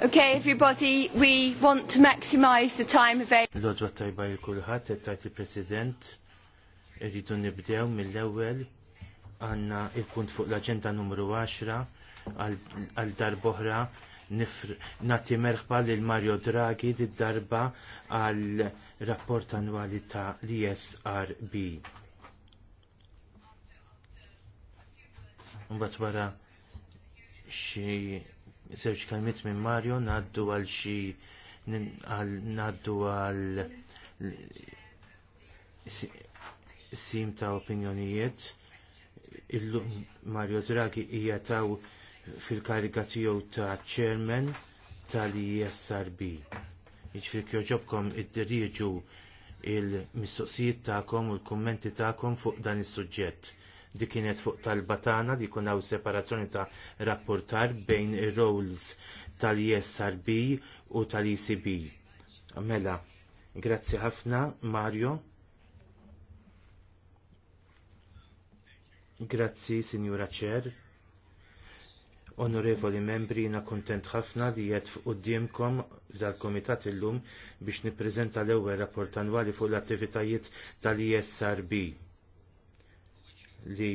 Okay, everybody, we want to maximize the time available. L-ħodwa tajba il-kulħat, tajt il-President, irridu nibdew mill-ewel għanna il-punt fuq l-agenda numru 10 għal darboħra nati merħba lil Mario Draghi di darba għal rapport annwali ta' l-ISRB. Mbatt wara xie żewġ kalmiet minn Mario naddu għal xi ngħaddu għal sim ta' opinjonijiet. Illum Mario Draghi hija taw fil-kariga tiegħu ta' chairman tal-ISRB. Jiġifieri kjoġobkom dirieġu il-mistoqsijiet tagħkom u l-kummenti tagħkom fuq dan is-suġġett. Di kienet fuq tal-batana li kun hawn separazzjoni ta' rapportar bejn ir-roles tal-ISRB u tal-ECB. Mela, grazzi ħafna Mario. Grazzi, Signora Cher. Onorevoli membri, jiena kontent ħafna li għedt f'qudiemkom dal-komitat illum biex nippreżenta l-ewwel rapport annwali fuq l-attivitajiet tal-ISRB li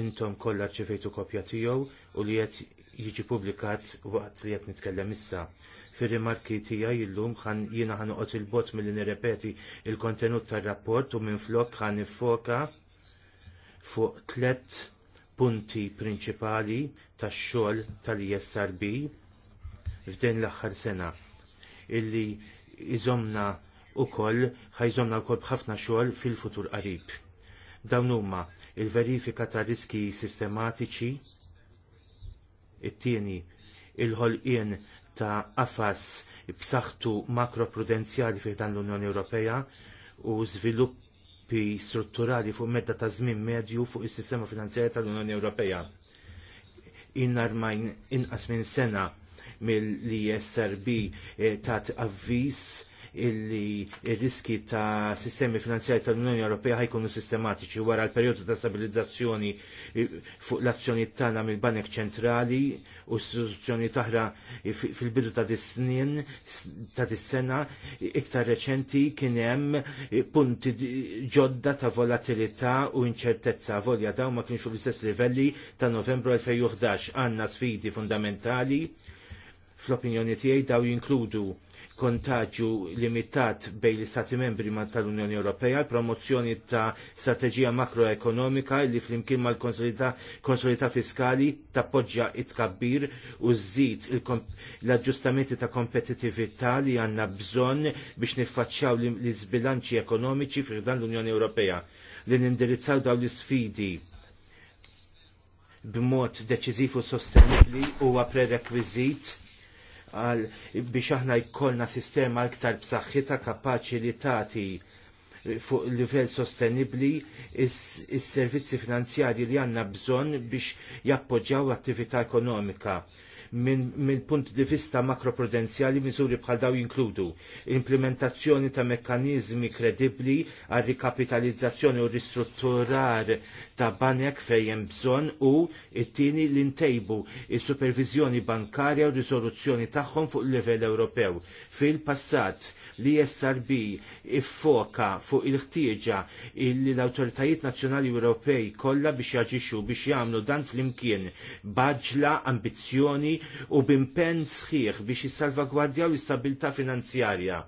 intom kollha rċevejtu kopja tiegħu u li qed jiġi publikat waqt li qed nitkellem issa. Fir-rimarki tiegħi llum ħan jiena ħanoqgħod il-bot milli nirrepeti il-kontenut tar-rapport u minflok ħan nifoka fuq tliet punti prinċipali tax-xogħol tal-ISRB f'din l-aħħar sena illi iżomna wkoll ħajżomna wkoll bħafna xogħol fil-futur qarib Dawn huma il-verifika ta' riski sistematiċi, it-tieni il-ħolqien ta' qafas b'saħħtu makroprudenzjali fih dan l-Unjoni Ewropea u żviluppi strutturali fuq medda ta' żmien medju fuq is-sistema finanzjarja tal-Unjoni Ewropea. Innarmajn inqas minn sena mill-ISRB eh, tat avviż illi il-riski ta' sistemi finanzjari tal-Unjoni Ewropea ħajkunu sistematiċi wara l-perjodu ta' stabilizzazzjoni fuq l-azzjoni tagħna mill-Banek Ċentrali u istituzzjoni taħra fil-bidu ta' dis-snin ta' dis-sena iktar reċenti kien hemm punti ġodda ta' volatilità u inċertezza volja daw ma kienx l-istess livelli ta' Novembru 2011 għandna sfidi fundamentali fl-opinjoni tiegħi daw jinkludu kontaġġju limitat bejn l-Istati membri ma tal-Unjoni Ewropea, promozzjoni ta' strateġija makroekonomika li flimkien mal konsolita fiskali tappoġġja it-kabbir u zzit l-aġġustamenti ta' kompetitività li għandna bżonn biex nifacċaw l zbilanċi ekonomiċi fir dan l-Unjoni Ewropea li nindirizzaw dawn l-isfidi b'mod deċiżiv u sostenibbli huwa prerekwiżit għal biex aħna jkollna sistema iktar b'saħħitha kapaċi li tagħti fuq livell sostenibli is-servizzi finanzjarji li għandna bżonn biex jappoġġjaw l-attività ekonomika minn punt di vista makroprudenzjali miżuri bħal daw jinkludu implementazzjoni ta' mekkanizmi kredibbli għal rikapitalizzazzjoni u ristrutturar ta' banek fejn bżonn u it-tieni li ntejbu il supervizjoni bankarja u risoluzzjoni tagħhom fuq livell Ewropew. Fil-passat li SRB iffoka fuq il-ħtieġa li l-awtoritajiet nazzjonali Ewropej kollha biex jaġixxu biex jagħmlu dan flimkien baġla ambizzjoni u bimpen sħiħ biex jissalvagwardjaw l-istabilta finanzjarja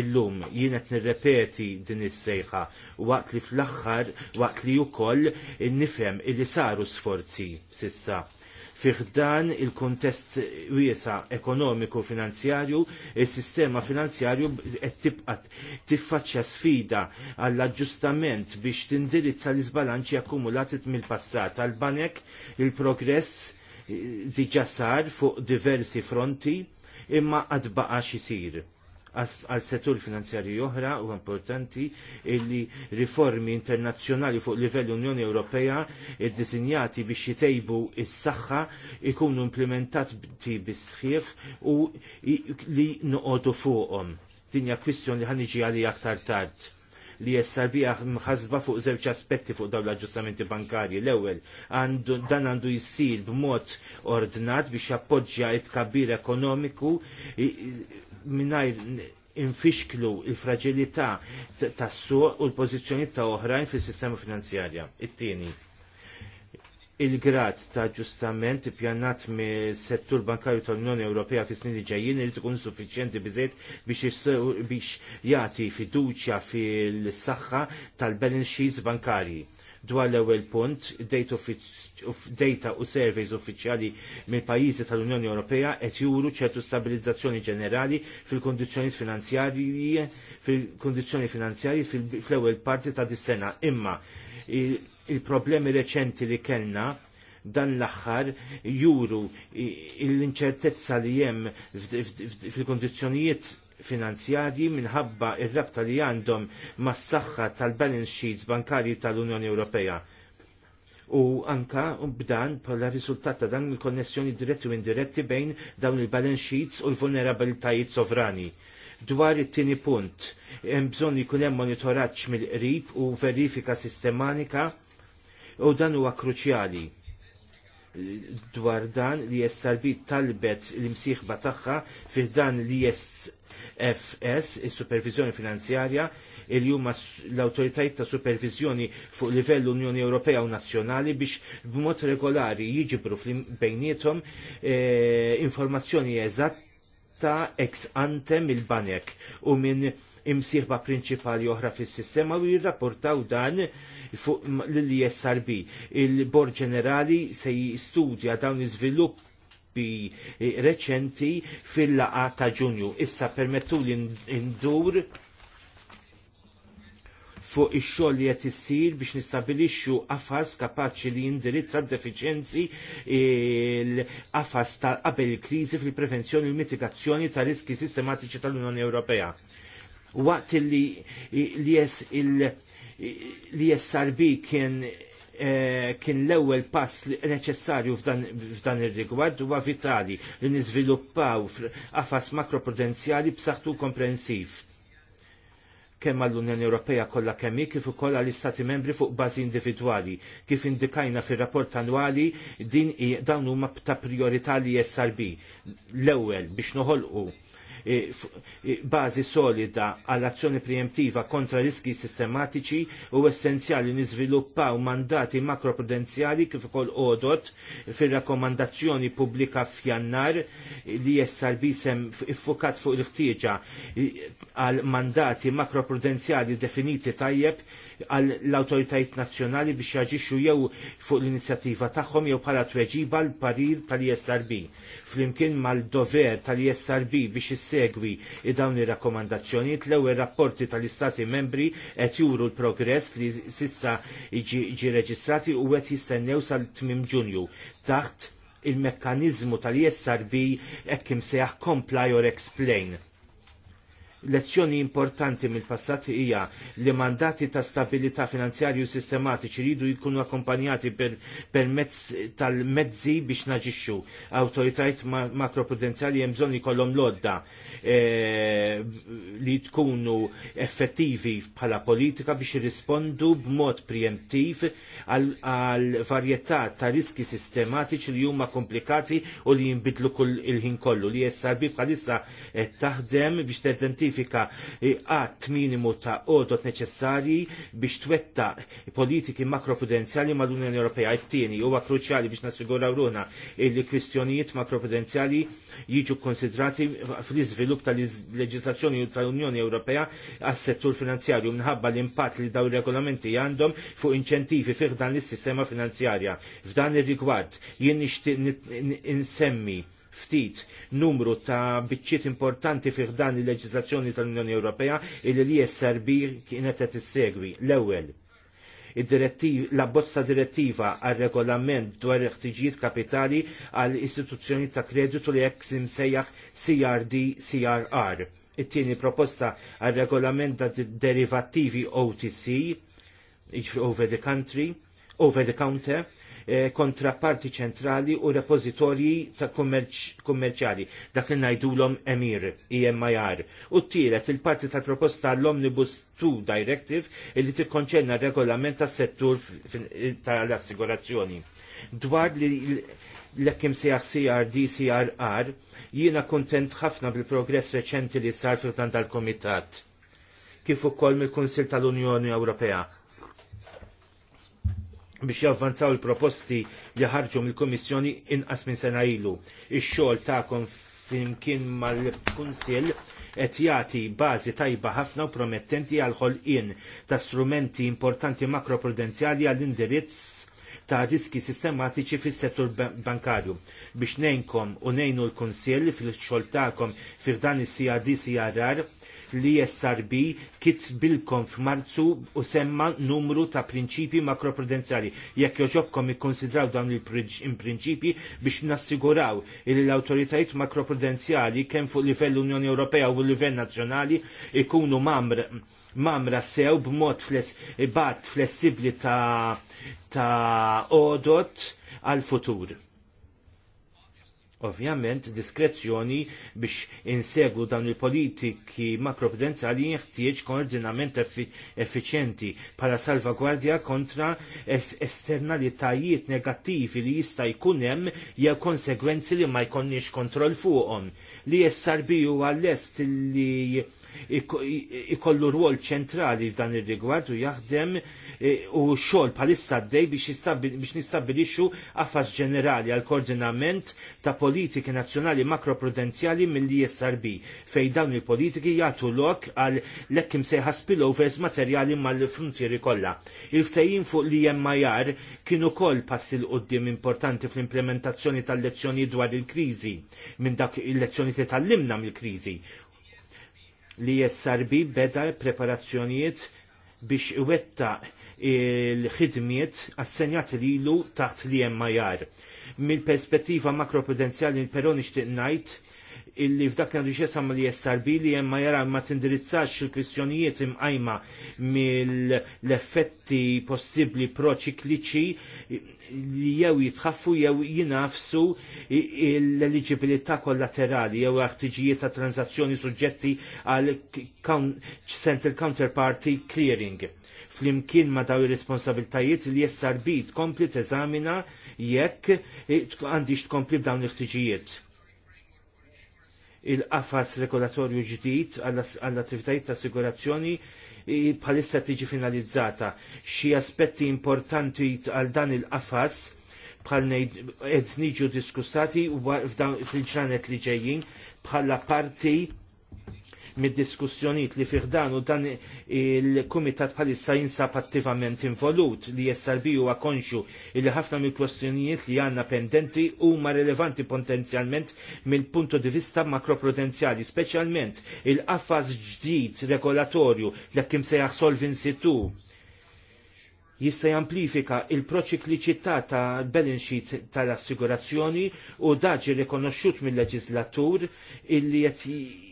illum jien qed nirrepeti din is-sejħa waqt li fl-aħħar waqt li wkoll nifhem li saru sforzi sissa fiħdan il-kontest wiesa ekonomiku finanzjarju, il-sistema finanzjarju qed tibqa' tiffaċċja sfida għall aġġustament biex tindirizza l-isbalanċi akkumulati mill-passat. Għal-banek il-progress diġa sar fuq diversi fronti imma għad baqa xisir. Għal settur finanzjarju oħra u importanti illi riformi internazzjonali fuq livell Unjoni Ewropea id-disinjati biex jitejbu s saħħa ikunu implementati bis-sħiħ u li noqogħdu fuqhom. Dinja kwistjoni li ħanniġi għalija aktar tard li jessarbija mħazba fuq żewġ aspetti fuq dawn l-aġġustamenti bankarji. L-ewwel dan għandu jsir b'mod ordnat biex jappoġġja it-kabbir ekonomiku mingħajr infixklu il-fragilità tas-suq u l-pożizzjoni ta' oħrajn fis-sistema finanzjarja. It-tieni il-grad ta' ġustament ippjanat mis settur bankarju tal-Unjoni Ewropea fis snin li ġejjin irid ikun suffiċjenti biżejt biex jagħti fiduċja fil-saħħa tal-balance sheets bankarji. Dwar l-ewwel punt, data u surveys uffiċjali mill pajjiżi tal-Unjoni Ewropea qed juru ċertu stabilizzazzjoni ġenerali fil-kondizzjoni finanzjarji fil-kondizzjoni finanzjarji fl-ewwel parti ta' dis-sena. Imma il-problemi reċenti li kellna dan l-axħar juru l-inċertezza li jem fil-kondizjonijiet finanzjarji minħabba ir-rabta li għandhom mas saħħa tal-balance sheets bankarji tal-Unjoni Ewropea. U anka b'dan bħala riżultat ta' dan il-konnessjoni diretti u indiretti bejn dawn il-balance sheets u l-vulnerabilitajiet sovrani. Dwar it-tieni punt, hemm bżonn jkun hemm monitoraġġ mill-qrib u verifika sistematika u dan huwa kruċjali dwar dan li jessarbi talbet l-imsieħba tagħha fih dan li jessfs, il-Supervizjoni Finanzjarja, il huma l autoritajt ta' supervizjoni fuq livell Unjoni Ewropea u Nazzjonali biex b'mod regolari jiġibru bejnietom e, informazzjoni eżatta ex ante mill-banek u minn imsieħba prinċipali oħra fis-sistema u jirrapportaw dan fuq l-ISRB. Il-Bord Ġenerali se jistudja dawn iżviluppi reċenti fil-laqa ta' ġunju. Issa permettu li ndur fuq ix-xogħol li qed issir biex nistabilixxu qafas kapaċi li jindirizza d-defiċjenzi l-qafas tal qabel il-kriżi fil-prevenzjoni u mitigazzjoni ta' riski sistematiċi tal-Unjoni Ewropea waqt li l-ISRB kien eh, kien l-ewwel pass neċessarju f'dan ir-rigward huwa vitali li niżviluppaw qafas makroprudenzjali b'saħħtu komprensiv kemm għall-Unjoni Ewropea kollha kemm kif ukoll għall-Istati Membri fuq bażi individwali. Kif indikajna fir-rapport annwali din dawn huma ta' priorità li SRB. L-ewwel biex noħolqu E, e, bażi solida għall-azzjoni preemptiva kontra riski sistematiċi u essenzjali niżviluppaw mandati makroprudenzjali kif ukoll odot fir-rakkomandazzjoni pubblika f'jannar li SRB sem iffukat fuq il-ħtieġa għal mandati makroprudenzjali definiti tajjeb għal l-autoritajiet nazzjonali biex jaġixxu jew fuq l-inizjattiva tagħhom jew bħala tweġiba l-parir tal-ISRB. Flimkien mal-dover tal-ISRB biex segwi dawn ir-rakkomandazzjonijiet l-ewwel rapporti tal-Istati membri qed juru l-progress li sissa iġi reġistrati u qed jistennew sal-tmim Ġunju taħt il-mekkanizmu tal-ISRB hekk seħ comply or explain lezzjoni importanti mill passati hija li mandati ta' stabilità finanzjarju sistematiċi ridu jkunu akkompanjati per, tal-mezzi biex naġixxu. autoritajt makroprudenzjali hemm bżonn jkollhom lodda e, li tkunu effettivi bħala politika biex jirrispondu b'mod preemptiv għal varjetà ta' riski sistematiċi li huma komplikati u li jinbidlu kull il-ħin kollu li jessarbi bħalissa taħdem biex t jispeċifika għat minimu ta' għodot neċessarji biex twetta politiki makroprudenzjali mal-Unjoni Ewropea. It-tieni huwa kruċjali biex nasigura ruħna li kwistjonijiet makroprudenzjali jiġu konsidrati fl-iżvilupp tal-leġislazzjoni tal-Unjoni Ewropea għas-settur finanzjarju minħabba l-impatt li daw regolamenti għandhom fuq inċentivi fih dan l-sistema finanzjarja. F'dan ir-rigward jien nixtieq insemmi ftit numru ta' biċċiet importanti fih dan il-leġislazzjoni tal-Unjoni Ewropea il li jessarb kienet qed issegwi. L-ewwel, l-abbozza direttiva għal regolament dwar il ħtiġijiet kapitali għal istituzzjoni ta' kreditu li jekk simsejjaħ CRD CRR. It-tieni proposta għal regolament ta' derivattivi OTC over the country, over the counter, Eh, kontraparti ċentrali u repozitorji ta' kummerċjali, dak li ngħidulhom EMIR, e IMIR. U t-tielet il-parti tal-proposta l-Omnibus 2 Directive illi t-konċenna regolament tas-settur tal-assigurazzjoni. Dwar li l-ekkim sejħ CRD, CRR, jiena kontent ħafna bil-progress reċenti li sar fil tal-Komitat kif ukoll mill-Kunsil tal-Unjoni Ewropea biex javvanzaw il-proposti li ħarġu mill-Komissjoni inqas minn sena ilu. Ix-xogħol tagħkom flimkien mal-Kunsill qed jagħti bażi tajba ħafna u promettenti għal ħolqien ta' strumenti importanti makroprudenzjali għall indirizz ta' riski sistematiċi fis-settur bankarju. Biex nejnkom u nejnu l-Kunsill fil-xogħol tagħkom fir dan is-CRD CRR li SRB bilkom f'Marzu u semma numru ta' prinċipi makroprudenzjali. Jekk joġobkom ikkonsidraw dawn il-prinċipi biex nassiguraw li l-awtoritajiet makroprudenzjali kemm fuq livell Unjoni Ewropea u livell nazzjonali ikunu mamr mamra sew b'mod fles, bat flessibli ta' ta' odot għal-futur. Ovvjament, diskrezzjoni biex insegu dawn il-politiki makroprudenzjali jeħtieġ koordinament effiċjenti bħala salvagwardja kontra esternalitajiet negattivi li jista' jkun hemm jew konsegwenzi li ma jkonniex kontroll fuqhom. Li SRB għall-est li ikollu rwol ċentrali f'dan ir-rigward u jaħdem e, u xogħol bħalissa għaddej biex nistabbilixxu Affas ġenerali għal koordinament ta' politiki nazzjonali makroprudenzjali mill jessarbi fejn dawn il-politiki jagħtu lok għal lekk sejħa spillovers materjali mal-frontieri kollha. Il-ftehim fuq li hemm majar kienu koll passi l-qoddim importanti fl-implementazzjoni tal-lezzjoni dwar il-kriżi minn dak il-lezzjoni li tal-limna mill-kriżi li jessarbi beda preparazzjonijiet biex iwetta il-ħidmiet assenjat li lu taħt li jar. Mill-perspettiva makroprudenzjali però nixtieq ngħid illi f'dak li ma li jessarbi li jemma jara ma tindirizzax il-kwistjonijiet imqajma mill-effetti possibli proċikliċi li jew jitħaffu jew jinafsu l-eligibilità kollaterali jew ħtiġijiet ta' tranzazzjoni suġġetti għal Central Counterparty Clearing. Flimkien ma daw ir-responsabiltajiet li jessarbit kompli teżamina jekk għandix tkompli b'dawn l-ħtiġijiet il-qafas regolatorju ġdid għall-attivitajiet ta' assigurazzjoni bħalissa tiġi finalizzata. Xi aspetti importanti għal dan il-qafas bħal qed niġu diskussati fil-ġranet li ġejjin bħala parti mid-diskussjonijiet li fih dan u dan il-kumitat bħalissa jinsab attivament involut li jessarbi huwa konxu li ħafna mill-kwestjonijiet li għandna pendenti huma rilevanti potenzjalment mill-punto di vista makroprudenzjali, speċjalment il-qafas ġdid regolatorju li kim se jaħsol 2 jista' jamplifika il-proċikliċità ta' balance sheet tal-assigurazzjoni u daġi rikonoxxut mill-leġislatur illi qed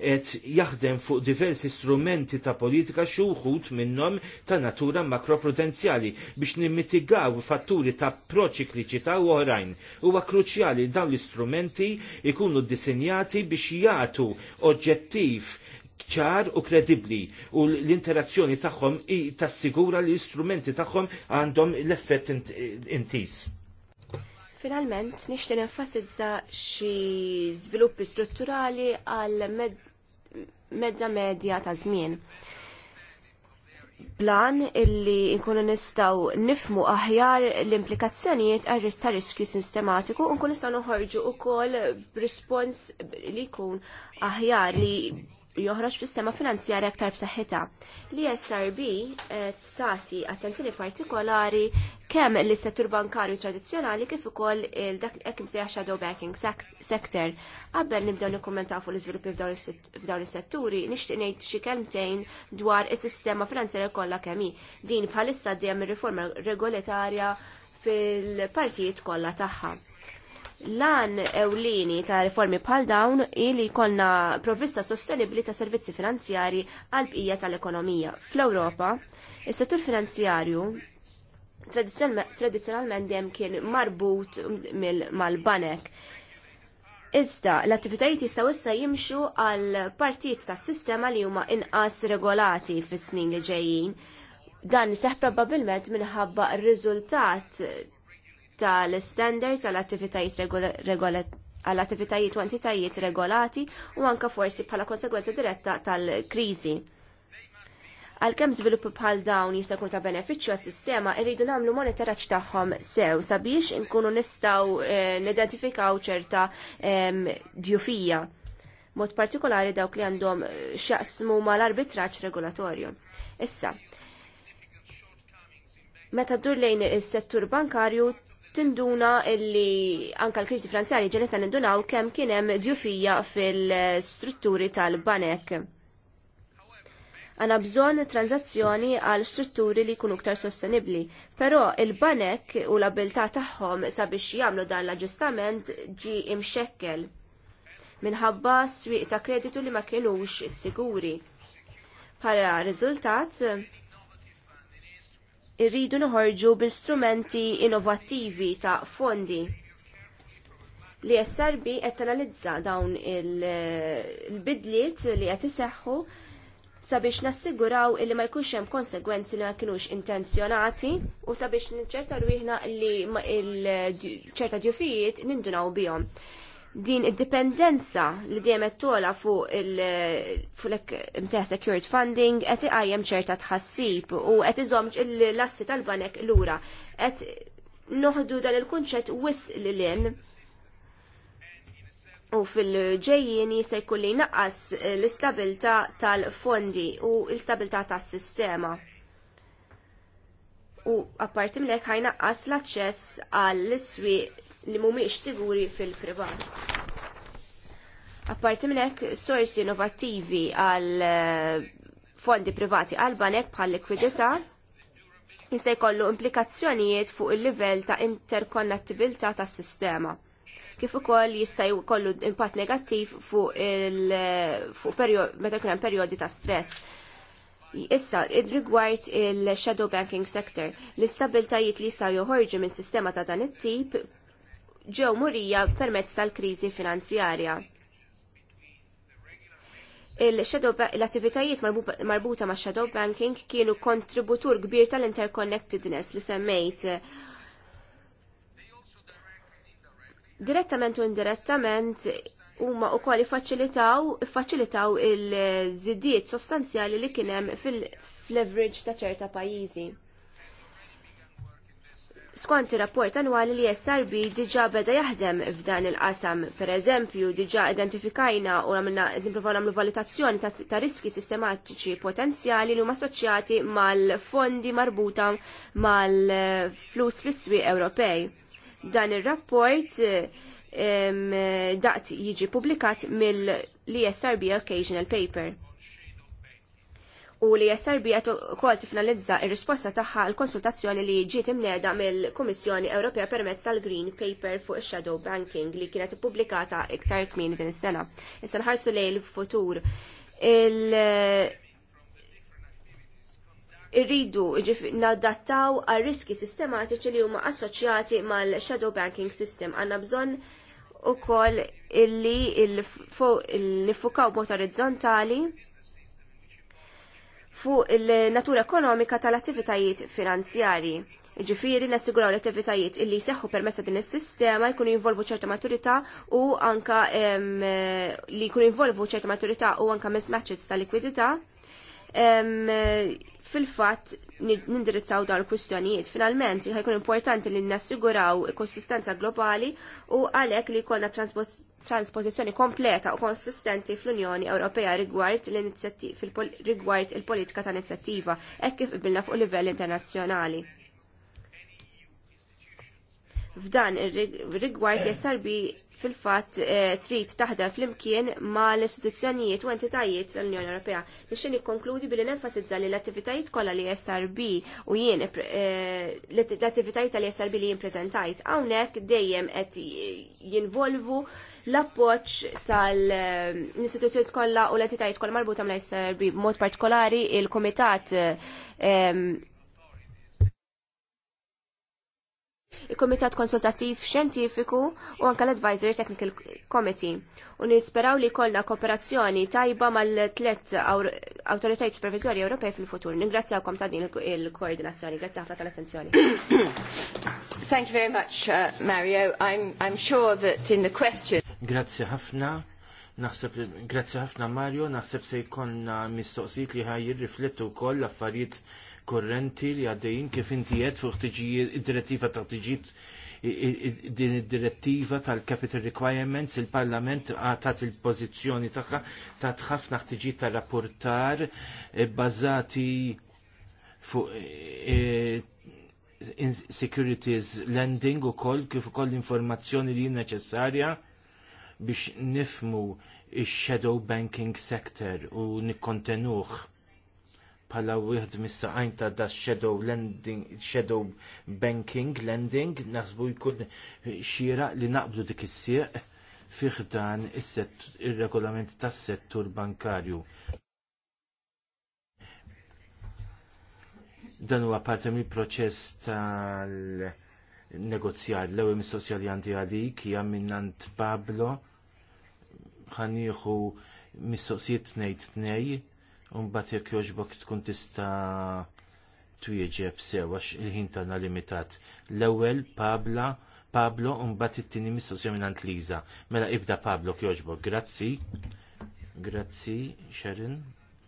et jaħdem fuq diversi strumenti ta' politika xuħut minnom ta' natura makroprudenzjali biex nimmitigaw fatturi ta' proċikliċità u oħrajn. Huwa kruċjali dawn l-istrumenti ikunu disinjati biex jagħtu oġġettiv ċar u kredibli u l-interazzjoni tagħhom tassigura li l-istrumenti tagħhom għandhom l-effett intis. In Finalment, nixtieq enfasizza xi żviluppi strutturali għal medda medja ta' żmien. Plan illi nkunu nistgħu nifmu aħjar l-implikazzjonijiet għal ta' riskju sistematiku u nkunu nistgħu noħorġu wkoll b'rispons li jkun aħjar li joħroġ fis-sema finanzjarja aktar b'saħħitha. L-ESRB stati eh, attenzjoni partikolari kemm lis settur bankarju tradizzjonali kif ukoll dak hekk imsejjaħ shadow banking sector. Qabel nibdew nikkummentaw fuq l-iżviluppi f'dawn is-setturi, nixtieq ngħid xi kelmtejn dwar is-sistema finanzjarja kollha kemm hi. Din bħalissa dejjem ir-riforma regolatarja fil-partijiet kollha tagħha Lan ewlini ta' riformi bħal dawn ili jkollna provvista sostenibbli ta' servizzi finanzjarji għal bqija tal-ekonomija. Fl-Ewropa, il settur finanzjarju tradizzjonalment dem kien marbut mal-banek. Iżda, l-attivitajiet jistgħu issa jimxu għal partijiet tas-sistema li huma inqas regolati fis-snin li ġejjin. Dan seħ probabbilment minħabba r-riżultat tal-standards għall-attivitajiet għall-attivitajiet u entitajiet regolati u anka forsi bħala konsegwenza diretta tal-kriżi. Għalkemm żviluppi bħal dawn jista' jkun ta' benefiċċju għas-sistema, irridu nagħmlu monitoraġġ tagħhom sew sabiex nkunu nistgħu eh, nidentifikaw ċerta ehm, djufija mod partikolari dawk li għandhom eh, xaqsmu mal-arbitraċ regolatorju. Issa, meta dur lejn il-settur bankarju tinduna illi anka l-krizi finanzjari ġenita nindunaw kem kienem djufija fil-strutturi tal-banek. Għana bżon tranzazzjoni għal strutturi li kunu ktar sostenibli, pero il-banek u l-abilta tagħhom sabiex jagħmlu dan l-aġġustament ġi imxekkel minħabba swieq ta' kreditu li ma kienux siguri. Para riżultat, irridu nħorġu bi strumenti ta' fondi li jessarbi qed tanalizza dawn il-bidliet li qed iseħħu sabiex nassiguraw illi ma jkunx hemm konsegwenzi li ma kinux intenzjonati u sabiex nċerta rwieħna li ċerta djufijiet nindunaw bihom din id-dipendenza li dejjem qed tola fuq il-fuq secured funding qed iqajjem ċerta tħassib u qed iżomġ l-assi tal-banek lura. Qed noħdu dan il-kunċett wis lil hinn u fil-ġejjien jista' jkun li naqqas l-istabilità tal-fondi u l-istabilità tas-sistema u apparti mlek ħajnaqqas l-aċċess għall iswieq li mhumiex siguri fil-privat. Apparti minn hekk sorsi innovattivi għal eh, fondi privati għal banek bħal likwidità jista' jkollu implikazzjonijiet fuq il-livell ta' interkonnettibilità tas-sistema. Kif ukoll jista' jkollu impatt negattiv fuq il fuq meta jkun perjodi ta' stress. Issa, rigward il-shadow banking sector, l-istabiltajiet li sa joħorġu minn sistema ta' dan it-tip ġew murija permezz tal-kriżi finanzjarja l-attivitajiet marbuta ma' shadow banking kienu kontributur kbir tal-interconnectedness li semmejt. Direttament u indirettament huma wkoll iffaċilitaw il-żidiet sostanzjali li kien hemm fil-leverage ta' ċerta pajjiżi skont ir-rapport annwali li SRB diġa beda jaħdem f'dan il-qasam. Per eżempju, diġa identifikajna u għamilna niprofaw nagħmlu valutazzjoni ta', ta riski sistematiċi potenzjali li huma assoċjati mal-fondi marbuta mal-flus fl-iswi Ewropej. Dan ir-rapport daqt jiġi publikat mill-ESRB Occasional Paper u li SRB qed ukoll tifnalizza r-risposta tagħha l konsultazzjoni li ġiet imnieda mill-Kummissjoni Ewropea permezz tal-Green Paper fuq shadow banking li kienet ippubblikata iktar kmieni din is-sena. Issa nħarsu lejn il-futur il- irridu nadattaw għal riski sistematiċi li huma assoċjati mal-shadow banking system. Għanna bżon u koll illi nifukaw motorizzontali orizzontali fuq il-natura ekonomika tal-attivitajiet finanzjari. Ġifiri nassiguraw l-attivitajiet illi seħħu permezz din is-sistema jkunu jinvolvu ċerta maturità u anka li jkunu jinvolvu ċerta maturità u anka mismatches ta' likwidità. Fil-fatt nindirizzaw dawn il-kwistjonijiet. Finalment, jkun importanti li nassiguraw konsistenza globali u għalhekk li jkollna transpozizjoni kompleta u konsistenti fl-Unjoni Ewropea rigward rigward il-politika ta' inizjattiva, hekk kif ibilna fuq livell internazzjonali f'dan ir-rigward jessarbi fil-fatt eh, trid taħdem flimkien ma l-istituzzjonijiet u entitajiet tal-Unjoni Ewropea. Nixxin nikkonkludi billi nenfasizza li l-attivitajiet kollha li SRB u jien eh, l-attivitajiet tal-SRB li jien preżentajt hawnhekk dejjem qed jinvolvu l-appoġġ tal-istituzzjonijiet kollha u l-entitajiet kollha marbuta mal-SRB b'mod partikolari il-Kumitat eh, il-Komitat Konsultativ Xjentifiku u anka l-Advisory Technical Committee. U nisperaw li kollna kooperazzjoni tajba mal-tlet autoritajt supervizjoni Ewropej fil-futur. Ningrazzjawkom ta' din il-koordinazzjoni. Grazzi ħafna tal-attenzjoni. Thank you very much, uh, Mario. I'm, I'm sure that in the question... Grazzi ħafna. Naħseb, grazzi ħafna Mario, naħseb se jkonna mistoqsijiet li ħaj jirriflettu koll l-affarijiet korrenti li għaddejn kif inti jed fuq id-direttiva ta' tiġijiet din id-direttiva tal-Capital Requirements, il-Parlament għatat il-pozizjoni tagħha ta' tħafna ħtiġijiet ta' rapportar eh, bbażati fuq eh, eh, securities lending u koll kif ukoll l-informazzjoni li neċessarja biex nifmu il-shadow banking sector u nikkontenuh bħala wieħed mis-saqajn ta' da shadow lending, shadow banking lending, naħsbu jkun xira li naqbdu dik is-sieq fih dan ir-regolament tas-settur bankarju. Dan huwa parti mill-proċess tal-negozjar l-ewwel mis-sosjali għandi għalik hija minnant Pablo ħanieħu mistoqsijiet tnejn tnej Unbat jekk jogħġbok tkun tista twieġeb sewa il-ħin tagħna limitat. L-ewwel Pabla Pablo unbat it-tieni mistoqsija minn Liza. Mela ibda Pablo jogħġbok. Grazzi. Grazzi, Sharon.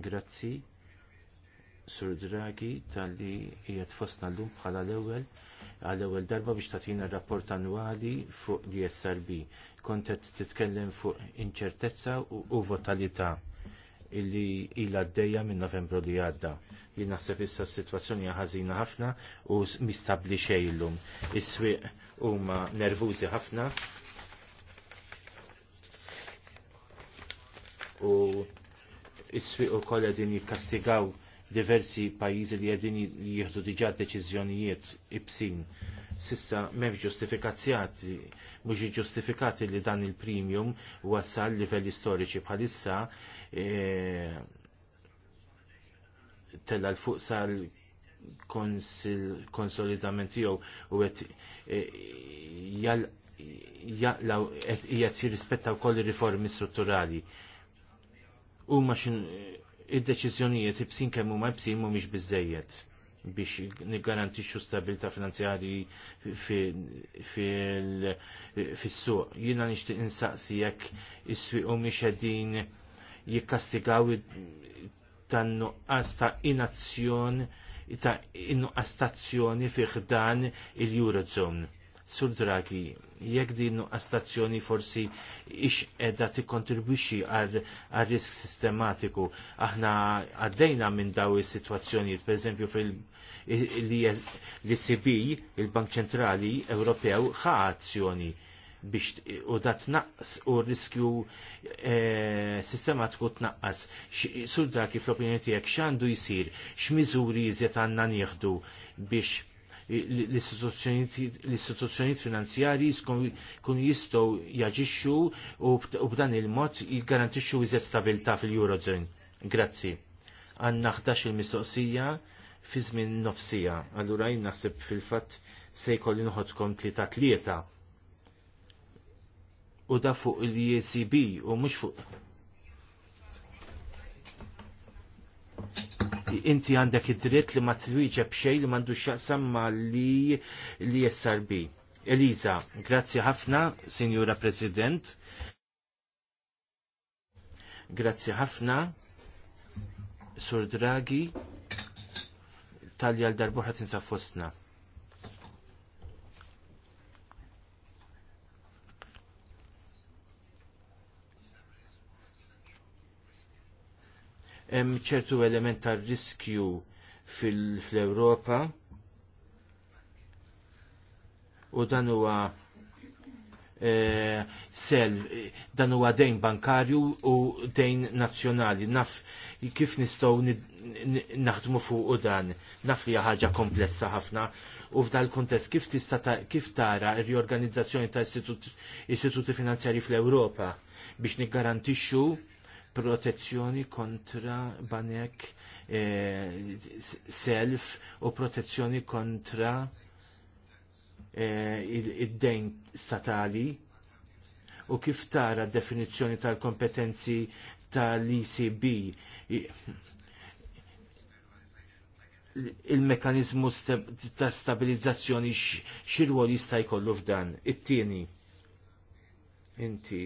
Grazzi. Sur Draghi tal-li fosna l-lum bħala l-ewwel għall-ewwel darba biex tagħtina rapport annwali fuq DSRB. isrb Kont qed titkellem fuq inċertezza u votalità illi illa d-dejja minn novembru li għadda. Jien naħseb issa s-sitwazzjoni ħażina ħafna u mistabli xejlum. Is-swieq huma nervużi ħafna u is-swieq ukoll qegħdin jikkastigaw diversi pajjiżi li qegħdin jieħdu diġà deċiżjonijiet ibsin sissa m'hemmx ġustifikazzjati, mhux ġustifikati li dan il-premium wasal livell istoriċi bħalissa eh, tella l-fuq sal konsolidament tiegħu u qed eh, jaqlaw qed jirrispettaw koll ir-riformi strutturali. Huma x'in eh, id-deċiżjonijiet ibsin kemm huma ibsin mhumiex biżejjed biex niggarantixxu stabilità finanzjari fis-suq. Jiena nixtieq insaqsi jekk is-swieq mhix qegħdin jikkastigaw tan-nuqqas ta' inazzjon ta' innuqqas tazzjoni fih dan il-Eurozone. Sur Draghi, jekk din astazzjoni forsi ix edha tikkontribwixxi għal risk sistematiku. Aħna għaddejna minn daw is-sitwazzjonijiet, esempio fil- l-ECB, il-Bank Ċentrali Ewropew, ħa azzjoni biex u da tnaqqas u riskju e, sistematiku tnaqqas. Sulda kif l-opinjoni tijek, x'għandu jsir, x'miżuri jizjet għandna nieħdu biex l-istituzzjonijiet finanzjarji kun jistgħu jaġixxu u b'dan il-mod jgarantixxu iżet stabilità fil-Eurozone. Grazzi. Għandna 11 il-mistoqsija fi żmien nofsija. Allura jien naħseb fil-fatt se jkolli noħodkom tlieta tlieta. U da fuq il-ECB u mhux fuq inti għandek id-dritt li ma twieġeb xejn li m'għandux xaqsam ma li li jessarbi. Eliza, grazzi ħafna, Signora President. Grazzi ħafna, Sur Draghi, tal-jal darbuħa insa fostna. hemm ċertu element ta' riskju fil-Ewropa u dan huwa eh, sel dan huwa dejn bankarju u dejn nazzjonali. Naf kif nistgħu naħdmu fuq u dan. Naf li ħaġa komplessa ħafna u f'dal kontest kif tista ta, kif tara r-riorganizzazzjoni ta' istituti, istituti finanzjari fl-Ewropa biex niggarantixxu protezzjoni kontra banek eh, self u protezzjoni kontra eh, id-dejn statali u kif tara definizzjoni tal-kompetenzi tal-ECB il-mekanizmu ta' stabilizzazzjoni xirwol jista' jkollu f'dan. It-tieni, inti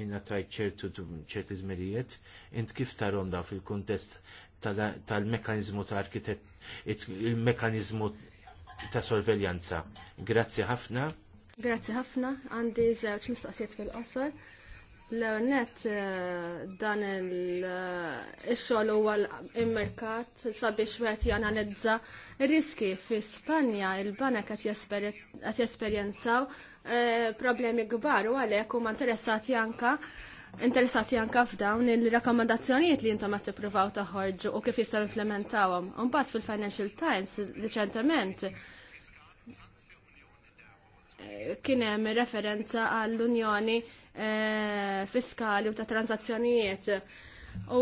jina tajt ċertu ċerti zmerijiet, int kif tarom da fil-kontest tal-mekanizmu ta' arkitet il-mekanizmu ta' sorveljanza. Grazzi ħafna. Grazzi ħafna, għandi żewġ mistoqsijiet fil-qosor. L-net eh, dan il-xol eh, għal immerkat sabiex wieħed janalizza riski fi Spanja il-banek qed jesperjenzaw Eh, problemi kbar u għalhekk huma interessati anka interessati anka f'dawn il-rakkomandazzjonijiet li jinta ma t taħorġu u kif jistaw implementawhom. Umbat fil-Financial Times eh, kien kienem referenza għall-Unjoni eh, Fiskali u ta' Transazzjonijiet u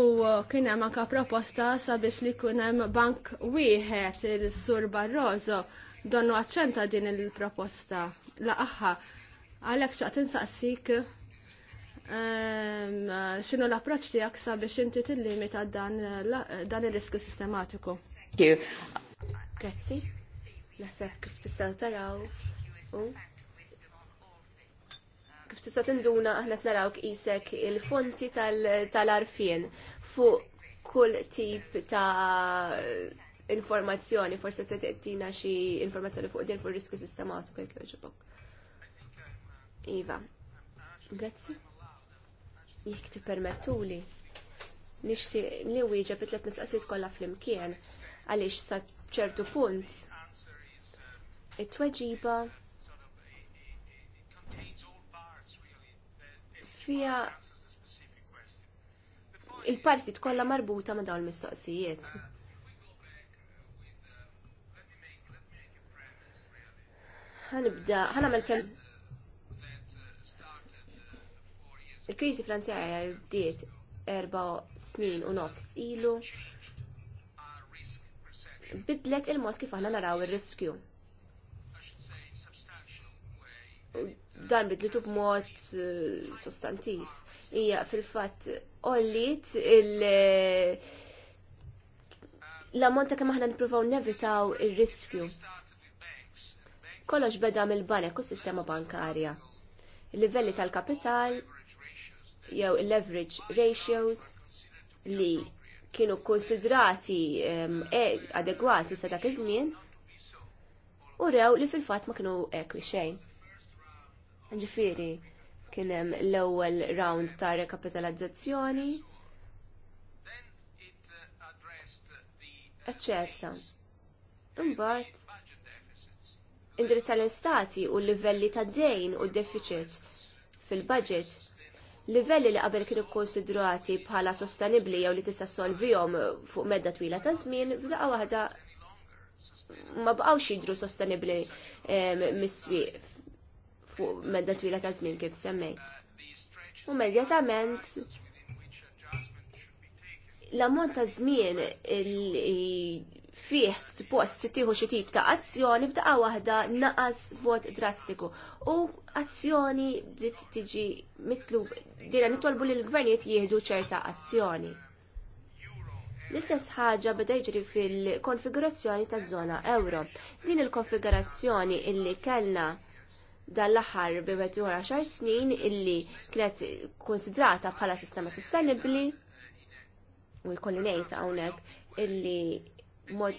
kienem anka proposta sabiex li kunem bank wieħed il-Sur Barroso donnu aċċenta din il-proposta laqħa għalek għalhekk xaqt insaqsik ehm, x'inhu l ti għaksa sabiex inti tillimita dan ir-riskju sistematiku. Grazzi. Naħseb kif tistaw taraw kif tista' tinduna aħna qed naraw qisek il-fonti tal-arfien fuq kull tip ta' informazzjoni, forse t tina xi informazzjoni fuq din fuq riskju sistematiku jek joġibok. Iva, grazzi. Jek ti permettuli. Nixti li wieġa bitlet nisqasit kollha flimkien għaliex sa ċertu punt it-tweġiba fija il-parti tkollha marbuta ma' dawn l mistoqsijiet ħanibda, ħanamel kem. Il-krizi finanzjarja bdiet erba snin u nofs ilu. Bidlet il-mod kif aħna naraw ir-riskju. Dan bidlitu b'mod eh, sostantiv. Hija fil-fatt ollit il- eh, l-ammont ta' kemm aħna nippruvaw nevitaw ir-riskju. Kollox beda mill-banek u s sistema bankarja. Il-livelli tal-kapital jew il-leverage ratios li kienu konsidrati um, e, adegwati sa dak iż-żmien u rew li fil-fatt ma kienu ekwi xejn. Ġifieri kien hemm l-ewwel round ta' rekapitalizzazzjoni eccetera. Imbagħad indirizza l-istati u l-livelli ta' dejn u deficit fil-budget. Livelli li qabel kienu konsidrati bħala sostenibli jew li tista' solvihom fuq medda twila ta' żmien, f'daqqa waħda ma bqgħux jidru sostenibli mis-swieq fuq medda twila ta' żmien kif semmejt. U medjatament l-ammont ta' żmien fih post tieħu xi tip ta' azzjoni b'daqqa waħda naqas bot drastiku. U azzjoni li tiġi mitlu dira nitolbu li l-gvernijiet jieħdu ċerta azzjoni. L-istess ħaġa beda jiġri fil-konfigurazzjoni taż-żona euro. Din il-konfigurazzjoni illi kellna dan l-aħħar bibet wara xar snin illi kienet konsidrata bħala sistema sostenibbli u jkolli ngħid hawnhekk illi mod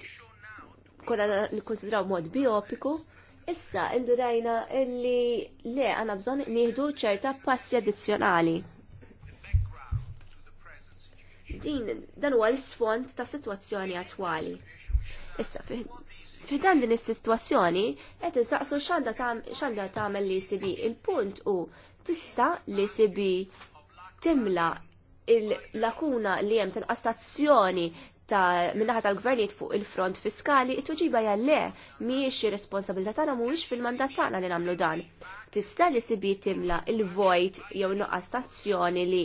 konna nikonsidraw mod biopiku, issa indurajna illi le għana bżon nieħdu ċerta passi addizzjonali. Din dan huwa l-sfond ta' sitwazzjoni attwali. Issa dan din is-sitwazzjoni qed insaqsu x'għandha tagħmel li sibi. Il-punt hu tista' li sibi timla il-lakuna li hemm tal-qastazzjoni ta' minnaħat tal-gvernijiet fuq il-front fiskali, it-tuġiba jalle miex responsabilità tagħna mhuwiex fil-mandat tagħna li nagħmlu dan. Tista' li sibi timla il-vojt jew noqas tazzjoni li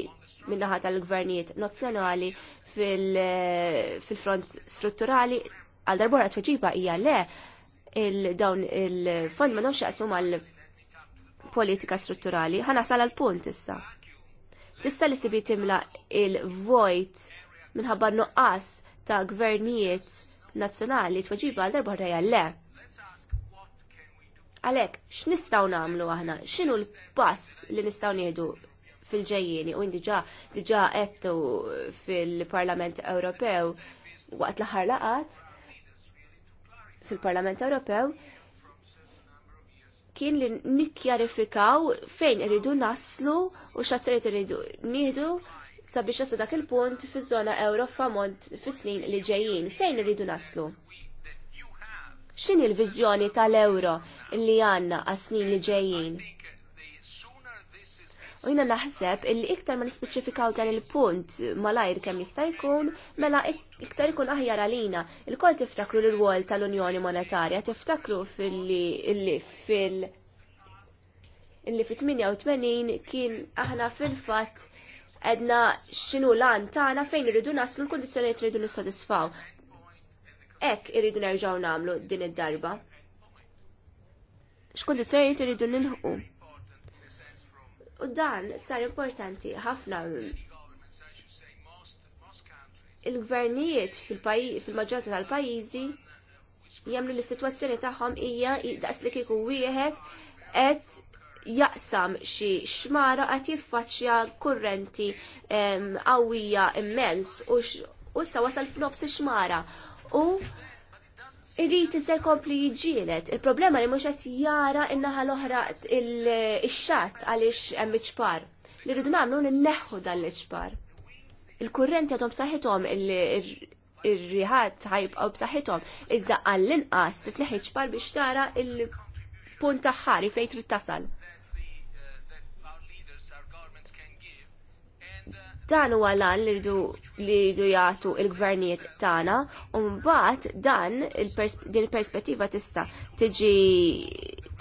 minnaħat tal-gvernijiet nazzjonali fil-front strutturali għal darbora tweġiba hija le il-dawn il-fond ma nafx jaqsmu mal-politika strutturali. Ħana sal għal-punt issa. Tista' li sibi timla il-vojt minħabba nuqqas ta' gvernijiet nazzjonali tweġiba għal darba ħrejja le. Għalek, x'nistgħu nagħmlu aħna? X'inhu l-pass li nistgħu nieħdu fil-ġejjieni u diġà diġà għettu fil-Parlament Ewropew waqt l-aħħar laqat fil-Parlament Ewropew kien li nikkjarifikaw fejn irridu naslu u x'azzjonijiet irridu nieħdu sabiex jaslu dak il-punt fi żona euro f'amont fi snin li ġejjin. Fejn irridu naslu? X'inhi l-viżjoni tal-euro li għandna għas-snin li ġejjin? U jina naħseb illi iktar ma nispeċifikaw dan il-punt malajr kemm jista' jkun, mela iktar ikun aħjar għalina. Il-kol tiftakru l-rwol tal-Unjoni Monetarja, tiftakru fil-li fil- illi fit-88 kien aħna fil-fatt edna xinu lan tana fejn irridu naslu l-kondizzjonijiet irridu nissodisfaw. Ek irridu nerġgħu nagħmlu din id-darba. X'kondizzjonijiet irridu nilħu. U dan sar importanti ħafna il-gvernijiet fil-maġġorità tal-pajjiżi jagħmlu li s-sitwazzjoni tagħhom hija daqs li wieħed qed jaqsam xi xmara qed jiffaċċja kurrenti qawwija immens u issa wasal f'nofs xmara u irrid se jkompli jiġielet. Il-problema li mhux qed jara n-naħa l-oħra ix-xatt għaliex hemm iċpar. Li rridu nagħmlu nneħħu dan l-iċpar. Il-kurrenti għadhom saħħithom ir-riħat ħajbqgħu b'saħħithom iżda għall-inqas titneħħi ċpar biex tara il- punt tagħha fejn trid tasal. Dan huwa lan li rridu li rridu jagħtu l-gvernijiet tagħna u mbagħad dan din il-perspettiva tista' tiġi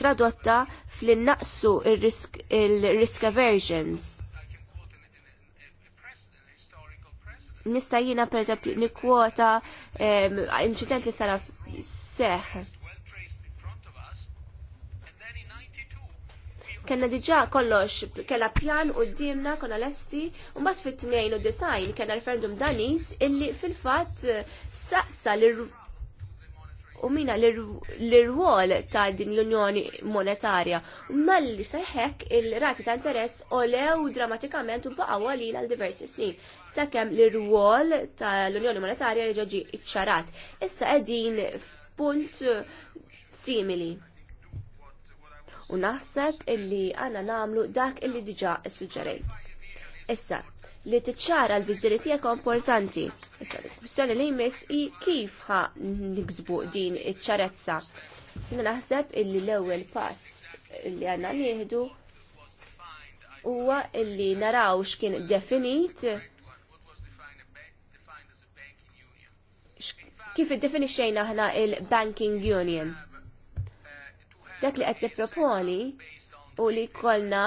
tradotta fl-innaqsu il-risk aversions. Nista' jiena pereżempju nikkwota inċident li sara seħ kena diġa kollox kella pjan u d-dimna konna l-esti u mbat fit u design kena referendum danis illi fil-fat saqsa u mina l-rwol ta' din l-Unjoni Monetarja. Malli seħek il-rati ta' interess olew dramatikament u baqa għalina għal diversi snin. Sakemm l-rwol ta' l-Unjoni Monetarja reġaġi iċċarat. Issa qegħdin f'punt simili u naħseb illi għana namlu dak illi diġa s-sugġerejt. Issa, li tiċċara l vizjoni tiegħek importanti. Issa, l-kwistjoni li jmiss i kif ħa nikzbu din iċ-ċarezza. Naħseb illi l-ewwel pass li għandna nieħdu huwa illi naraw x'kien definit kif iddefinixxejna aħna il-Banking Union. Dak li qed nipproponi u li kollna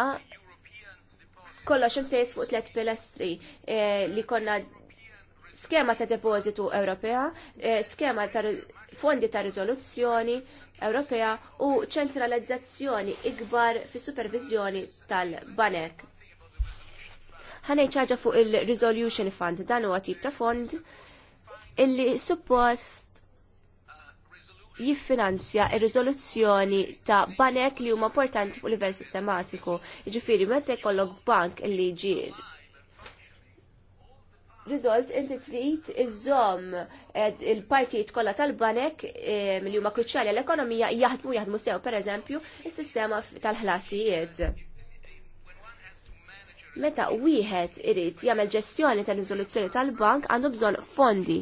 kollox imsejs fuq tliet pilastri eh, li konna skema ta' depożitu Ewropea, eh, skema ta' fondi ta' riżoluzzjoni Ewropea u ċentralizzazzjoni ikbar fis supervizjoni tal-banek ħanej ċaġa fuq il-Resolution Fund, dan huwa tip ta' fond illi suppost jiffinanzja ir-riżoluzzjoni ta' banek li huma importanti fuq livell sistematiku. Jiġifieri meta jkollok bank li ġi Rizolt, inti trid iżomm eh, il-partijiet kollha tal-banek eh, li huma kruċjali għall-ekonomija jaħdmu jaħdmu sew pereżempju is-sistema tal-ħlasijiet. Meta wieħed irid jagħmel ġestjoni tal-riżoluzzjoni tal-bank għandu bżonn fondi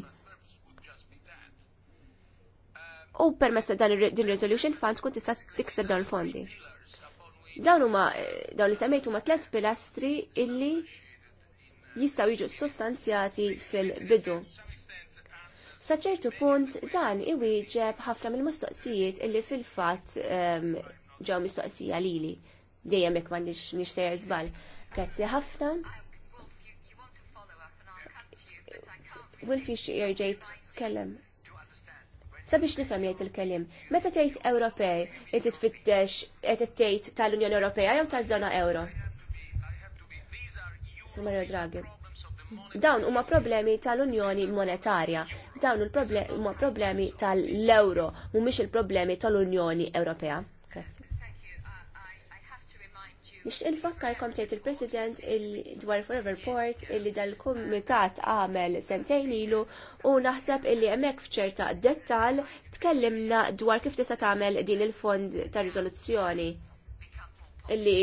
u permezz dan din resolution fund tkun tista' tikseb dawn il-fondi. Dawn huma eh, dawn li semmejt huma tliet pilastri illi jistgħu jiġu sostanzjati fil-bidu. Sa ċertu punt dan iwieġeb ħafna mill-mistoqsijiet illi fil-fatt ehm, ġew mistoqsija lili. Dejjem jekk m'għandix nixtejjer żball. Grazzi ħafna. Wilfi xi kellem. Sabiex nifhem jgħid il-kelim, meta tgħid Ewropej qed titfittex qed tgħid tal-Unjoni Ewropea jew taż-żona euro. Sur Mario Draghi. Dawn huma problemi tal-Unjoni Monetarja, dawn huma problemi tal-Euro, mhumiex il-problemi tal-Unjoni Ewropea. Grazie. Nixtieq infakkarkom tgħid il-President dwar Forever Port illi dal-kumitat għamel sentejn ilu u naħseb illi hemmhekk f'ċerta dettal tkellimna dwar kif tista' tagħmel din il-fond ta' riżoluzzjoni illi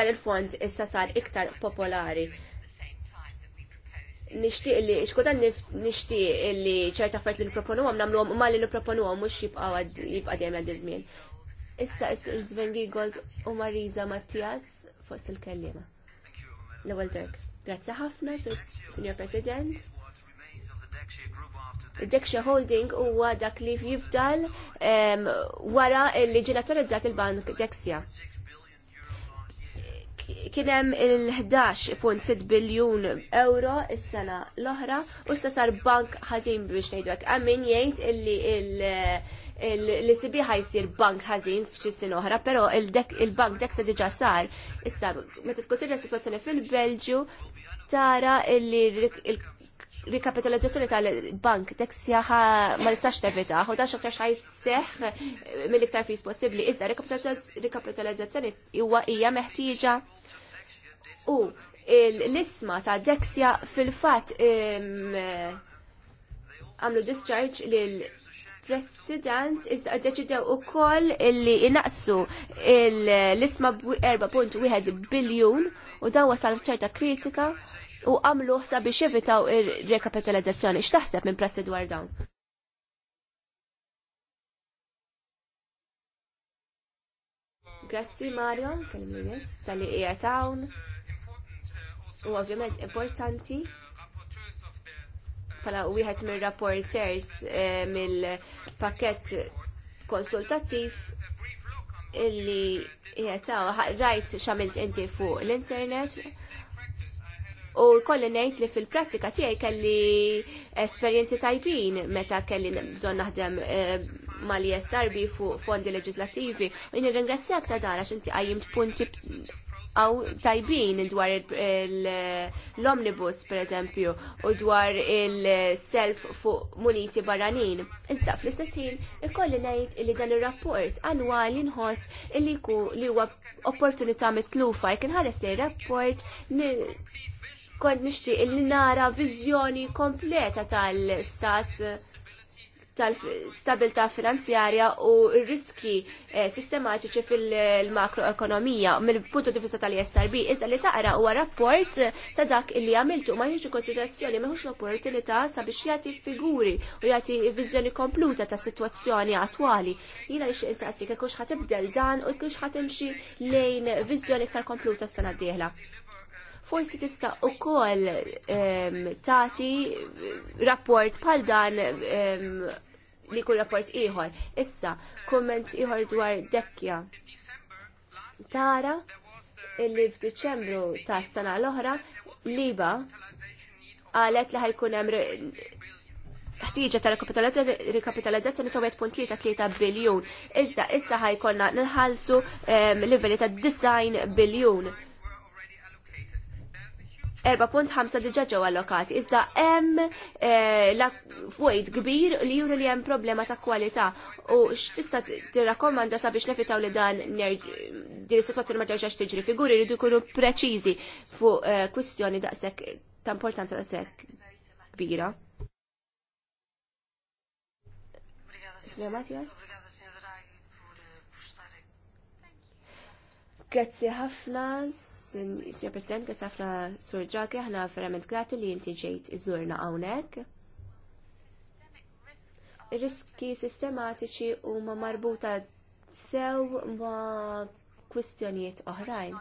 dan il-fond issa sar iktar popolari Nixtieq li, xkodan nixtieq li ċerta affarijiet li niproponu nagħmluhom namlu għam ma li niproponu għam mux jibqa għad jibqa għad jibqa Issa Isur Sven Gold u Marisa Mattias fost il-kellima. L-ewwel Dirk. Grazzi ħafna, Sinjor President. Dekxie Holding huwa dak li jifdal wara li ġinatorazzat il-bank Dexia. Kien hemm il-11.6 biljun euro is-sena l-oħra u issa sar bank ħażin biex ngħidu hekk. min jgħid illi l-ECB jsir bank ħażin f'xi snin oħra, però il-bank dek se diġà sar. Issa meta tkunsidra situazzjoni fil-Belġju tara illi rikapitalizzazzjoni tal-bank dek sjaħa ma nistax tevita, u dan xaktar xaj seħ mill-iktar fis possibli, iżda rikapitalizzazzjoni huwa hija meħtieġa u l-isma ta' Deksja fil-fat għamlu discharge lil President iżda deċidew u koll illi inaqsu l-isma 4.1 biljun u dan wasal ċajta kritika u għamlu biex jevitaw ir-rekapitalizzazzjoni. X'taħseb minn prezzi dwar dawn? Grazzi Mario, kellimni tal-li qiegħed hawn. U ovvjament importanti pala wieħed mir-rapporters eh, mill-pakket konsultattiv illi jgħetaw, rajt xamilt inti fuq l-internet u kolli ngħid li fil-prattika tiegħi kelli esperjenzi tajbin meta kelli bżonn naħdem eh, mal-ISRB fuq fondi leġislattivi u nirringrazzjak ta' dan għax inti għajjimt punti għaw tajbin dwar l-omnibus, per eżempju, u dwar il-self fuq muniti barranin. Iżda fl-istess ħin, ikolli ngħid li dan ir-rapport annwali nħoss li ku li huwa opportunità mitlufa, jkun ħares li rapport kont nishti illi nara viżjoni kompleta tal-stat tal-stabilta finanzjarja u riski eh, sistematiċi fil-makroekonomija mill-puntu di vista tal-ISRB iżda li taqra huwa rapport ta' dak illi għamiltu ma jiex konsiderazzjoni maħux l opportunità sabiex jagħti figuri u jagħti viżjoni kompluta ta' situazzjoni attwali. Jiena li xi insaqsi kieku ħatibdel dan u kiex ħatimxi lejn viżjoni tal-kompluta s-sena d-dieħla forsi tista' ukoll ehm, tagħti rapport bħal dan ehm, li kull rapport ieħor. Issa, komment ieħor dwar dekkja. Tara illi f'Diċembru ta' sena l-oħra Liba qalet li ħajkun hemm ħtiġa ta' rekapitalizzazzjoni ta' 3 biljun. Iżda issa ħajkonna nħallsu ehm, livelli ta' 9 biljun 4.5 diġa ġew allokati, iżda hemm eh, fwejt kbir li juru li hemm problema ta' kwalità u x'tista' tirrakkomanda sabiex nefitaw li dan din is-sitwazzjoni ma ġewx tiġri. Figuri jridu jkunu preċiżi fuq eh, kwistjoni daqshekk ta' importanza daqshekk kbira. Sra Grazzi ħafna, Sr. President, grazzi ħafna Sur Draghi, ħna verament grati li inti ġejt iżurna hawnhekk. Riski sistematiċi huma marbuta sew ma' kwistjonijiet oħrajn.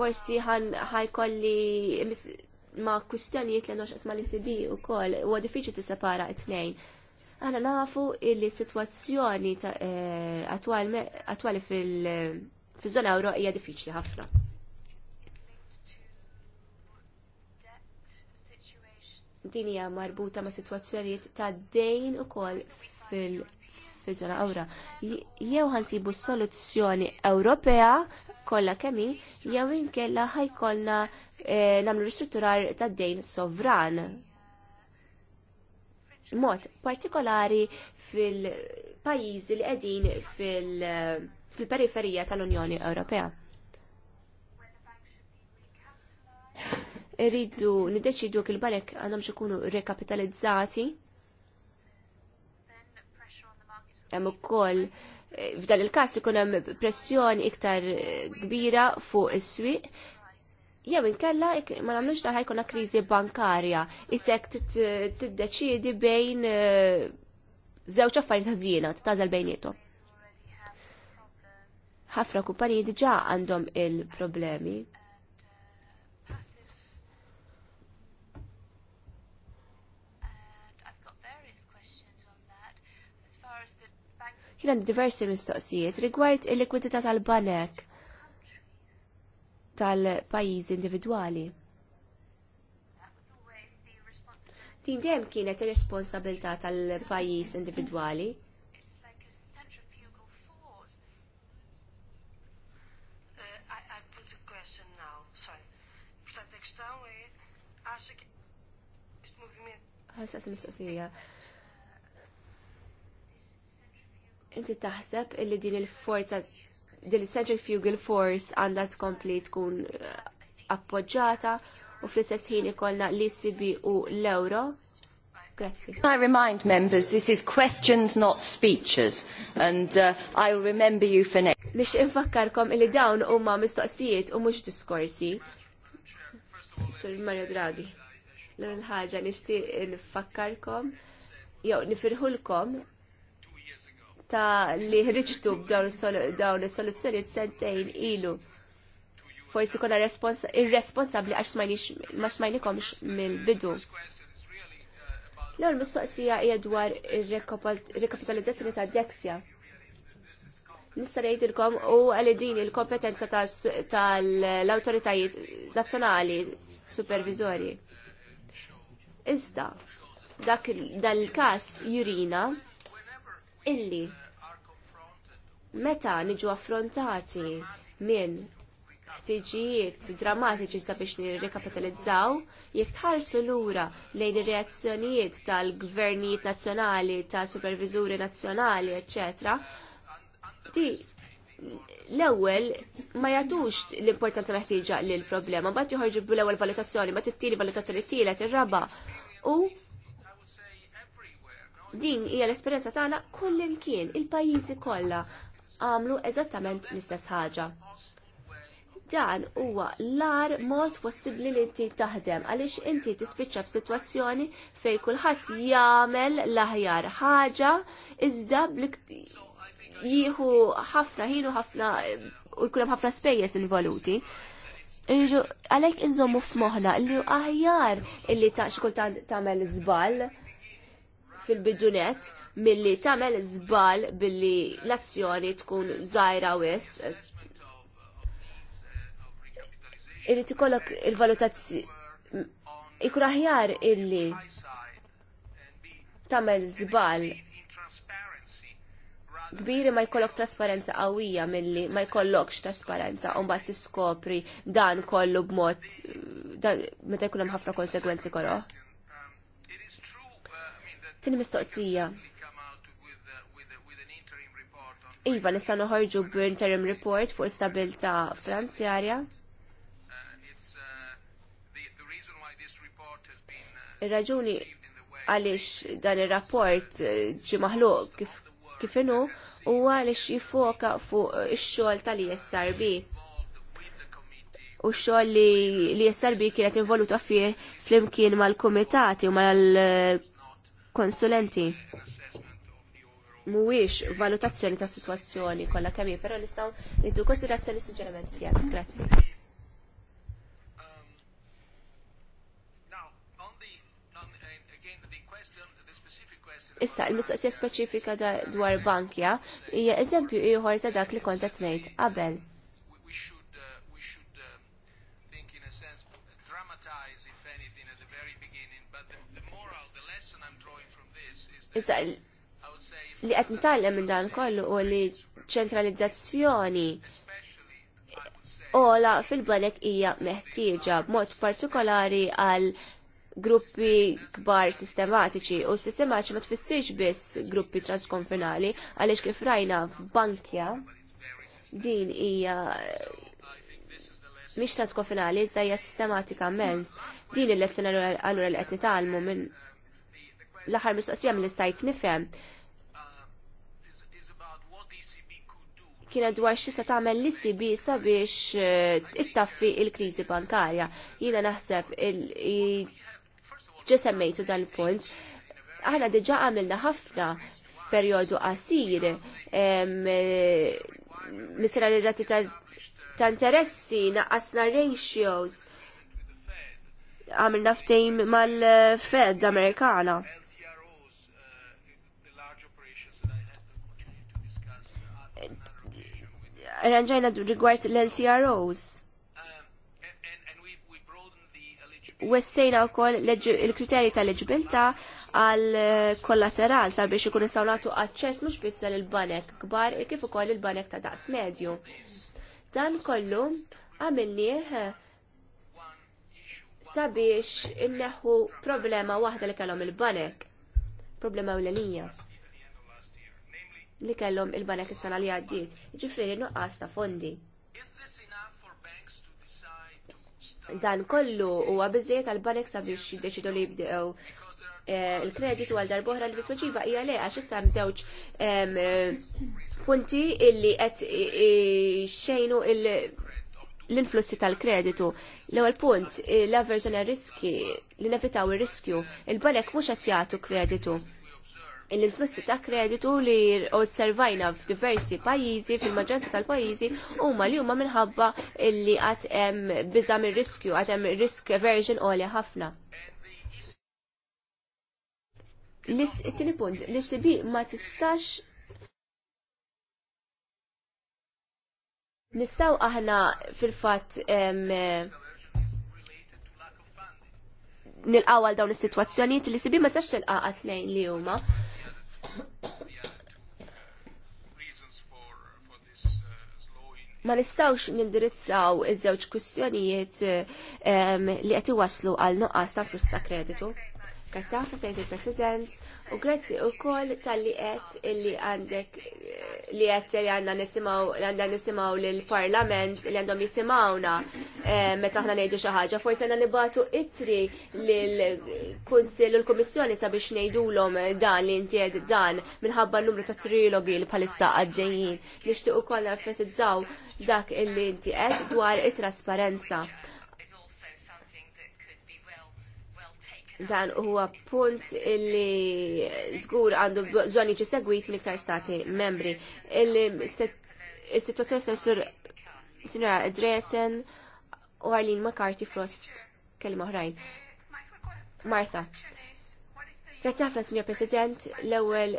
Forsi ħajkolli ma' kwistjonijiet li noċqet ma' l-ICB u kol, u għadifiċi t-separa it-nejn. Għana nafu illi situazzjoni eh, attuali fil- fi żona euro hija diffiċli ħafna. Din hija marbuta ma' sitwazzjonijiet ta' dejn ukoll fil- fiż-żona Jew ħansibu soluzzjoni Ewropea kollha kemmi, jew inkella ħajkollna eh, nagħmlu ristrutturar tad dejn sovran mod partikolari fil-pajizi li qegħdin fil-, -pajiz fil-periferija tal-Unjoni Ewropea. Irridu niddeċidu kif il-banek għandhom ikunu rekapitalizzati. Hemm ukoll f'dan il-każ ikun hemm pressjoni iktar kbira fuq is-swieq jew inkella ma nagħmlux daħ jkollna kriżi bankarja isek tiddeċiedi bejn żewġ affarijiet ħażiena tażel bejniethom ħafna kumpanijiet diġà għandhom il-problemi. Kien għandi diversi mistoqsijiet rigward il-likwidità tal-banek tal-pajjiżi individwali. Din dejjem kienet ir-responsabilità tal-pajjiż individwali. ħassas mistoqsija. Inti taħseb illi din il-forza, din il-centrifugal force għandha tkompli tkun eh, appoġġata u fl-istess ħin ikollna l-ECB u l-euro Grazie. I remind members this is questions not speeches and uh, I will remember you for next. Nix infakkarkom illi dawn huma mistoqsijiet u mhux diskorsi. Sir Mario Draghi l-ħagġa nixtieq nfakkarkom jew nifirħulkom ta' li ħriġtu b'dawn is t sentejn ilu. Forsi kuna irresponsabbli għax ma smajnikomx mill-bidu. L-ewwel mistoqsija hija dwar ir-rekapitalizzazzjoni ta' Dexia. Nista' ngħidilkom u għal din il-kompetenza tal-awtoritajiet nazzjonali supervizorji. Iżda, dak dal-każ jurina illi meta niġu affrontati minn ħtiġijiet drammatiċi sabiex nirrikapitalizzaw, jekk tħarsu lura lejn ir-reazzjonijiet tal-gvernijiet nazzjonali, tal-superviżuri nazzjonali, eccetera. di l-ewwel ma jagħtux l-importanza meħtieġa lil problema, mbagħad joħorġu bl-ewwel valutazzjoni, ma it valutazzjoni tielet ir-raba' u din hija l-esperjenza tagħna kull imkien il-pajjiżi kollha għamlu eżattament l-istess ħaġa. Dan huwa l-ar mod possibbli li inti taħdem għaliex inti tispiċċa f'sitwazzjoni fejn kulħadd jagħmel l-aħjar ħaġa iżda jieħu ħafna ħinu ħafna u jkun hemm ħafna spejjeż involuti. Għalhekk inżommu f'smoħħna li aħjar illi ta' xkultant tagħmel żball fil-bidunet milli tagħmel żball billi l-azzjoni tkun u jess. Irid ikollok il-valutazzjoni ikun aħjar illi tagħmel żball kbiri ma jkollok trasparenza qawwija milli ma jkollokx trasparenza u mbagħad tiskopri dan kollu b'mod meta jkun hemm ħafna konsegwenzi koroħ. Tini mistoqsija. Iva, nista' noħorġu b'interim report fuq stabilta finanzjarja. Ir-raġuni għaliex dan ir-rapport ġi maħluq kif kif inhu huwa li jifoka fuq ix-xogħol tal-ISRB u xol li l-ISRB e kienet involuta fih flimkien mal-komitati u mal-konsulenti. Mhuwiex valutazzjoni ta' situazzjoni kollha kemm però nistgħu niddu konsiderazzjoni suġġerament tiegħek. Grazzi. Issa, il-mistoqsija speċifika dwar bankja hija eżempju ieħor ta' dak li kont qed ngħid qabel. Issa, li qed nitgħallem minn dan kollu u li ċentralizzazzjoni ola fil-banek hija meħtieġa b'mod partikolari għal gruppi kbar sistematiċi u sistematiċi ma tfissirx biss gruppi transkonfinali għaliex kif rajna f'Bankja din hija mhix transkonfinali iżda hija sistematika menz Din il-lezzjoni allura li qed nitalmu minn l-aħħar mistoqsija mill-istajt nifhem kienet dwar xi se tagħmel l-ICB sabiex eh, ittaffi l kriżi bankarja. Jiena naħseb ġesemmejtu dal-punt. Aħna diġa għamilna ħafna f'perjodu qasir misra li rati ta' interessi, naqqasna ratios. Għamilna ftejm mal-Fed Amerikana. Ranġajna rigward l-LTROs wessejna wkoll il-kriterji tal-leġibilità għal eh, kollateral sabiex ikun instawratu nagħtu aċċess mhux biss il-banek kbar e kif ukoll il-banek ta' daqs medju. Dan kollu għamilnieh eh, sabiex inneħu problema waħda li kellhom il-banek. Problema ewlenija li kellhom il-banek is-sena li għaddiet, ġifieri nuqqas ta' fondi dan kollu huwa għabizziet għal banek sabiex jiddeċidu li jibdew eh, il-kreditu għal darbohra li bitweġiba hija le għax issa m'żewġ punti illi qed xejnu l-influssi tal-kreditu. L-ewwel punt, l-avverżjoni riski li nevitaw ir-riskju, il-banek mhux qed jagħtu kreditu il l-flussi ta' kreditu li osservajna f'diversi pajjiżi, fil-maġġoranza tal-pajjiżi, huma li huma minħabba li qatt hemm biża' mir-riskju, qatt hemm risk aversion għolja ħafna. It-tieni punt, l-ICB ma tistax Nistaw aħna fil-fatt nilqaw għal dawn is-sitwazzjonijiet li sibi ma tistax tilqa' lejn li huma ma nistawx nindirizzaw iż-żewġ kwistjonijiet ehm, li qed iwaslu għal nuqqas ta' flus ta' kreditu. Grazzi ħafna president U grazzi u koll tal-li għet li għandek eh, li għet li għanna nisimaw, li għanna nisimaw l-parlament li għandhom jisimawna eh, meta ħna nejdu xaħġa. Forse għanna nibatu itri l-Kunsil u l-Komissjoni sabiex l-om dan li intied dan minħabba l-numru ta' trilogi li palissa għaddejjin. Nishtiq u koll narfesizzaw dak illi inti għet dwar it-trasparenza. dan huwa punt illi zgur għandu bżonn jiġi segwit mill-iktar stati membri. Is-sitwazzjoni se sur Sinra Dresen u Arlene McCarthy Frost kelma oħrajn. Martha. Grazie ħafna, Sinjor President. L-ewwel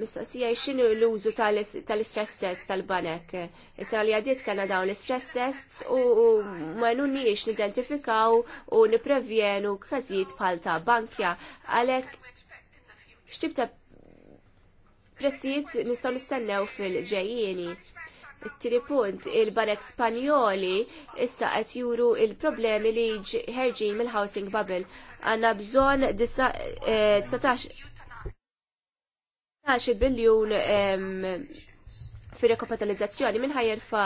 mistoqsija xinu l-użu tal-stress test tal-banek. Issa li għadiet kena dawn l-stress tests u ma nunniex nidentifikaw u niprevjenu kazijiet bħal ta' bankja. Għalek, xtibta prezzijiet nistaw nistennew fil-ġejjieni. Tiri punt, il-banek spanjoli issa qed juru il-problemi li ħerġin mill-housing bubble. Għanna bżon 19 eh, 10 biljun fi rekapitalizzazzjoni minħajja fa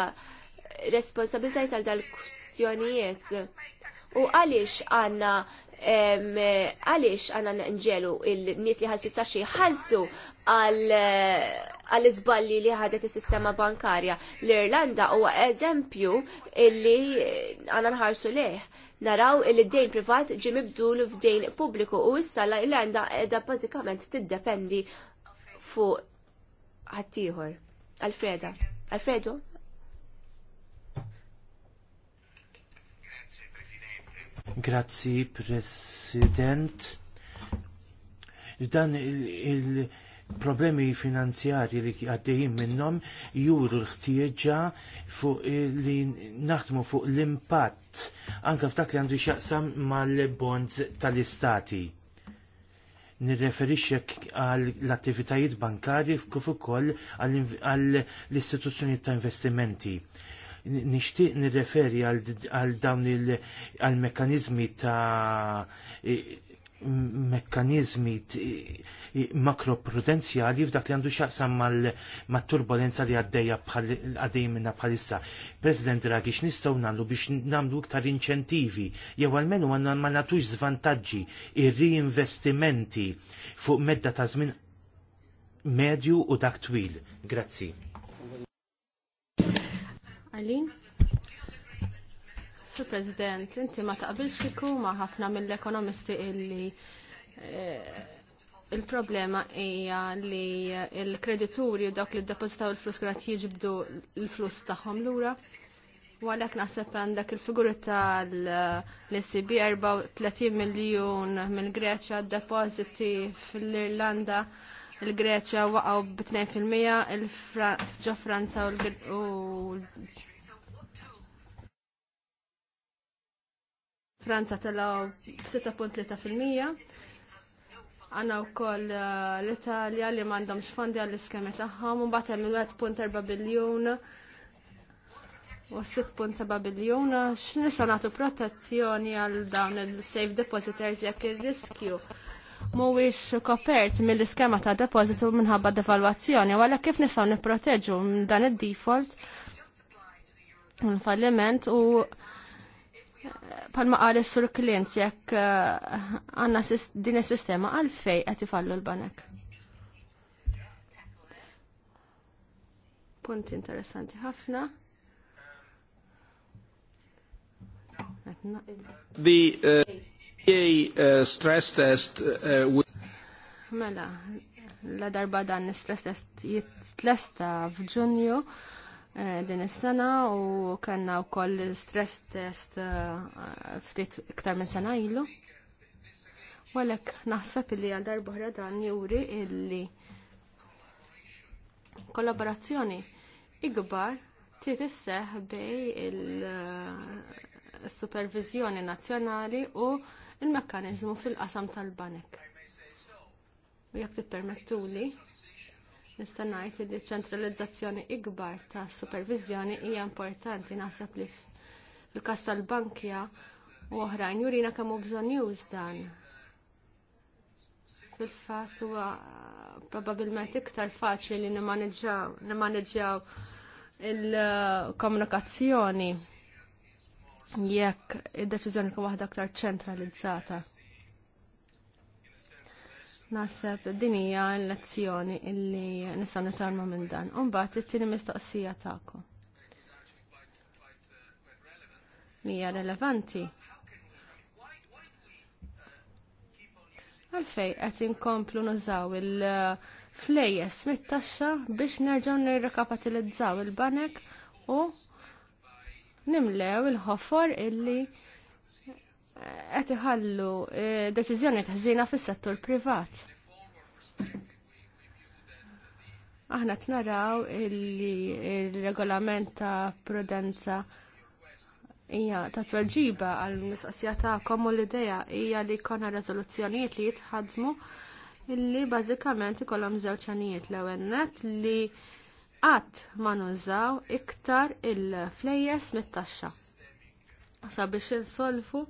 responsabilitajt għal dal-kustjonijiet u għaliex għanna għaliex għanna nġelu il-nis li ħalsu taxxi ħalsu għall-izballi li ħadet il-sistema bankarja. L-Irlanda huwa eżempju illi għanna nħarsu leħ. Naraw il-dejn privat ġimibdu mibdul f'dejn pubbliku u issa l-Irlanda edha bażikament tiddependi fuq ħaddieħor. Alfreda. Alfredo? Grazzi, President. Dan il-problemi il finanzjari li għaddejjin minnom juru l-ħtieġa fuq li naħdmu fuq l-impatt anka f'dak li għandu xaqsam mal-bonds tal-istati nirreferixxek għal l-attivitajiet bankarji kif ukoll għall istituzzjoni ta' investimenti. Nixtieq nirreferi għal dawn il-mekkaniżmi ta' mekkanizmi makroprudenzjali f'dak li għandu xaqsam mal-turbolenza li għaddeja għaddej minna bħalissa. President Draghi, x'nistgħu nagħmlu biex nagħmlu iktar inċentivi, jew għalmenu għandna ma nagħtux zvantaġġi ir-riinvestimenti fuq medda ta' żmien medju u dak twil. Grazzi. Sur President, inti ma taqbilx fiku ma ħafna mill-ekonomisti illi eh, il-problema hija li il-kredituri u dawk li ddepozitaw il-flus kienet jiġbdu l-flus tagħhom lura. U għalhekk naħseb għandek il-figuri tal-ECB 34 miljun mill-Greċja depositi fl-Irlanda il-Greċja waqgħu b'2%, il-Ġo Franza u l Franza telaw 6.3%. Għanna u koll eh, l-Italja li mandom xfandi għall iskemet taħħam, un batem 1.4 biljon u 6.7 biljon, x'nisa natu protezzjoni għal dawn il-safe depositors jekk ir-riskju mhuwiex kopert mill-iskema ta' depositu minħabba devalwazzjoni, għalhekk kif nistgħu nipproteġu dan id-default, un -falliment, u pan ma għal sur klient jekk eh, għanna din is-sistema fej għati fallu l-banek. Punt interessanti ħafna. The uh, uh, stress test uh, Mela, la darba dan stress test jitlesta f'Ġunju Eh, din is-sena u kellna wkoll stress test eh, ftit iktar minn sena ilu. Walek naħseb li għal darbohra dan juri illi kollaborazzjoni ikbar trid isseħ bej il-supervizjoni nazzjonali u l-mekkaniżmu fil-qasam tal-banek. U jekk tippermettuli, Nista' ngħid li ċ-ċentralizzazzjoni ikbar tas superviżjoni hija importanti naħseb li fil-każ tal-bankja u oħrajn jurina kemm hu bżonn już dan. Fil-fatt huwa probabbilment iktar faċli li nimmaneġġjaw il-komunikazzjoni jekk id-deċiżjoni tkun waħda aktar ċentralizzata. Naħseb din hija l-lezzjoni illi nistgħu nitarmu minn dan. U mbagħad it-tieni mistoqsija tagħkom. Hija relevanti. Għalfej qed inkomplu nużaw il-flejjes mit-taxxa biex nerġgħu nirrekapatilizzaw il-banek u nimlew il-ħofor illi qed iħallu eh, deċiżjoni ħżina fis-settur privat. Aħna t-naraw il-regolament ta' prudenza hija ta' tweġiba għal mistoqsija tagħkom u l-idea hija li jkollna rezoluzzjonijiet li jitħadmu illi bażikament ikollhom żewġ għanijiet l-ewwel nett li qatt ma nużaw iktar il-flejjes mit-taxxa sabiex insolvu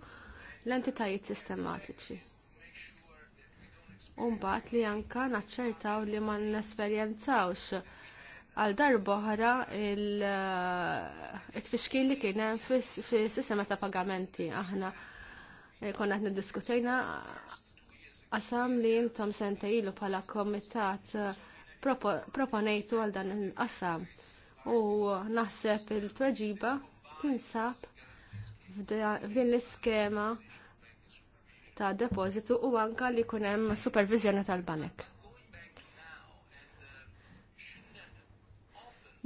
l-entitajiet sistematiċi. U mbagħad li anke naċċertaw li ma nesperjenzawx għal darboħra il-tfixkil eh, li kien hemm fis-sistema ta' pagamenti aħna eh, konna qed niddiskutejna qasam li intom sentejlu bħala komitat eh, proponejtu għal dan il-qasam u naħseb il-tweġiba tinsab f'din l-iskema ta' depożitu u anka li jkun hemm supervizjoni tal-banek.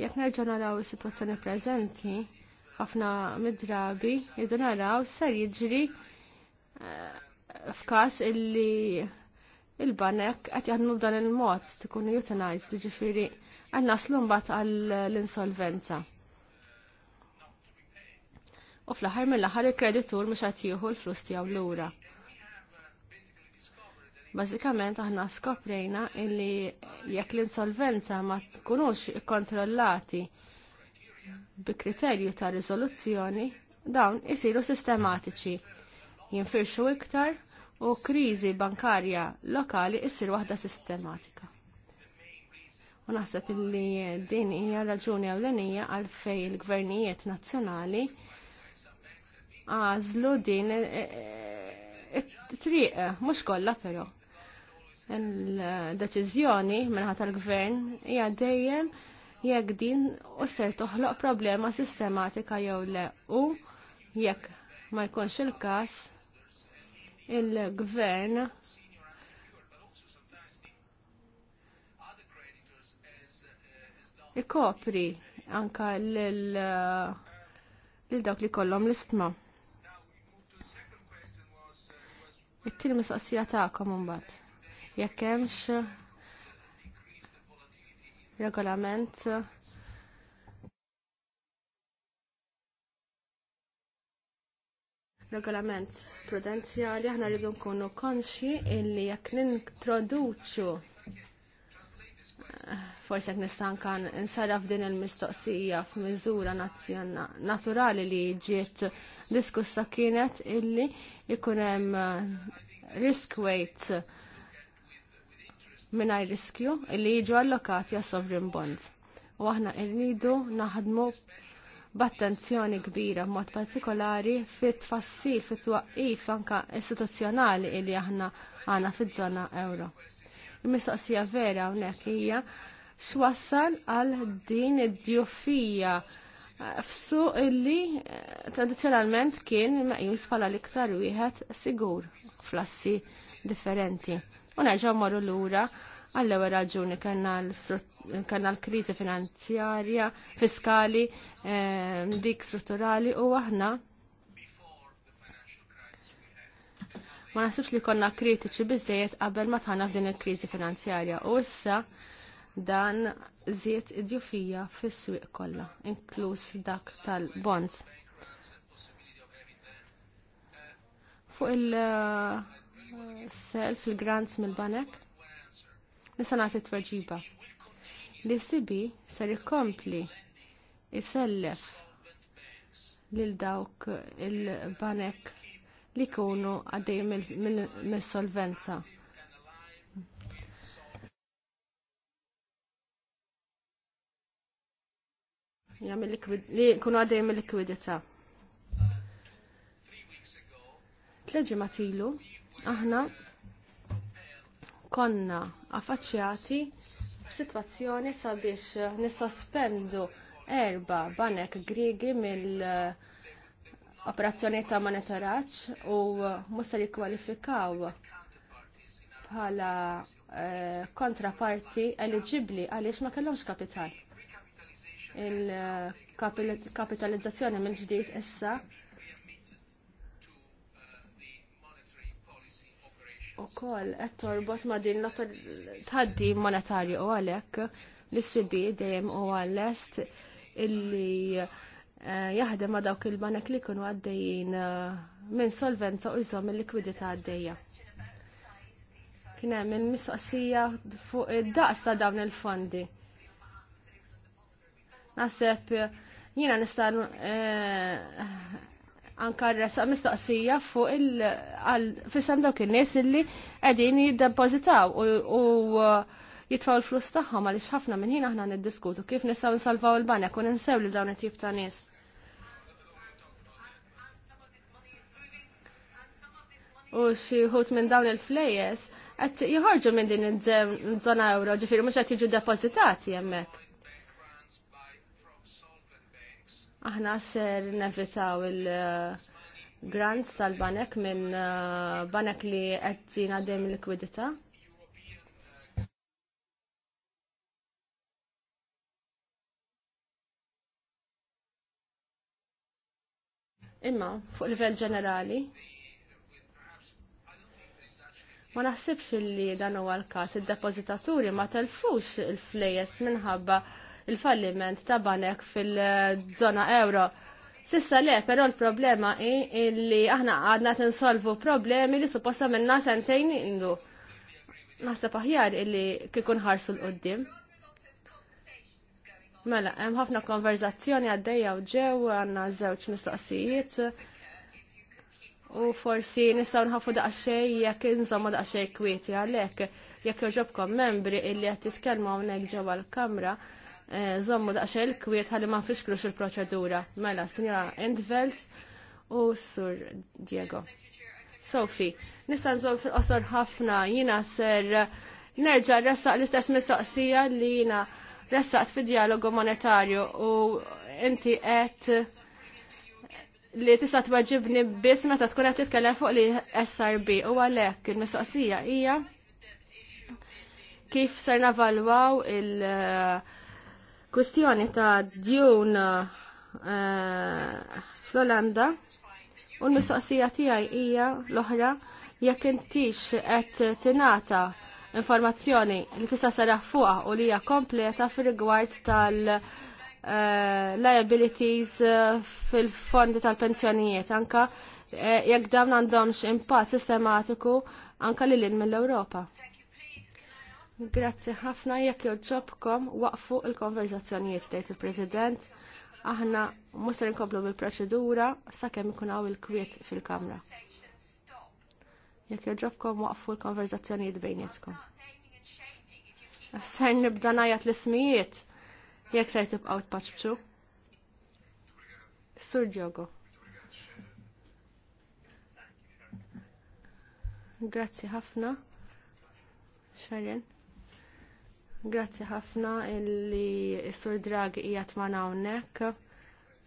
Jekk nerġa' naraw is-sitwazzjoni preżenti, ħafna mid-drabi jridu naraw ser jiġri eh, f'każ illi il-banek qed jaħdmu b'dan il-mod tkun utilized, jiġifieri qed naslu mbagħad għall-insolvenza u fl-aħħar mill-aħħar il-kreditur mhux qed jieħu l-flus l lura. Bażikament aħna skoprejna illi jekk l-insolvenza ma tkunux kontrollati bi kriterju ta' riżoluzzjoni, dawn isiru sistematiċi, jinfirxu iktar u kriżi bankarja lokali issir waħda sistematika. U naħseb li din hija raġuni ewlenija għalfejn il-gvernijiet nazzjonali għażlu din it-triq, e, e, e, mhux kollha però. Il-deċiżjoni minħat tal-gvern hija dejjem jekk din u ser toħloq problema sistematika jew le u jekk ma jkunx il-każ il-gvern ikopri anka lil dawk li kollhom l-istma' it-til mistoqsija tagħkom imbagħad. Jekk hemmx regolament regolament prudenzjali aħna rridu nkunu konxi illi jekk nintroduċu forse qed nistanka nsara f'din il-mistoqsija f'miżura naturali li ġiet diskussa kienet illi ikun hemm eh, risk weight mingħajr riskju illi jiġu allokati għas sovereign bonds. U aħna rridu naħdmu b'attenzjoni kbira b'mod partikolari fit tfassil fit twaqqif anka istituzzjonali illi aħna għandna fiż żona euro. Il-mistaqsija vera hawnhekk hija x'wassal għal din id-djuffija f'su illi eh, tradizzjonalment kien meqjus bħala l-iktar wieħed sigur flassi differenti. U nerġgħu marru lura għall-ewwel raġuni kellna l-kriżi finanzjarja, fiskali, eh, dik strutturali u aħna ma nasibx li konna kritiċi bizzejiet qabel ma tħana f'din il-kriżi finanzjarja u issa dan żied idjufija fis-swieq kollha, inkluż dak tal-bonds. Fuq il-self, il-grants mill-banek, nisa nagħti tweġiba. Li sibi ser ikompli isellef lil dawk il-banek li jkunu għaddej mis-solvenza. li kunu għaddej mill likwidita Tleġi matilu, aħna konna affaċċjati f'sitwazzjoni sabiex nissospendu erba banek Griegi mill- uh, operazzjonijiet ta' monitoraġġ u eh, mhux se jikkwalifikaw bħala eh, kontraparti eligibli għaliex ma kellhomx kapital. Il-kapitalizzazzjoni mill-ġdid issa u koll qed torbot ma' din tħaddi monetarju u għalhekk l-sibi dejjem u għall-est illi jaħdem ma' dawk il-banek li kunu għaddejjin eh, minn solvenza u jżomm il-likwidità għaddejja. Kien hemm il-mistoqsija fuq id-daqs ta' dawn il-fondi. Naħseb jiena nista' eh, anka rresa mistoqsija fuq il- fissam dawk in-nies illi qegħdin jiddepozitaw u eh, jitfaw l-flus tagħhom għaliex ħafna minn ħin aħna niddiskutu kif nistgħu nsalvaw il-banek u ninsew li dawn it-tip ta' nies. u xi minn dawn il-flejes qed jħorġu minn din iż-żona euro, ġifiri mhux qed jiġu depożitati hemmhekk. Aħna ser nevitaw il-grants tal-banek minn uh, banek li qed dem likwidita. Imma, fuq livell ġenerali, Ma naħsibx li dan huwa l-każ id-depożitaturi ma telfux il-flejes minħabba il-falliment ta' banek fil-żona euro. Sissa le, però l-problema hi li aħna għadna tinsolvu problemi li supposta minna sentejn indu. Naħseb aħjar illi kikun ħarsu l-qoddim. Mela, hemm ħafna konverzazzjoni għaddejja u ġew għandna żewġ mistoqsijiet u forsi nistaw nħafu daqxej jekk nżommu daqxej kwieti għalek jekk joġobkom membri illi għat titkellmu hawnhekk ġewwa l-kamra eh, żommu daqxej l-kwiet ħalli ma fiskrux il-proċedura. Mela, Sinjora Endveld u Sur Diego. Sofi, nista' nżomm fil-qosor ħafna jina ser nerġa' ressaq l-istess mistoqsija li jina ressaqt fid-dialogu monetarju u inti qed li tista' tweġibni biss meta tkun qed titkellem fuq li SRB u għalhekk il-mistoqsija hija kif ser navalwaw il kustjoni ta' djun eh, fl-Olanda u l-mistoqsija tiegħi hija l-oħra jekk intix qed tingħata informazzjoni li tista' serraħ fuqha u li hija kompleta fir-rigward tal- Eh, liabilities eh, fil-fondi tal-pensjonijiet anka eh, jekk dawn għandhomx impatt sistematiku anka lil mill-Ewropa. Grazzi ħafna jekk joġobkom waqfu il-konverzazzjonijiet tgħid il-President. Aħna mhux se nkomplu bil-proċedura sakemm ikun hawn il-kwiet fil-Kamra. Jekk joġobkom waqfu l-konverzazzjonijiet bejnietkom. Ser nibda najat l-ismijiet jekk ser tibqgħu tpaċċu. Sur Diogo. Grazzi ħafna. Xarjen. Grazzi ħafna illi s-sur Drag qiegħed ma' hawnhekk.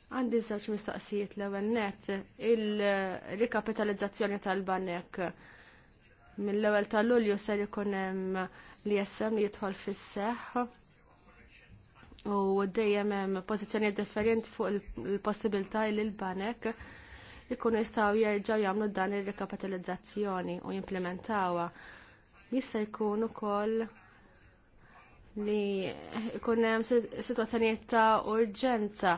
Għandi żewġ mistaqsijiet l-ewwel net il-rikapitalizzazzjoni tal-banek mill-ewwel ta' Lulju ser ikun hemm li jessem jidħol fis-seħħ u dejjem hemm pożizzjonijiet differenti fuq il-possibilità li l-banek ikunu jistgħu jerġgħu jagħmlu dan ir-rekapitalizzazzjoni u jimplementawha. Jista' jkun ukoll li jkun hemm sitwazzjonijiet ta' urġenza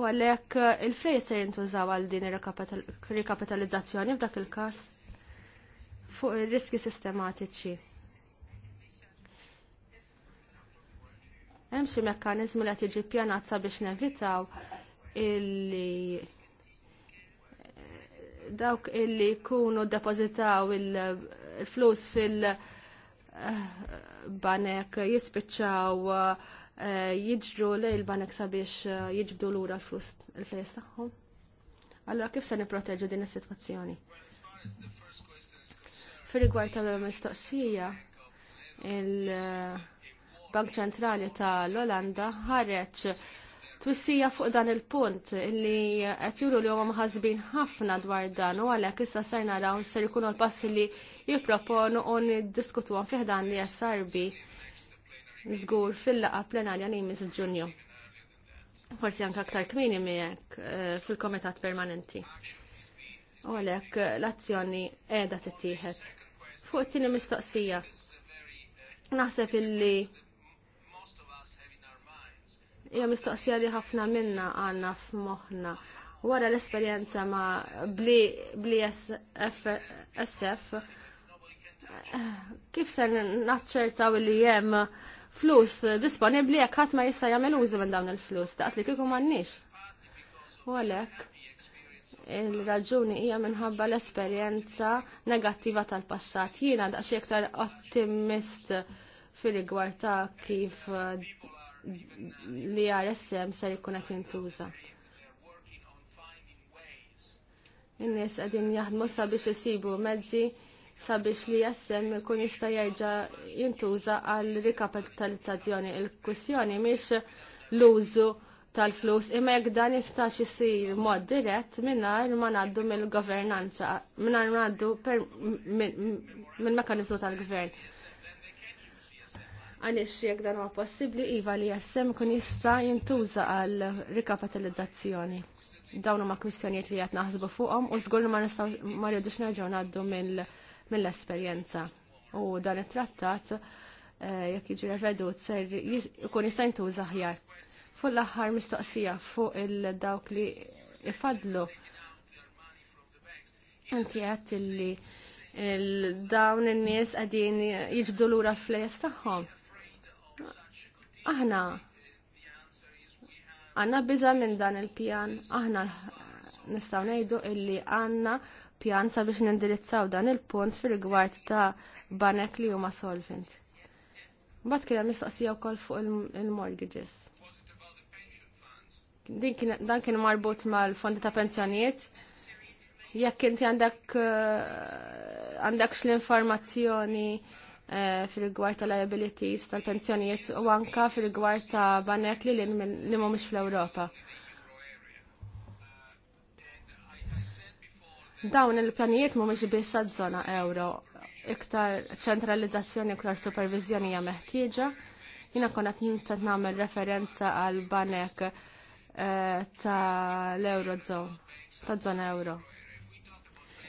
u għalhekk il-flej se jintużaw għal din ir-rekapitalizzazzjoni f'dak il-każ fuq ir-riski sistematiċi. Hemm xi mekkaniżmi li qed jiġi ppjanat sabiex nevitaw illi eh, dawk illi jkunu depożitaw il-flus fil-banek eh, jispiċċaw eh, jiġru lej il-banek sabiex jiġbdu lura l-flus il-flejs tagħhom. Allora kif se nipproteġu din is-sitwazzjoni? Fir-rigward tal-mistoqsija il- uh, Bank Ċentrali tal-Olanda ħareġ twissija fuq dan il-punt li qed juru li huma mħasbin ħafna dwar dan u għalhekk issa ser naraw ser ikunu l-passi li jipproponu u niddiskutuhom fih dan li SRB żgur fil-laqgħa plenarja li jmiss f'Ġunju. Forsi anke aktar kmini miegħek eh, fil-Komitat Permanenti. U għalhekk l-azzjoni qiegħda tittieħed. Fuq it-tieni mistoqsija. Naħseb illi hija mistoqsija li ħafna minna għandna f'moħħna. Wara l-esperjenza ma' bli SF kif se naċċertaw li hemm flus disponibbli jekk ħadd ma jista' jagħmel użu minn dawn il-flus, daqs li kieku m'għandniex. U għalhekk il-raġuni hija minħabba l-esperjenza negattiva tal-passat. Jiena daqs iktar ottimist fil-rigward ta' kif li RSM ser ikun qed jintuża. In-nies qegħdin jaħdmu sabiex isibu mezzi sabiex li jassem kun jista' jerġa' jintuża għal rikapitalizzazzjoni. Il-kwistjoni mhix l-użu tal-flus imma jekk dan jistax isir mod dirett mingħajr ma ngħaddu mill-governanza, mingħajr ma ngħaddu minn mekkaniżmu tal-gvern għalix jekk dan huwa possibbli iva li jassem kun jista' jintuża għal rikapitalizzazzjoni. Dawn huma kwistjonijiet li qed naħsbu fuqhom u żgur ma nistgħu ma rridux nerġgħu ngħaddu mill-esperjenza. U dan it-trattat eh, jekk jiġi revedut ser jkun jista' jintuża aħjar. Fuq l-aħħar mistoqsija fuq il-dawk li ifadlu Inti għedt li dawn in nies qegħdin jiġbdu l fl flejes tagħhom. Aħna għanna biza minn dan il-pjan, aħna nistaw ngħidu illi għanna pjan sabiex nindirizzaw dan il-punt fil-gwart ta' banek li huma solvent. Bat kien hemm mistoqsija wkoll fuq il-mortgages. dan kien marbut mal-fondi ta' pensjonijiet. Jekk inti għandek eh, għandek l-informazzjoni Eh, fil-gwar tal-liabilities tal-pensjonijiet u anka fil-gwar ta' banek li li mhumiex fl-Ewropa. Dawn il-pjanijiet mhumiex biss żona euro, iktar ċentralizzazzjoni iktar supervizjoni hija meħtieġa. Jiena kon qed nagħmel referenza għal banek eh, l eurozone ta' zona euro.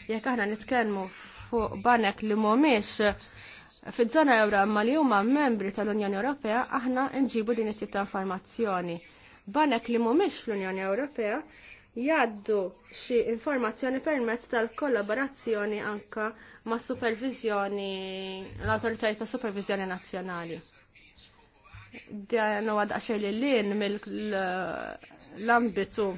Jekk aħna nitkellmu fuq banek li mhumiex Fiż-żona ewra ma li huma membri tal-Unjoni Ewropea aħna nġibu din it-tip ta' informazzjoni. Banek li mhumiex fl-Unjoni Ewropea jgħaddu xi informazzjoni permezz tal-kollaborazzjoni anka ma' supervizjoni l-autoritajiet ta' supervizjoni nazzjonali. Dan huwa daqsxejn li lin mill-ambitu u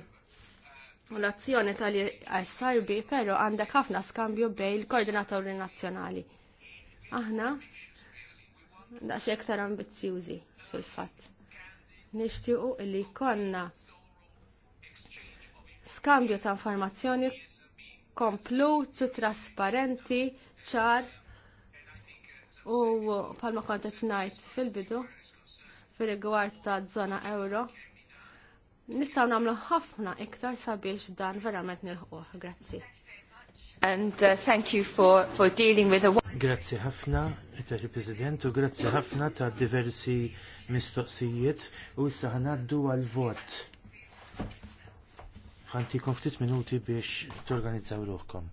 l-azzjoni tal-ISRB, però għandek ħafna skambju bejn il-koordinaturi nazzjonali. Aħna daqs iktar ambizzjużi fil-fatt. Nixtiequ li konna skambju ta' informazzjoni komplut, trasparenti, ċar u palma kontet najt fil-bidu fil-rigward ta' zona euro nistaw namlu ħafna iktar sabiex dan verament nilħuħ. Grazzi. And uh, thank you for, for dealing with a... Grazzi ħafna, Itali President, u grazie ħafna ta' diversi mistoqsijiet u issa ħanaddu għal-vot. Ħanti konftit minuti biex torganizzaw ruħkom.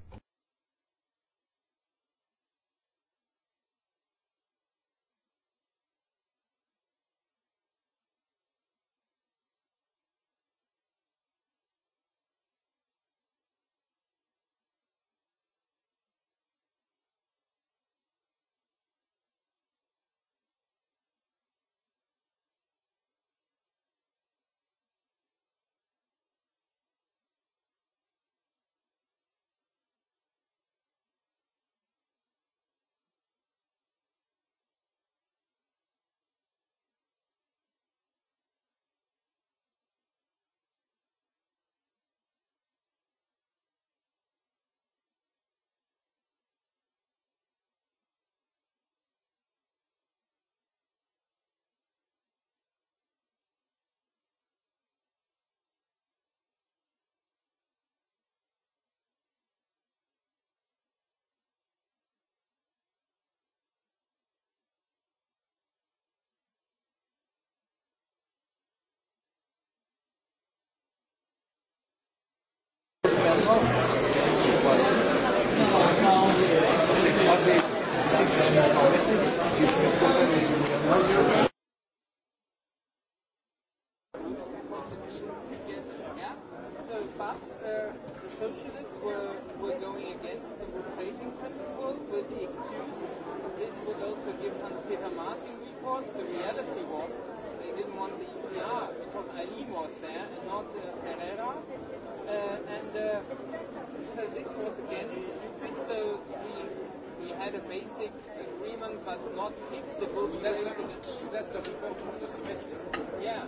not report the semester. Yeah,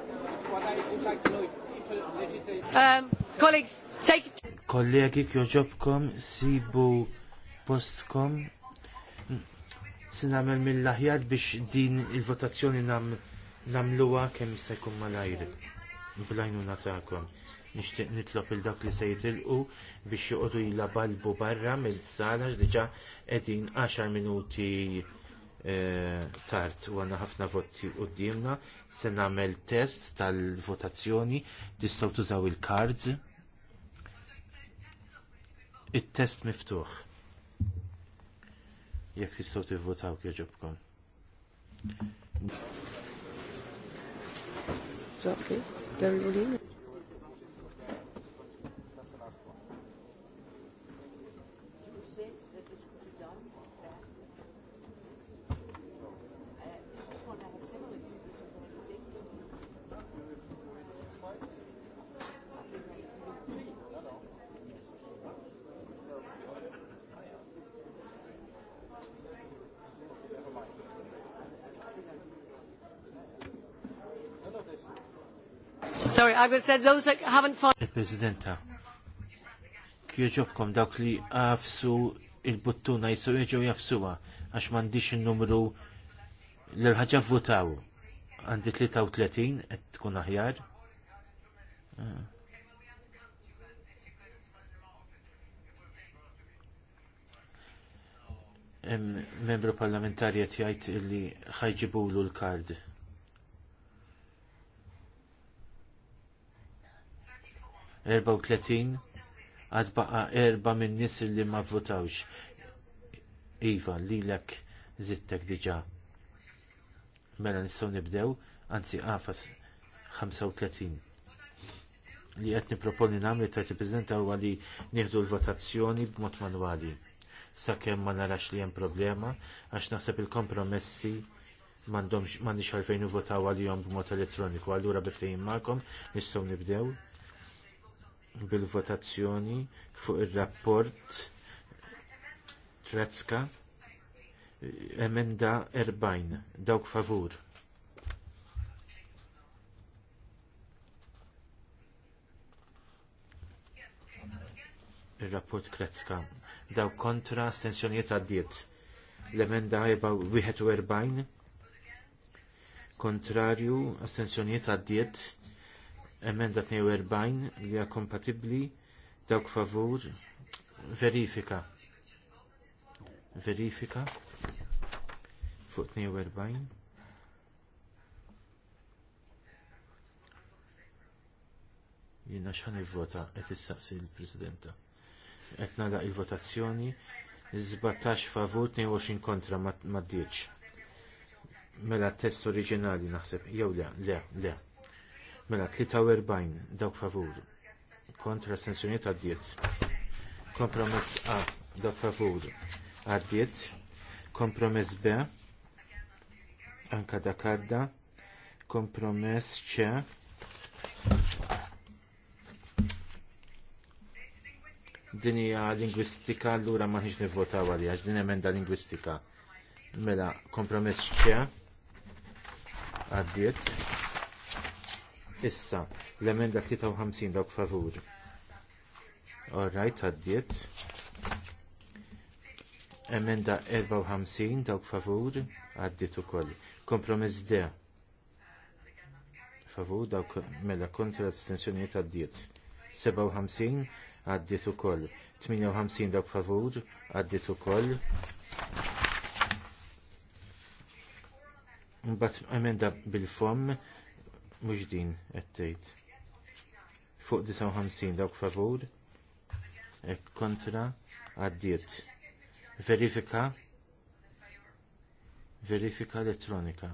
I would like to know if, Um, colleagues, take it. Kollegi kjoġobkom sibu postkom sinamel mill-aħjar biex din il-votazzjoni nam namluwa kemm jista' jkun malajr blajnuna tagħkom. Nixtieq nitlob il dak li se jitilqu biex joqogħdu jilabalbu barra mill-sala diġà qegħdin 10 minuti E, tard u għanna ħafna voti u dimna se namel test tal-votazzjoni, tistaw tużaw il-kards. Il-test miftuħ. Jek tistaw tivvotaw kieġobkom. Okay, everybody. Sorry, I was said those that haven't found... Il-Presidenta, kjoġobkom dawk li għafsu il-buttuna jisu jġu jafsuwa għax mandiċ il-numru l-ħagġa votaw. Għandi 33, għed tkun aħjar. Membru parlamentari għet jgħajt illi ħajġibulu l-kard. 34 għad baqa erba minn nis li ma votawx. Iva, li lek zittek diġa. Mela nistaw nibdew, għanzi għafas 35. Li għetni proponi namli ta' t-prezenta u għali nieħdu l-votazzjoni b'mod manwali. Sakemm ma narax li hemm problema, għax naħseb il-kompromessi mandomx nix għalfejn u votaw għal-jom b'mod elettroniku, għallura biftejn ma'kom, nistaw nibdew bil-votazzjoni fuq ir rapport Trezka emenda 40 dawk favur. ir rapport Kretzka daw kontra astensjonijiet għaddiet. L-emenda 41 kontrarju astenzjonijiet għaddiet Emenda 42 li hija kompatibbli dawk favur verifika. Verifika fuq 42. Jina xan il-vota, et issaqsi il-presidenta. Et nada il-votazzjoni, 17 favur, 22 kontra ma d Mela test oriġinali naħseb, jew le, le, le. Mela 43 dawk favur kontra astensjonijiet għaddiet. Kompromess A dawk favur għaddiet. Kompromess B anka dak għadda. Kompromess C din hija lingwistika allura ma ħiġ nivvotaw għalija, din emenda lingwistika. Mela, kompromess C għaddiet, Issa, l-emenda 53 dawk favur. All right, għaddiet. Emenda 54 dawk favur, għaddiet ukoll. Kompromess D. Favur dawk mela kontra l-astensjonijiet għaddiet. 57 għaddiet ukoll. 58 dawk favur, għaddiet ukoll. Mbagħad emenda bil-fomm mhux din qed tgħid. Fuq 59 dawk favur e, kontra għaddiet. Verifika verifika elettronika.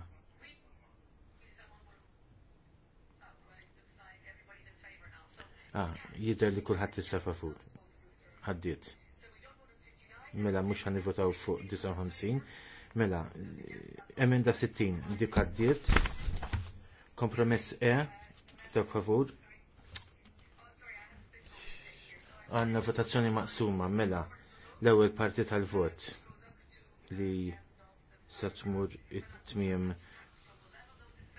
Ah, jidher li kulħadd issa favur. Għaddiet. Mela mhux ħanivotaw fuq 59. Mela, emenda 60 dik għaddiet. Kompromiss E, dak favur. Għanna votazzjoni maqsuma mela l-ewwel parti tal-vot li se tmur it-tmiem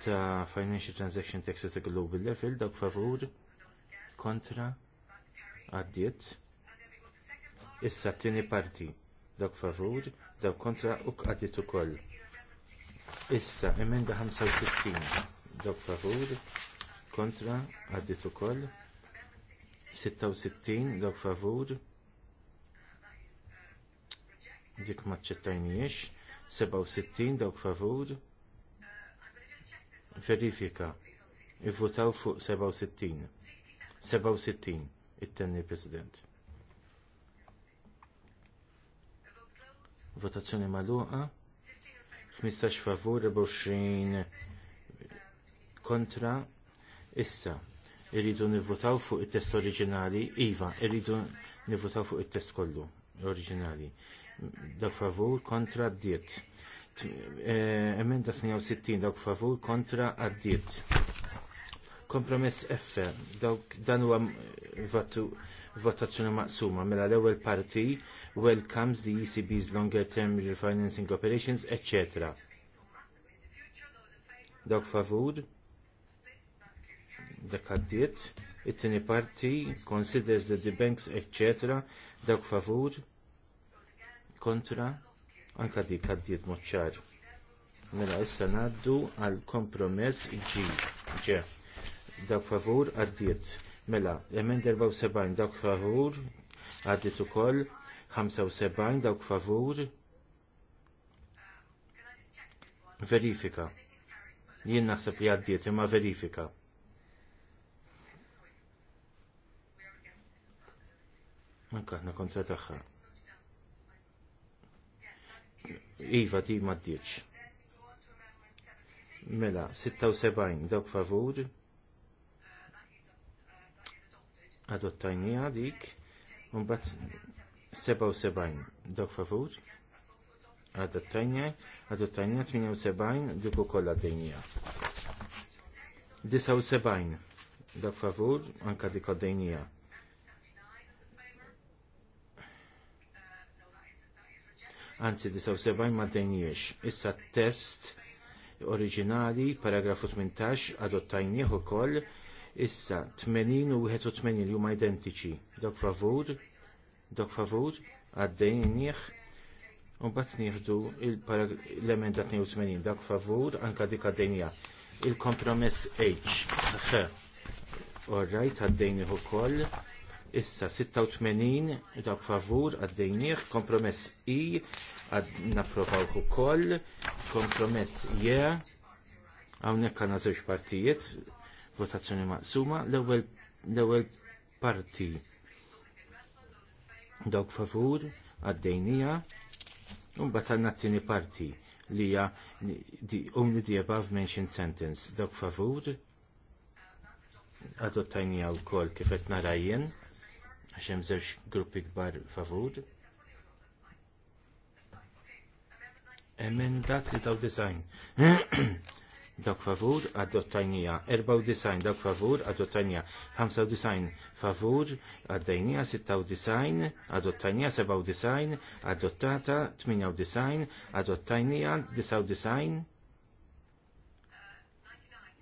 ta' Financial Transaction Tax at Global Level, dak favur, kontra, għaddiet. Issa t-tini parti, dak favur, dak kontra u għaddiet ukoll. Issa, emenda 65. Dok favur kontra għaddit ukoll 66 dok favur dik maċċettajniex 67 dok favur verifika ivvutaw fuq 67 67 it-tenni president votazzjoni maluqa. 15 favur 24 kontra issa irridu nivvotaw fuq it-test oriġinali, iva, irridu nivvotaw fuq it-test kollu oriġinali. Dak favur kontra d-diet. Eh, emenda 68, dak favur kontra għaddiet. Kompromess F, dawk dan huwa votazzjoni maqsuma mela l-ewwel parti welcomes the ECB's longer term refinancing operations, etc. Dawk favur dak it-tieni parti considers the banks etc. dawk favur kontra anka dik għaddiet moċċar. Mela issa ngħaddu għal kompromess G. G. Dawk favur għaddiet. Mela, emend 74 dawk favur għaddiet ukoll 75 dawk favur verifika. Jien naħseb li għaddiet imma verifika. Anka na kontra tagħha. Iva di ma d-dirċ. Mela, 76 dawk favur. Adottajnija dik. Unbat 77 dawk favur. Adottajnija. Adottajnija 78 dik u kolla dejnija. 79 dawk favur, anka dik għaddejnija. anzi 79 ma dejniex. Issa t test oriġinali, paragrafu 18, u ukoll, issa 80 u 81 li huma identiċi. Dok favur, dok favur, għaddejnieħ, u bat nieħdu l-emenda 82, dak favur, anka dik għaddejnija. Il-kompromess H, All right, għaddejnieħ ukoll Issa 86 dawk favur għaddejnieh, kompromess I għad napprovaw ukoll, kompromess je, hawnhekk għandna żewġ partijiet, votazzjoni maqsuma, l-ewwel parti dawk favur għaddejnija, un mbagħad t-tieni parti li hija only the above mentioned sentence dawk favur adottajnija wkoll kif qed narajjen għaxem zewġ gruppi kbar favur. Emenda 93. dak favur għaddottajnija, 94 dak favur għaddottajnija, 95 favur għaddajnija, 96 għaddottajnija, 97 għaddottata, 98 għaddottajnija, 99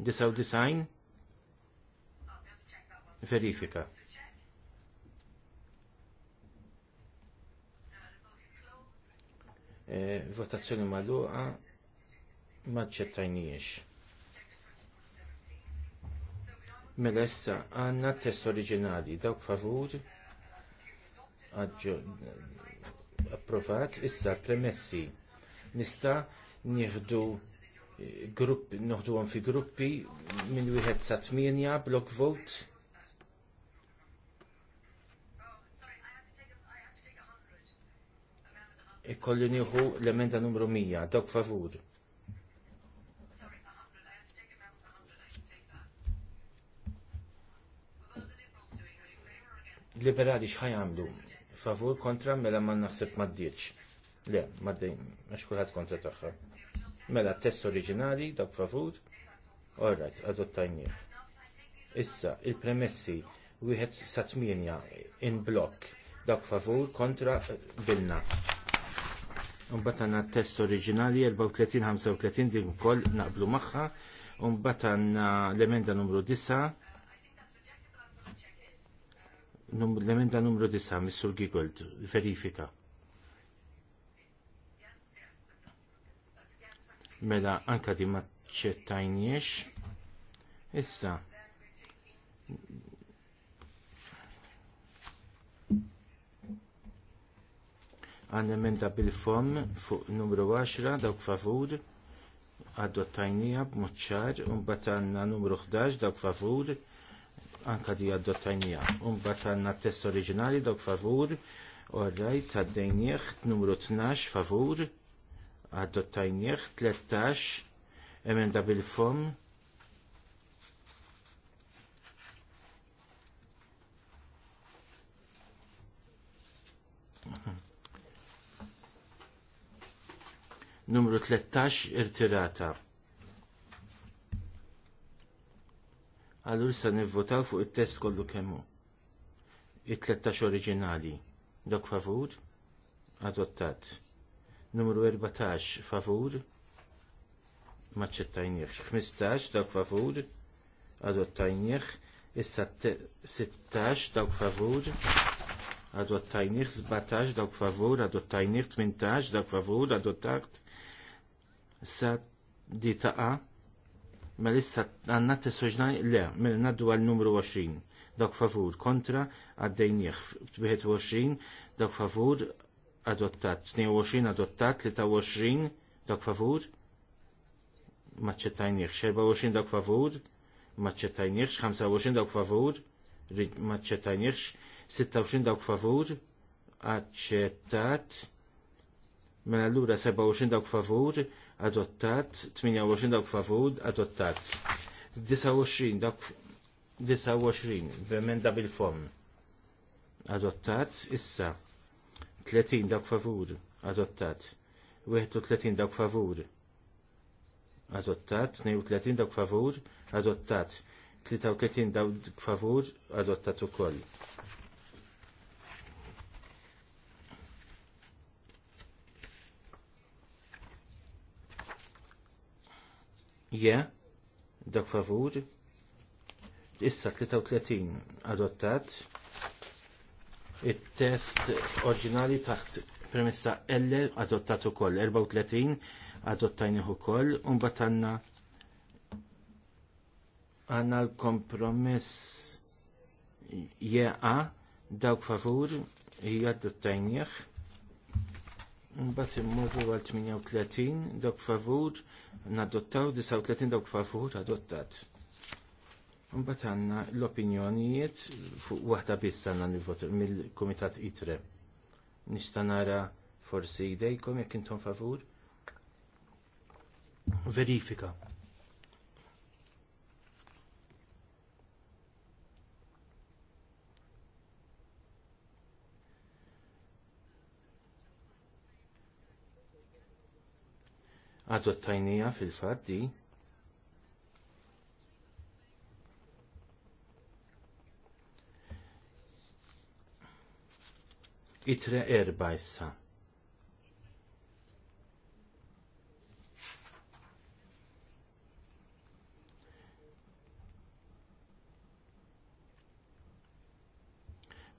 99 verifika. E, votazzjoni magħluqa maċċettajniex. Melessa, issa għandna test oriġinali dawk favur approvat issa premessi nista' nieħdu grupp noħdu fi gruppi minn wieħed sa tminja block vote Ikolli nieħu l-emenda numru 100, dok favur. Liberali xħaj għamlu? Favur kontra mela ma naħseb ma d-dirċ. Le, ma d-dirċ, kulħadd kontra tagħha. Mela test oriġinali, dok favur. Orrajt, adottajnieh. Issa, il-premessi, wieħed sa tminja in blok, Dak favur kontra bilna. Unbat għanna test oriġinali 34-35 din ukoll naqblu maħħa. Unbat għanna l-emenda numru 9. l-emenda numru 9, Missur Gigold, verifika. Mela, anka di maċċettajniex. Issa, għan emenda bil-fom fuq numru 10 dawk favur għaddottajnija b'muċċar un batanna numru 11 dawk favur anka di għaddottajnija un batanna test oriġinali dawk favur orrajt għaddejnieħ numru 12 favur għaddottajnieħ 13 emenda bil-fom numru 13 irtirata. Allura se nivvotaw fuq it-test kollu kemm hu. It-13 oriġinali. Dok favur? Adottat. Numru 14 favur? Maċċettajnieħ. 15 dok favur? Adottajnieħ. Issa 16 dok favur, adottajnieħ 17 dawk favur, adottajnieħ 18 dawk favur, adottajt sa di taqa ma issa għanna t-soġnaj le, mill mela naddu għal numru 20 dak favur kontra għaddejn jieħ 21 dak favur adottat 22 adottat 23 dak favur jieħ 24 dak favur jieħ 25 dak favur jieħ 26 dak favur aċċettat mela l-lura 27 dawk favur adottat, 28 dawk favur, adottat. 29 dawk 29 b'emenda bil-fom. Adottat issa. 30 dawk favur, adottat. 31 dawk favur, adottat. 32 dawk favur, adottat. 33 dawk favur, adottat ukoll. je, dak favur, issa 33 adottat, il-test oriġinali taħt premessa L adottat ukoll, 34 adottajni ukoll, U mbatanna. għanna l-kompromess jaqa dawk favur hija adottajnieħ Mbagħad immorru għal 38 dawk favur nadottaw 39 dawk favur adottat. Mbagħad għandna l-opinjonijiet fuq waħda biss għandna nivvotu mill-Kumitat ITRE. Nista' nara forsi idejkom jekk intom favur. Verifika. adottajnija fil-faddi. Itre erba issa.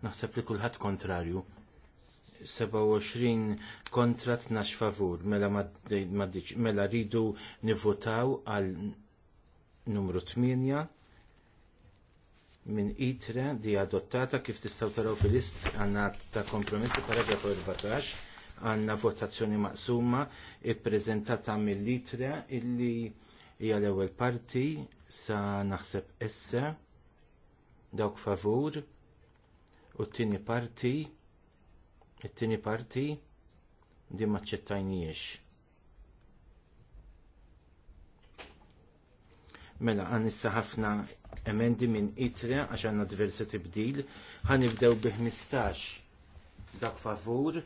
Naħseb li kulħadd kontrarju 27 kontra 12 favur, mela, mela rridu nivvotaw għal numru 8 minn itre di adottata kif tistaw taraw fil-list għanna ta' kompromissi paragrafu 14 għanna votazzjoni maqsuma i-prezentata mill-itre illi hija l-ewwel parti sa naħseb essa dawk favur u t tini parti It-tieni parti di maċċettajniex. Mela, għan issa ħafna emendi minn itre għax għanna diversi tibdil, għan nibdew bi 15 dak favur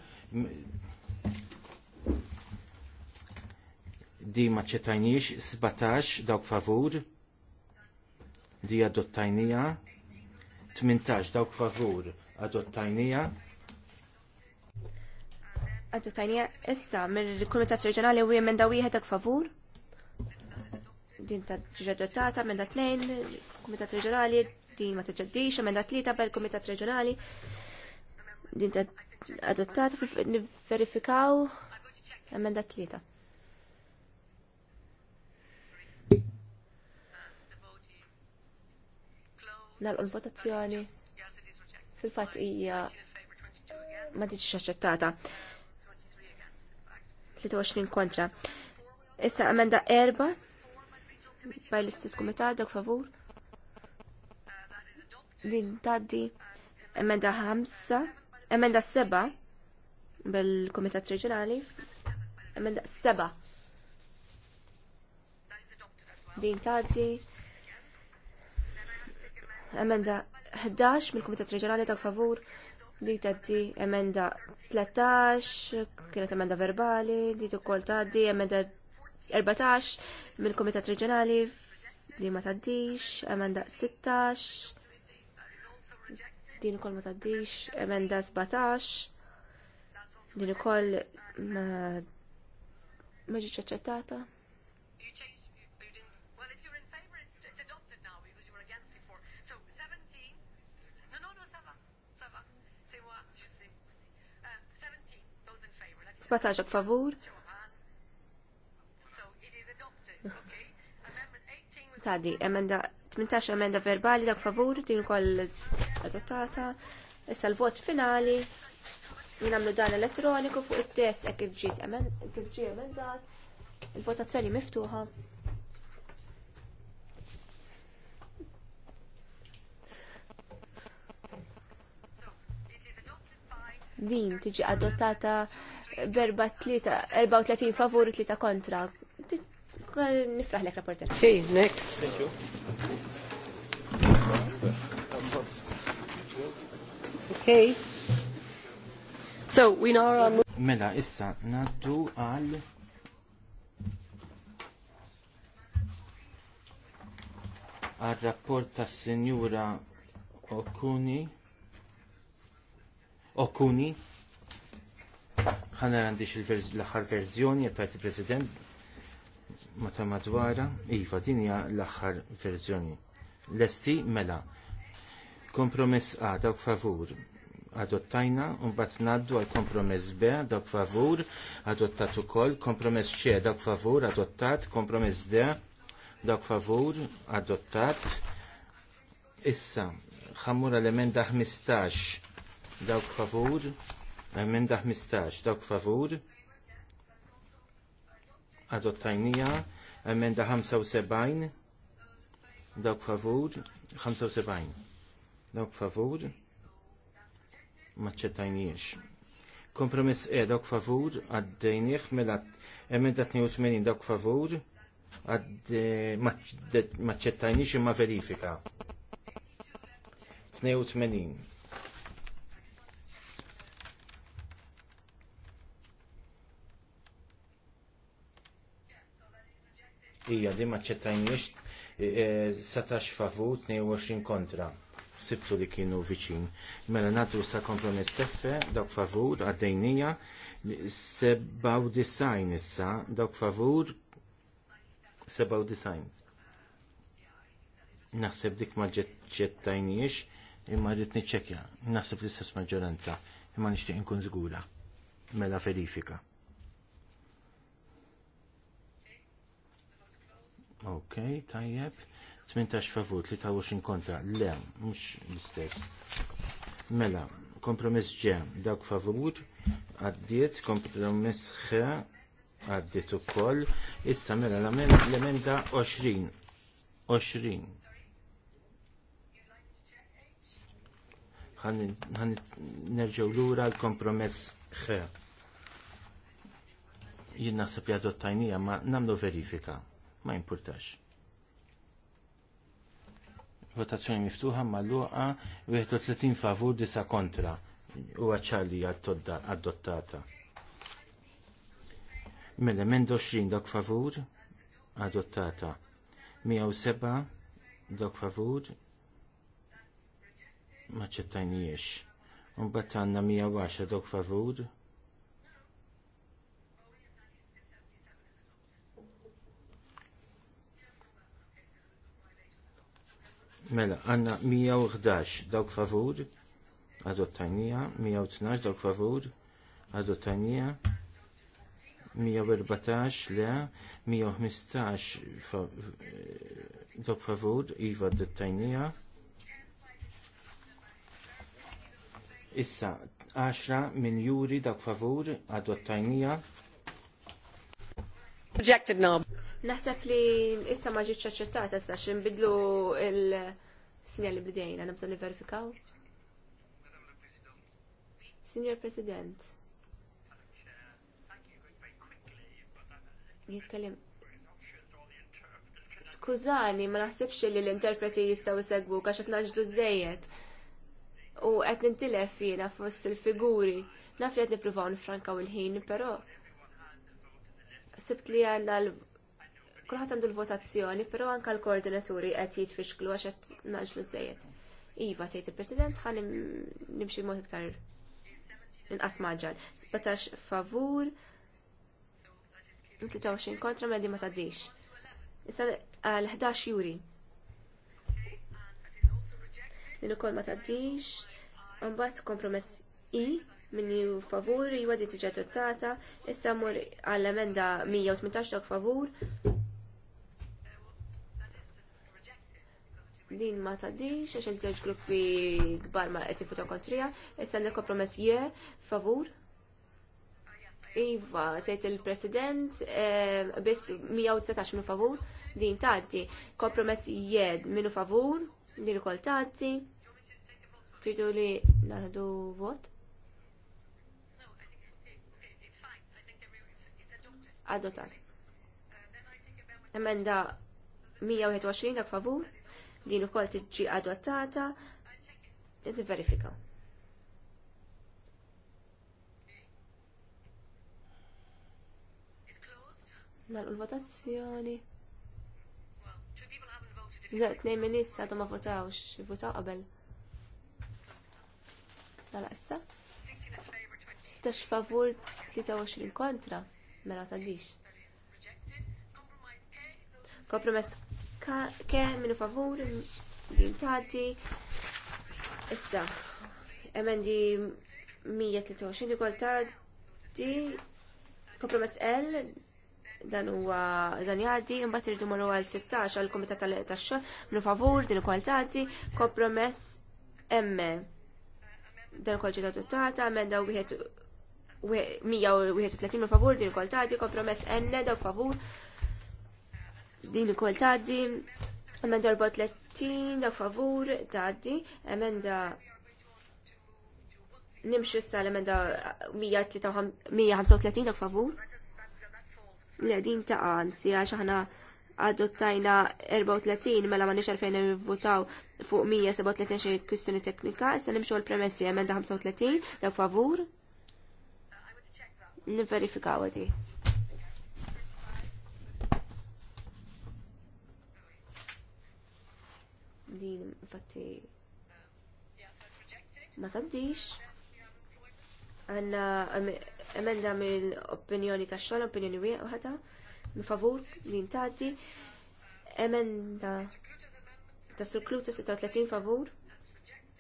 di maċċetajniex 17 dawk favur di adottajnija 18 dawk favur adottajnija tajnija, issa, il kumitat Reġjonali u jemmen da wieħed favur. Din ta' ġeġġettata, minn da tnejn, Kumitat Reġjonali, din ma tiġġeddix, minn da tlieta per Kumitat Reġjonali. Din ta' adottata, verifikaw, minn da tlieta. Nalqu l-votazzjoni. Fil-fatt hija ma tiġix aċċettata. 23 kontra. Issa emenda erba baj l-istess kumitat dak favur. Din taddi emenda ħamsa, emenda seba bil-kumitat reġjonali, emenda seba. Din taddi emenda 11 mill-kumitat reġjonali dak favur li tatti emenda 13, kienet emenda verbali, dik ukoll tgħaddi emenda 14 mill-Kumitat Reġjonali li ma taddix, emenda 16, din ukoll ma taddix, emenda 17, din ukoll ma ġietx aċċettata. 17 favur. Tadi, emenda 18 emenda verbali dak favur din ukoll adottata. Issa l-vot finali nagħmlu dan elettroniku fuq it-test ek kif emendat. Il-votazzjoni miftuħa. Din tiġi adottata berba 34 favur 3 kontra. Nifraħ lek rapporter. Hey, next. Okay. So, we know our... Mela, issa, naddu għal għal rapport ta' Senjura Okuni Okuni ħana għandix l ħar verżjoni għattajt il-President Mata madwara, iva din hija l aħħar verżjoni. Lesti mela. Kompromess A dawk favur adottajna un bat naddu għal kompromess B dawk favur adottat ukoll, kompromess C dawk favur adottat, kompromess D dawk favur adottat. Issa, ħammur l-emenda 15 dawk favur Emenda 15, dawk favur. Adottajnija. Emenda 75, dawk favur. 75, dawk favur. Maċċettajnijiex. Kompromess E, dawk favur. Għaddejnieħ, mela emenda 82, dawk favur. Għad maċċettajnijiex imma verifika. 82. hija di ma ċettajniex e, e, favut ne 22 kontra. Sibtu li kienu viċin. Mela natu sa kompromess seffe, dawk favur, għaddejnija, sebaw design issa, dawk favur, sebaw design. Naħseb dik ma ċettajniex, imma rrit niċċekja. Naħseb l-istess maġġoranza, imma nixtieq inkun żgura. Mela verifika. Ok, tajjeb. 18 favur, 23 kontra. Le, mux l-istess. Mela, kompromess ġe, dawk favur, għaddiet, kompromess ħe, għaddiet u koll. Issa, mela, l-emenda 20. 20. ħan nerġaw lura l-kompromess ħe. Jien naħseb li ma namlu verifika ma jimpurtax. Votazzjoni miftuħa l luqa 31 favur disa' kontra u għacċalli adottata. Mela emend 20 dok favur adottata. 107 dok favur jiex. Un bat għanna 110 dok favur Mela, għanna 111 dawk favur, għadottanija, 112 dawk favur, għadottanija, 114 le, 115 dawk favur, iva d-tajnija. Issa, 10 minn juri dawk favur, għadottanija. Projected knob. Naħseb li issa ma ġietx aċċettata issa xinbidlu il- sinjali li dejn għanna bżon verifikaw. Signor President, jitkellem. Skużani, ma naħsibx li l-interpreti jistaw segwu għax qed naġdu żejjed. U qed nintilef jiena fost il-figuri. Naf li qed nippruvaw nifrankaw il-ħin, però sibt li għandna l kulħadd għandu l-votazzjoni, però anke l-koordinaturi qed jitfixklu għax qed naġlu żejjed. Iva tgħid il-President ħan nimxi mod iktar inqas maġġal. 17 favur, 23 kontra medi ma tgħaddix. Issa l-11 juri. Din ukoll ma tgħaddix, mbagħad kompromess i minn ju favur, jwadi tiġa adottata, issa mur għall-emenda 118 favur, din ma tadix, għax il-żewġ gruppi kbar ma qed jifuta kontrija, issa għandek kompromess je, favur. Iva, tgħid il-President, eh, biss 119 minu favur, din tgħaddi. Kompromess je minu favur, din ukoll tgħaddi. Tridu li naħdu vot? Adotat. Emenda 121 dak favur? din ukoll tiġi adottata qed niverifikaw. Nagħlqu l-votazzjoni. Tnejn minn issa għadu ma votawx, votaw qabel. Nagħlaq issa. 16 favur 23 kontra, mela ta' tgħaddix. Kompromess ke minu favur din tati issa emendi 123 di kol di kompromess L dan huwa dan jgħaddi imbagħad irridu marru għal 16 għal kumitat tal-xogħol minu favur din ukoll tagħti kompromess M. Dan ukoll ġiet adottata emenda wieħed 131 favur din ukoll tagħti kompromess N daw favur din ukoll tgħaddi, emenda 34 da favur tgħaddi, emenda nimxu issa l-emenda 135 dak favur. Le din ta' anzi għax aħna għadottajna 34 mela ma nix għalfejn votaw fuq 137 xi kwistjoni teknika, issa nimxu l-premessi emenda 35 da favur. Niverifikaw għadi. din infatti ma taddix. Għanna emenda mill opinjoni ta' xogħol, opinjoni wieħda, minn favur din tgħaddi. Emenda ta' ta' 36 favur,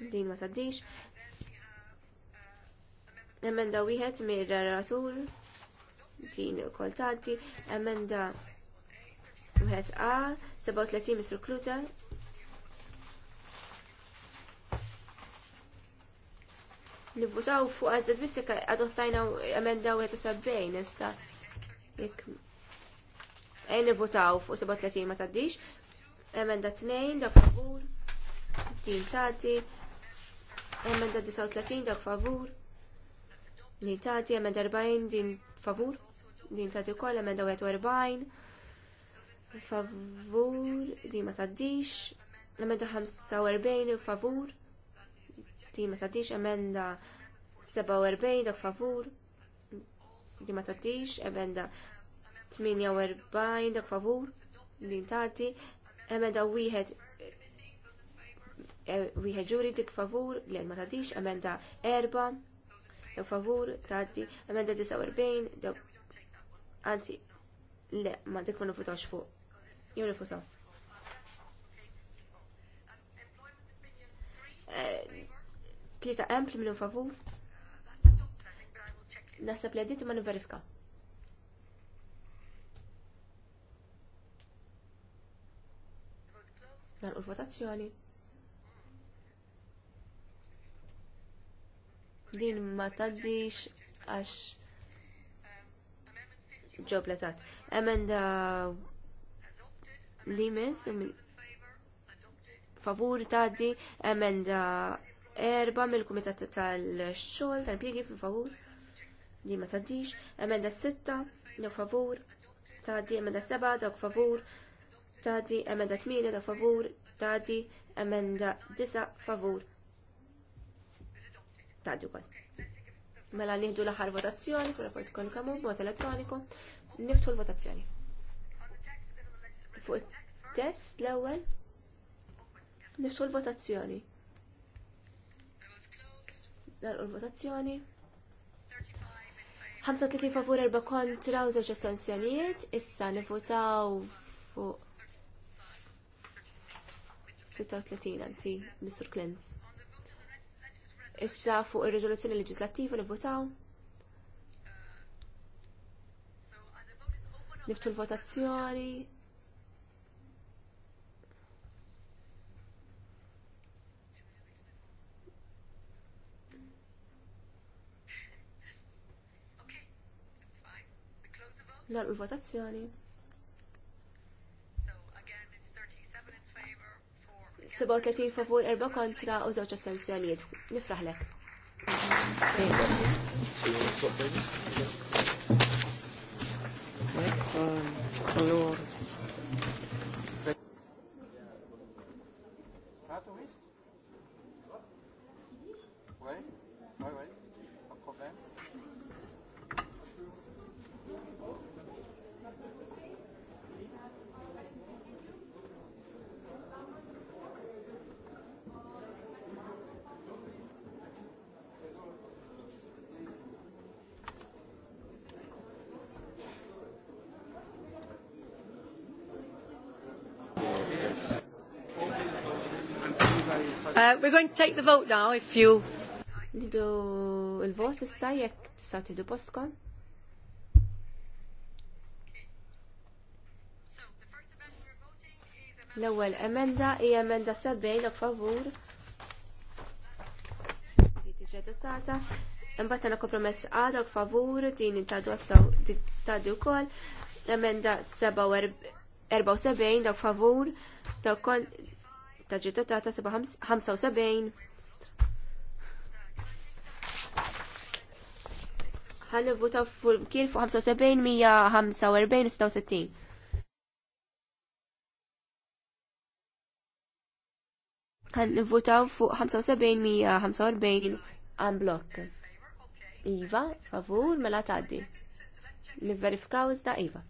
din ma taddix. Emenda wieħed mir relatur din ukoll tgħaddi. Emenda wieħed A 37 mis-surkluta li votaw fuq għazet bissik adottajna emenda sabbejn, nista. Jek. votaw fuq 37 ma taddix. Emenda 2 dak favur. Din tati. Emenda 39 dak favur. Din tati. Emenda 40 din favur. Din tati ukoll. Emenda 41. Favur. Din ma taddix. Emenda 45 favur di ma tadix emenda 47 dak favur di ma tadix emenda 48 dak favur li tati emenda wieħed er, wieħed ġuri dik favur li ma tadix emenda 4 dak favur tati emenda 49 dak anzi le ma dik ma nifutax fuq jew nifutaw eh, Tlieta empl minu favur. Nasab li għaddit ma niverifika. Nalqu l-votazzjoni. Din ma taddix għax ġo plesat. Emenda limes, um, favur taddi, emenda erba mill-Kumitat tal-Xogħol tal-Impjiegi fil favur li ma tgħaddix, emenda sitta dawk favur, tgħaddi emenda seba' dawk favur, tgħaddi emenda tmieni dawk favur, tgħaddi emenda disa' favur. Tgħaddi wkoll. Mela nieħdu l-aħħar votazzjoni fuq rapport kon kemm mod elettroniku, niftu l-votazzjoni. Fuq it-test l-ewwel niftu l-votazzjoni. Nalqu l-votazzjoni. 35 favur erba kontra u żewġ astensjonijiet, issa nifutaw fuq 36 anzi, Mr. Klins. Issa fuq ir-riżoluzzjoni leġislattiva nivvotaw. Niftu l-votazzjoni, Nar votazzjoni. 37 favur, 4 kontra u żewġ astensjonijiet. Nifraħlek. Allora. Uh, we're going to take the vote now if you Nidu il-vot issa jekk tista' tidu postkom. L-ewwel emenda hija emenda 70 lok favur. Din tiġi adottata. Imbagħad għandna kompromess għadha favur din tgħaddi wkoll. Emenda 74 lok favur dawk ta' ġiet ta' 75 ħan fuq kien fuq 75 ħalli 66 fuq 75 għan blok. Iva, favur, mela taddi. Niverifkaw iżda Iva.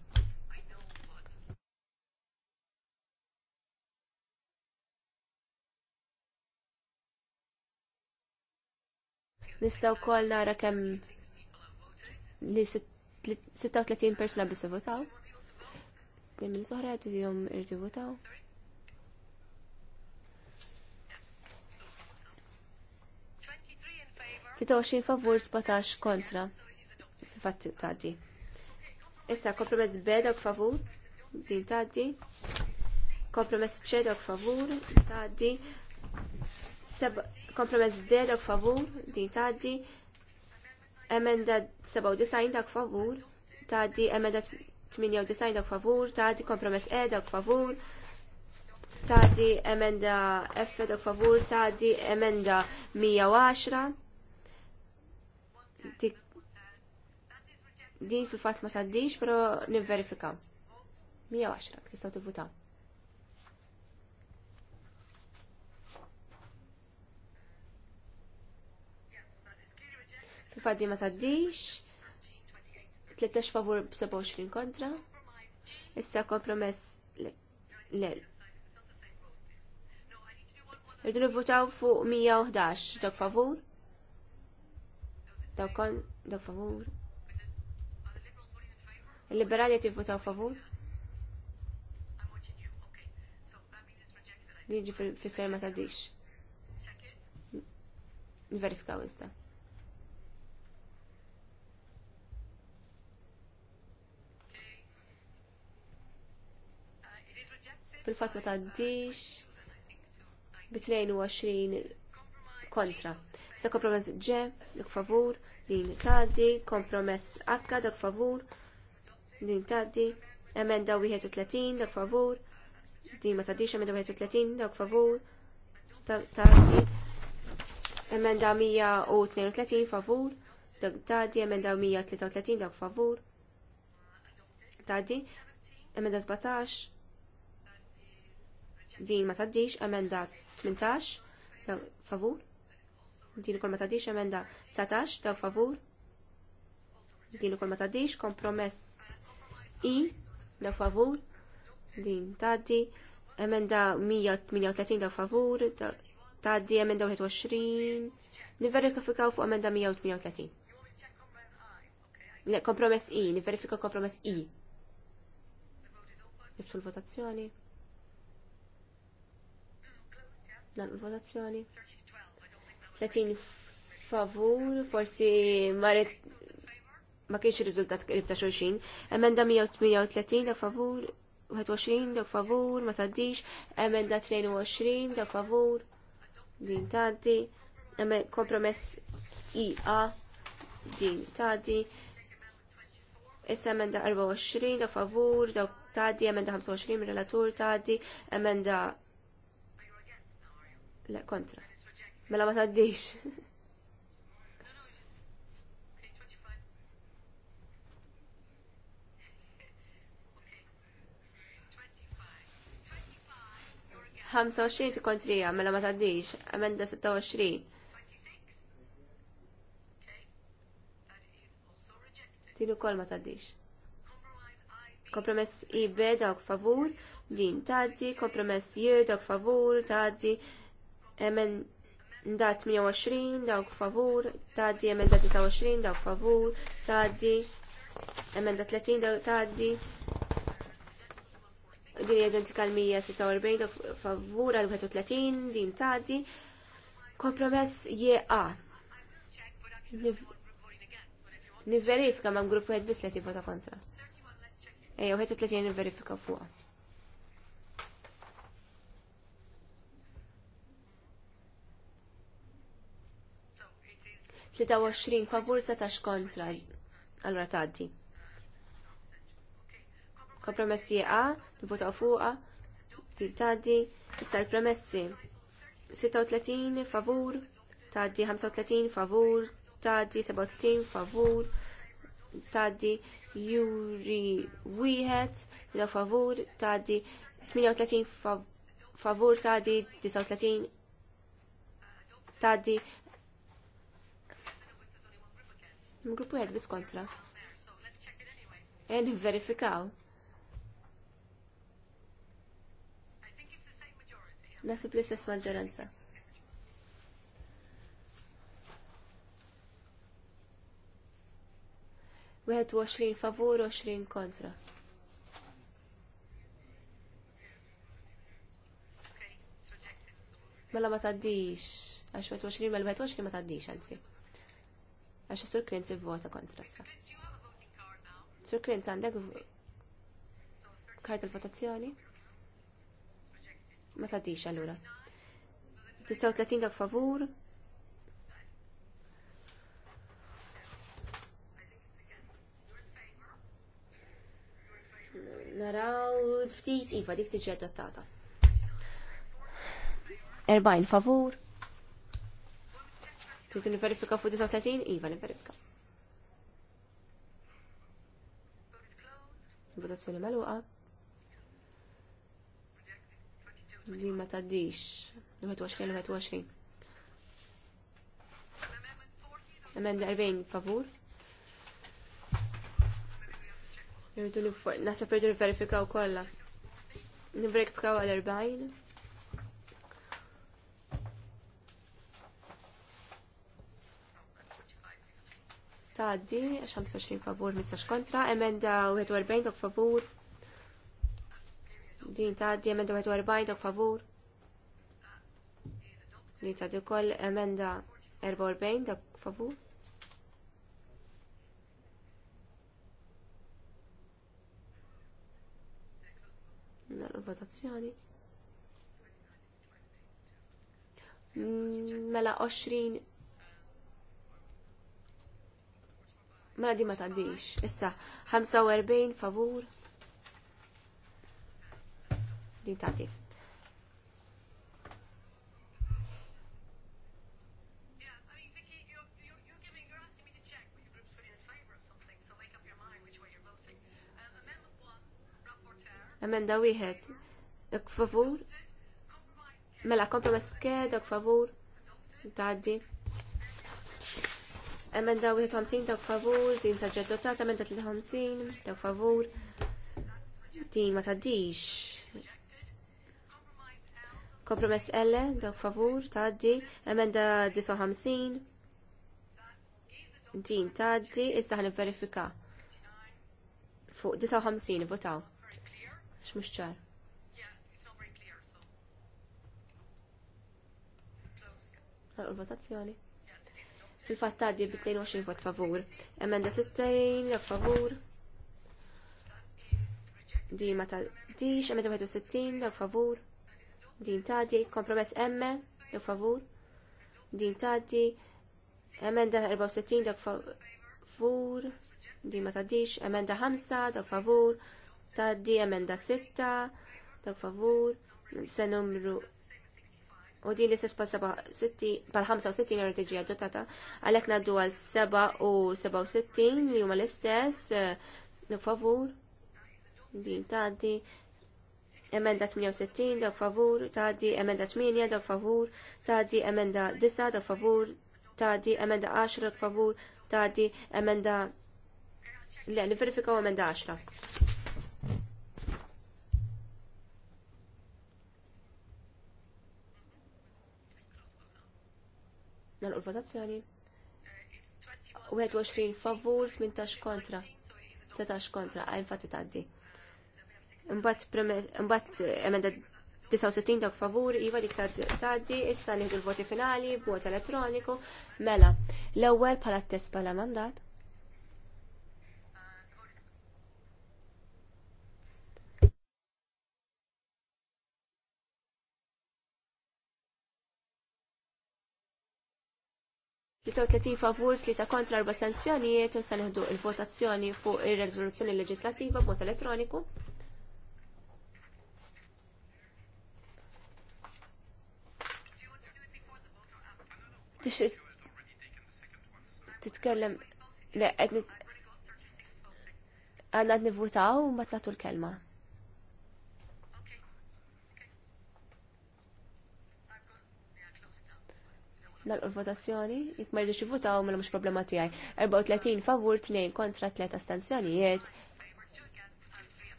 Nista' wkoll nara kemm li 36 persuna biss votaw. Dejjem minn soħra qed idihom irdu votaw. Kitaw xin favur 17 kontra. Fifat taddi. Issa, kompromess beda k favur. Din taddi. Kompromess ċedok dok favur. Taddi. Kompromess D dak favur din tgħaddi. Emenda 97 dak favur tgħaddi. Emenda 98 dak favur tgħaddi. Kompromess E dak favur tgħaddi. Emenda F dak favur tgħaddi. Emenda 110 din fil-fatt ma taddix, pero nivverifika. 110, tistaw tivvuta. kif għaddi ma taddix, 13 favur b-27 kontra. Issa kompromess l el Rridu nivvotaw fuq 111 dok favur. dok kon dok favur. Il-liberali qed jivvotaw favur. Diġi fil-fisser ma tadix. Verifikaw iżda. fil-fatt ma tgħaddix bi 22 kontra. Sa kompromess ġe, dak favur, din tgħaddi, kompromess akka dak favur, din tgħaddi, emenda 31 dak favur, din ma tgħaddix emenda 31 dak favur, tgħaddi, emenda 132 favur, dak tgħaddi, emenda 133 dak favur, tgħaddi, emenda 17 din ma taddix, emenda 18, daw favur. Din ukoll ma taddix, emenda 19, daw favur. Din ukoll ma taddix, kompromess I, daw favur. Din taddi, emenda 138 daw favur, taddi emenda 21, niverifikaw fuq emenda 138. Le, kompromess I, niverifika kompromess I. Niftu l-votazzjoni. dan il-votazzjoni. 30 favur, forsi maret ma kienx riżultat qrib ta' xulxin. Emenda 138 da' favur, 21 da' favur, ma taddix, emenda 22 da' favur, din taddi, kompromess IA din taddi, Issa emenda 24 da' favur, da' taddi, emenda 25 relatur taddi, emenda Le, kontra. Mela ma taddix. Ħamsa uxrin ti kontrija, mela ma taddix. Amenda 26. Tinu kol ma taddix. Kompromess IB dawk favur, din taddi, kompromess J dawk favur, taddi, emenda 28 dawk favur, tgħaddi emenda 29 dawk favur, tgħaddi emenda 30 dawk tgħaddi din identika l-146 dawk favur għal 30, din tgħaddi kompromess jeqa. Niverifika ma' grupp wieħed biss li tivvota kontra. Ejja, 31 niverifika fuqha. 23 favur setax kontra. Allora taddi. Kompromessi A, nivvotaw fuqa, taddi, issa l-premessi. 36 favur, taddi 35 favur, taddi 37 favur, taddi juri wieħed, jew favur, taddi 38 favur, taddi 39 taddi Gruppu jgħed bis kontra. Ejn eh, verifikaw. Nasib l-istess maġġoranza. Wieħed 21 favur, 20 kontra. Mela ma taddix, għax 21 mela 21 ma taddix, anzi għax Sur Clint vota kontra sa. Sur Clint għandek karta l-votazzjoni? Ma tadix allura. 39 dak favur. Naraw ftit iva dik tiġi adottata. 40 favur. Trid niverifika fuq 39? Iva niverifika. Votazzjoni magħluqa. Li ma tgħaddix. 21 21. Emenda 40 favur. Irridu nasab irridu niverifikaw kollha. Niverifikaw għal 40. Taddi, 25 favur, 15 kontra, emenda 41 dok favur. Din taddi, emenda 41 dok favur. Li taddi kol emenda 44 dok favur. Nara votazzjoni. Mela 20 Mela di ma taddix. Issa, 45 favur. Din tati. Emenda wieħed. Dak favur. Mela kompromess ke dak favur. Taddi. Emenda 51 dawk favur, din ta' ġeddotat, emenda 53 dawk favur, din ma taddix. Kompromess L, dawk favur, taddi, emenda 59, din taddi, iżda ħan verifika. Fuq 59 votaw. Xmuxċar. ċar. Għal votazzjoni fil-fatt għaddi bi 22 vot favur. Emenda 60 favur. Din ma tgħaddix, emenda 61 dak favur. Din tgħaddi, kompromess M dak favur. Din tgħaddi, emenda 64 dak favur. Din ma tgħaddix, emenda 5 dak favur. Tgħaddi emenda 6 dak favur. Se numru u din li s-sespa pal 65 għar tiġi adottata għalek naddu għal 7 u 67 li huma l-istess eh, dawk favur din taddi, emenda 68 dawk favur taddi emenda 8 dawk favur taddi emenda 9 dawk favur taddi emenda 10 dawk favur taddi emenda li verifika u emenda 10. nagħlqu l-votazzjoni. 21 favur, 18 kontra. 17 kontra, għal fatti tgħaddi. Imbagħad eh, emenda 69 dak favur, iva dik tgħaddi, issa nieħdu l-voti finali b'mod elettroniku, mela. L-ewwel bħala test bħala mandat. 36 favur, 3 kontra 4 sanzjonijiet, u sanħdu il-votazzjoni fuq ir rezoluzzjoni leġislativa b'mod elettroniku. Titkellem, le, għedni, għanna nivutaw, ma t-natu l-kelma. Nalqu l-votazzjoni, jek ma rridux jivvutaw mela mhux problema tiegħi. 34 favur, 2 kontra 3 astenzjonijiet.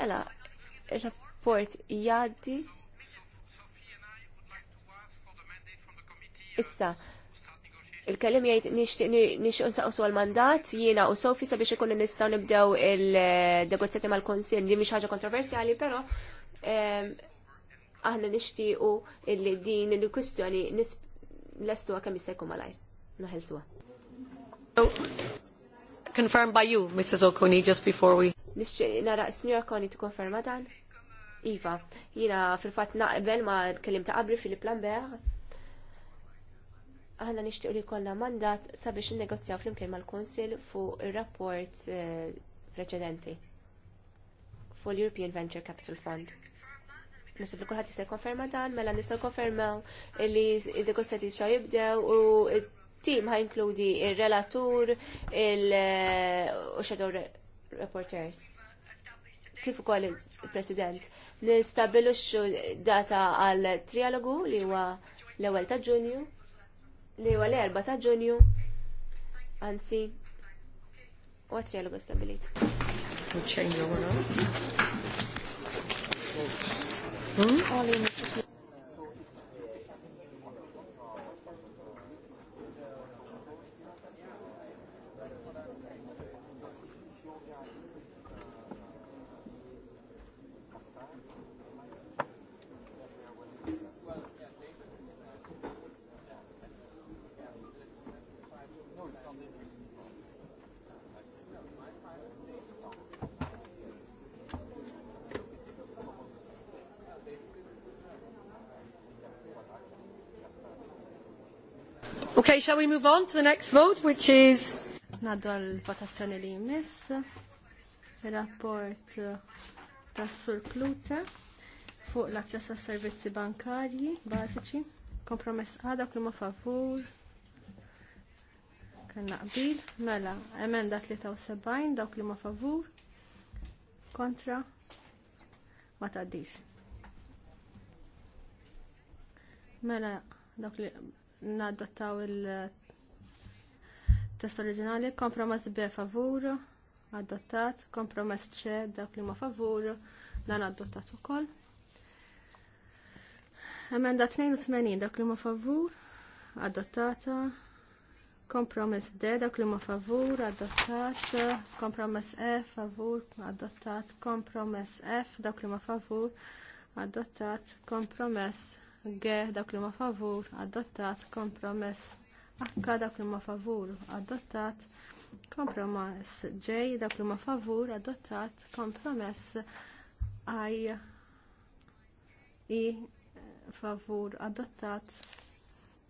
Mela, ir-rapport jgħaddi. Issa, il-kellim jgħid nix unsaqsu għal-mandat, jiena u Sofi sabiex ikun nistgħu nibdew il-negozjati mal-konsil li mhix ħaġa kontroversjali, però ehm, aħna nixtiequ illi din il-kwistjoni lestu għakem jistajku malajr. Naħel suwa. Confirmed by you, Mrs. O'Connie, just before we... Nisċi nara, Signor Connie, tu konferma dan? Iva, jina fil-fat naqbel ma kellim ta' qabri Filip Lambert. Aħna nixtieq li jkollna mandat sabiex innegozjaw flimkien mal konsil fuq ir-rapport preċedenti eh, fuq l-European Venture Capital Fund nasib li kulħadd jista' jkonferma dan, mela nistgħu konfermaw li id-negozjati jistgħu jibdew u tim ħaj inkludi il-relatur, il-shadow reporters. Kif ukoll il-president. Nistabilux data għal trialogu li huwa l-ewwel ta' Ġunju, li huwa l-erba ta' Ġunju, anzi, u trialogu stabilit. Hmm? shall we move on to the next vote, which is... Naddu għal-votazzjoni li jmiss, rapport eh, tas Sur Kluta fuq l-aċċess għas servizzi bankarji bażiċi, kompromess għada ma favur, kanna qbil, mela, emenda 73, dawk li ma favur, kontra, ma taddix. Mela, dawk li nadottaw il-test oriġinali, kompromess B favur, adottat, kompromess C dak li ma favur, dan adottat ukoll. Emenda 82 dak li ma favur, adattata, kompromess D dak li ma favur, adottat, kompromess E favur, adottat, kompromess F dak li ma favur, adottat, kompromess G dawk li ma favur adottat kompromess H dawk li ma favur adottat kompromess J dawk li ma favur adottat kompromess I i favur adottat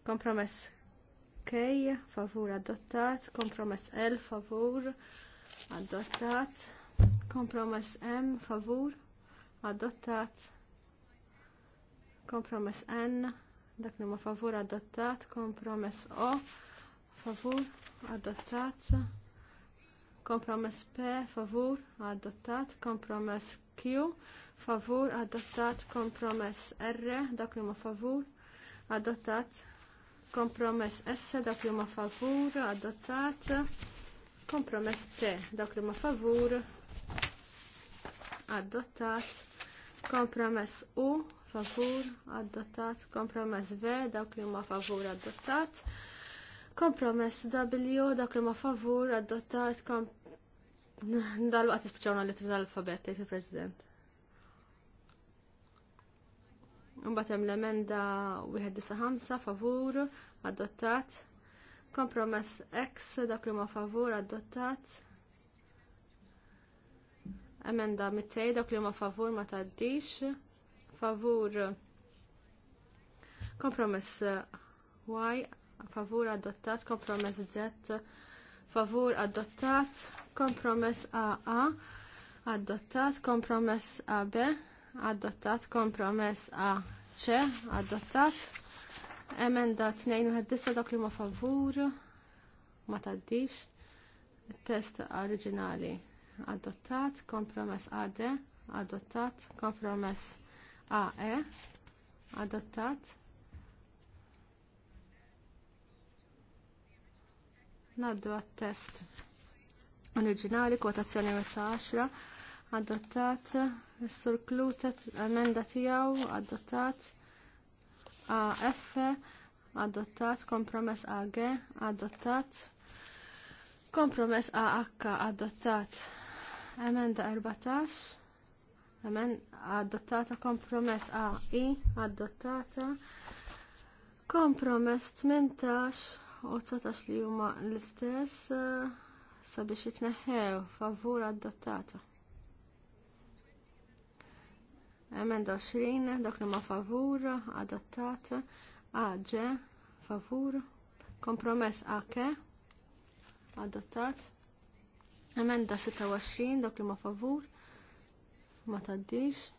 kompromess K favur adottat kompromess L favur adottat kompromess M favur adottat kompromess N, dak li ma favur adottat, kompromess O, favur adottat, kompromess P, favur adottat, kompromess Q, favur adottat, kompromess R, dak li ma favur adottat, kompromess S, dak li favur adottat, kompromess T, dak li favur adottat, kompromess U, favur adottat, kompromess V dawk li huma favur adottat, kompromess W dawk li huma favur adottat, kom... dal-waqt ispiċawna l-ittra tal-alfabet, tgħid il-President. Mbagħad hemm l-emenda wieħed disa' ħamsa favur adottat, kompromess X dawk li huma favur adottat emenda mittej dak li ma favur ma taddix favur kompromess Y favur adottat kompromess Z favur adottat kompromess AA adottat kompromess AB adottat kompromess AC adottat emenda 92 dak li ma favur ma taddix test oriġinali adottat kompromess AD adottat kompromess AE adottat Naddu għat-test oriġinali, kwotazzjoni 10, adottat, surklutet, sur emenda tiegħu adottat, AF, adottat, kompromess AG, adottat, kompromess H, adottat, emenda 14, Amen, adottata kompromess AI, adottata kompromess 18 u 19 li huma l-istess eh, sabiex jitneħħew favur adottata. Emenda 20, dak li ma favur, adottata, AG, favur, kompromess AK, adottat, emenda 26, dak li ma favur, ma taddix.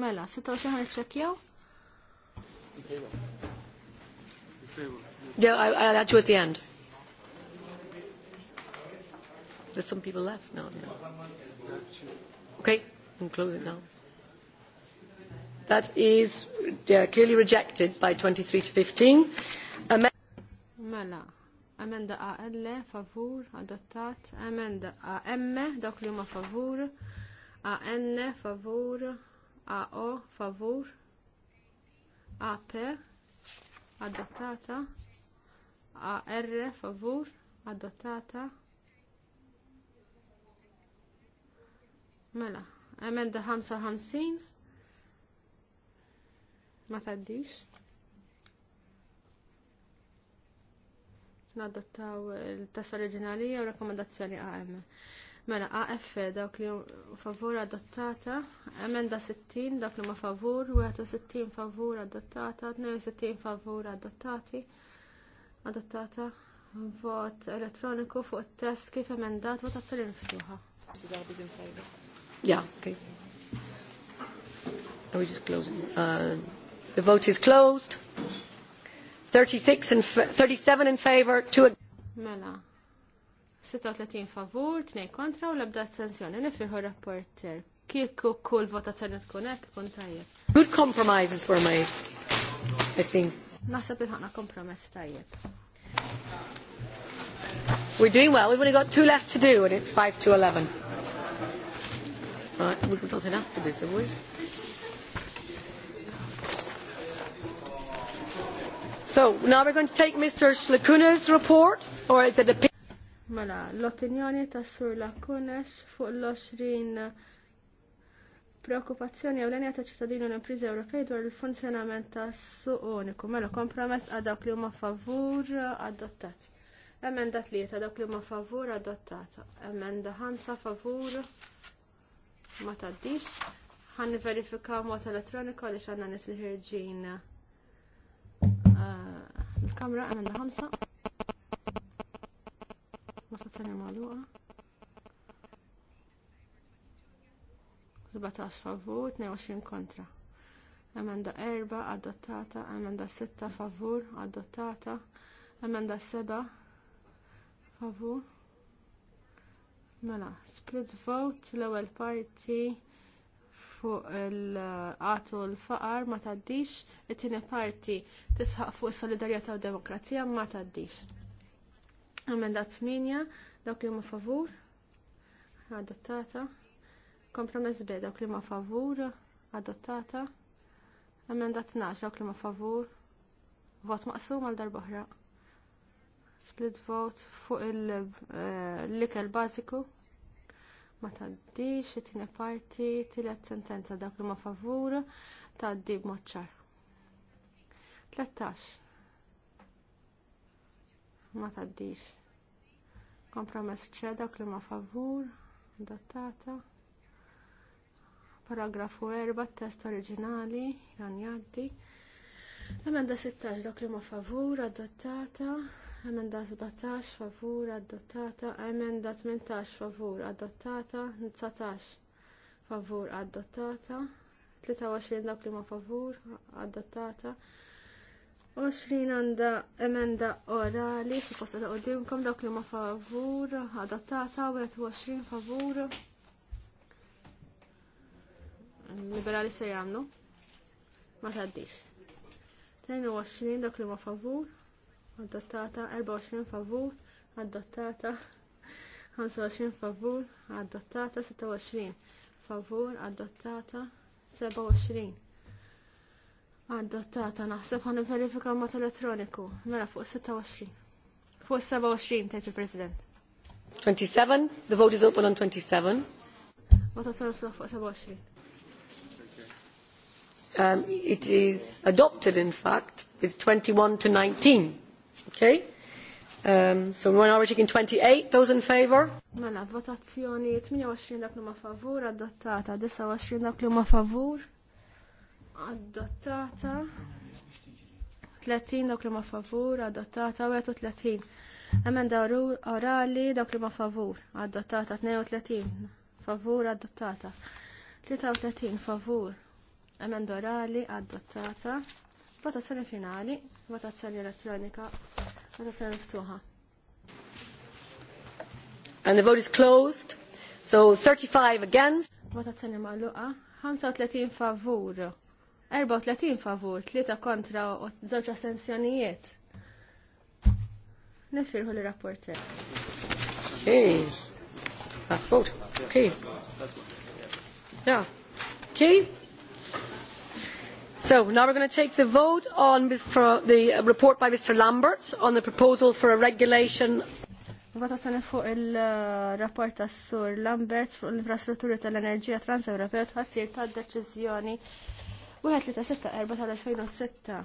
Mela, 26 ħan iċċekjaw? Yeah, I, I'll add you at the end. There's some people left now. No. Okay, I'm closing now. That is yeah, clearly rejected by 23 to 15. Mela, Emenda AL favur adottat. Emenda AM dak li huma favur. AN favur. AO favur. AP adottata. AR favur adottata. Mela, emenda 55 ma taddix. nadottaw il-test oriġinali u rakkomandazzjoni AM. Mela AF dawk li favur adottata, emenda 60 dawk li ma favur, 61 favur adottata, 62 favur adottati, adottata, vot elettroniku fuq it-test kif emendat votazzjoni miftuħa. Yeah, okay. Are we just closing? Uh, the vote is closed. 36 in 37 in favor, 2 Mela. 36 favur, 2 kontra u l-ebda astensjoni. Nifirħu rapporter. Kieku kull votazzjoni tkun hekk kun tajjeb. Good compromises were made, I think. Naħseb il kompromess tajjeb. We're doing well. We've only got two left to do, and it's 5 to 11. Right, we've got enough to do, so we. So now we're going to take Mr. Lacuna's report, or is it a... Mela, l-opinjoni ta' Sur Lacunas fuq l-20 eh, preokkupazzjoni ewlenija ta' ċittadini u l-imprizi Ewropej dwar il-funzjonament ta' suq uniku. Mela, kompromess għad dawk li huma favur eh, adottat. Emenda tlieta dawk li huma favur adottata. Emenda ħamsa favur ma tgħaddix. Ħan verifika mod elettroniku għaliex għandna nies ħirġin eh, kamra għamilna ħamsa. Votazzjoni magħluqa. 17 favur, 22 kontra. Emenda 4 adottata, emenda 6 favur adottata, emenda 7 favur. Mela, split vote l-ewwel parti fuq il-qatu l-faqar ma taddix, it-tieni parti tisħaq fuq is-solidarjetà u demokrazija ma taddix. Emenda 8, dawk li huma favur, adottata. Kompromess B, dawk li huma favur, adottata. Emenda 12, dawk li huma favur, vot maqsum għal darba oħra. Split vote fuq il-likel eh, bażiku ma taddix, it-tieni parti, tillet sentenza dak li ma favur, taddi b'mod ċar. 13. Ma taddix. Kompromess ċed, dak li ma favur, dotata. Paragrafu 4, test oriġinali, jan jaddi. Emenda 16 dak li ma favur, adottata emenda 17 favur adottata, emenda 18 favur adottata, 19 favur adottata, 23 dak li ma favur adottata. 20 għanda emenda orali, supposta da odimkom dak li ma favur adottata, 21 favur. Liberali se jamnu, ma taddix. 22 dak li ma favur adottata 24 favur adottata 25 favur adottata 26 favur adottata 27 adottata naħseb ħan verifika mod elettroniku mela fuq 26 fuq 27 tajt il-President 27 the vote is open on 27 elettroniku fuq 27 Um, it is adopted, in fact. It's 21 to 19. Okay. Um, so minority in 28, those in favor? Mela, votazzjoni 28 dak li favur, adottata, 29 dak li ma favur, adottata, 30 dak li ma favur, adottata, 31. Emenda orali dak li ma favur, adottata, 32, favur, adottata, 33, favur, emenda orali, adottata, Votazzjoni finali, votazzjoni elettronika, votazzjoni ftuħa. And the vote is closed. So 35 against. Votazzjoni maluqa, 35 favur, 34 favur, 3 kontra u 2 astensjonijiet. Nifirħu l-rapporter. Okay. Last vote. Okay. Yeah. Okay. So now we're going to take the vote on the report by Mr. Lambert on the proposal for a regulation. Votazzjoni fuq il-rapport tas Sur Lambert fuq l-infrastrutturi tal-enerġija trans-Ewropea tħassir ta' deċiżjoni 1364 tal-2006.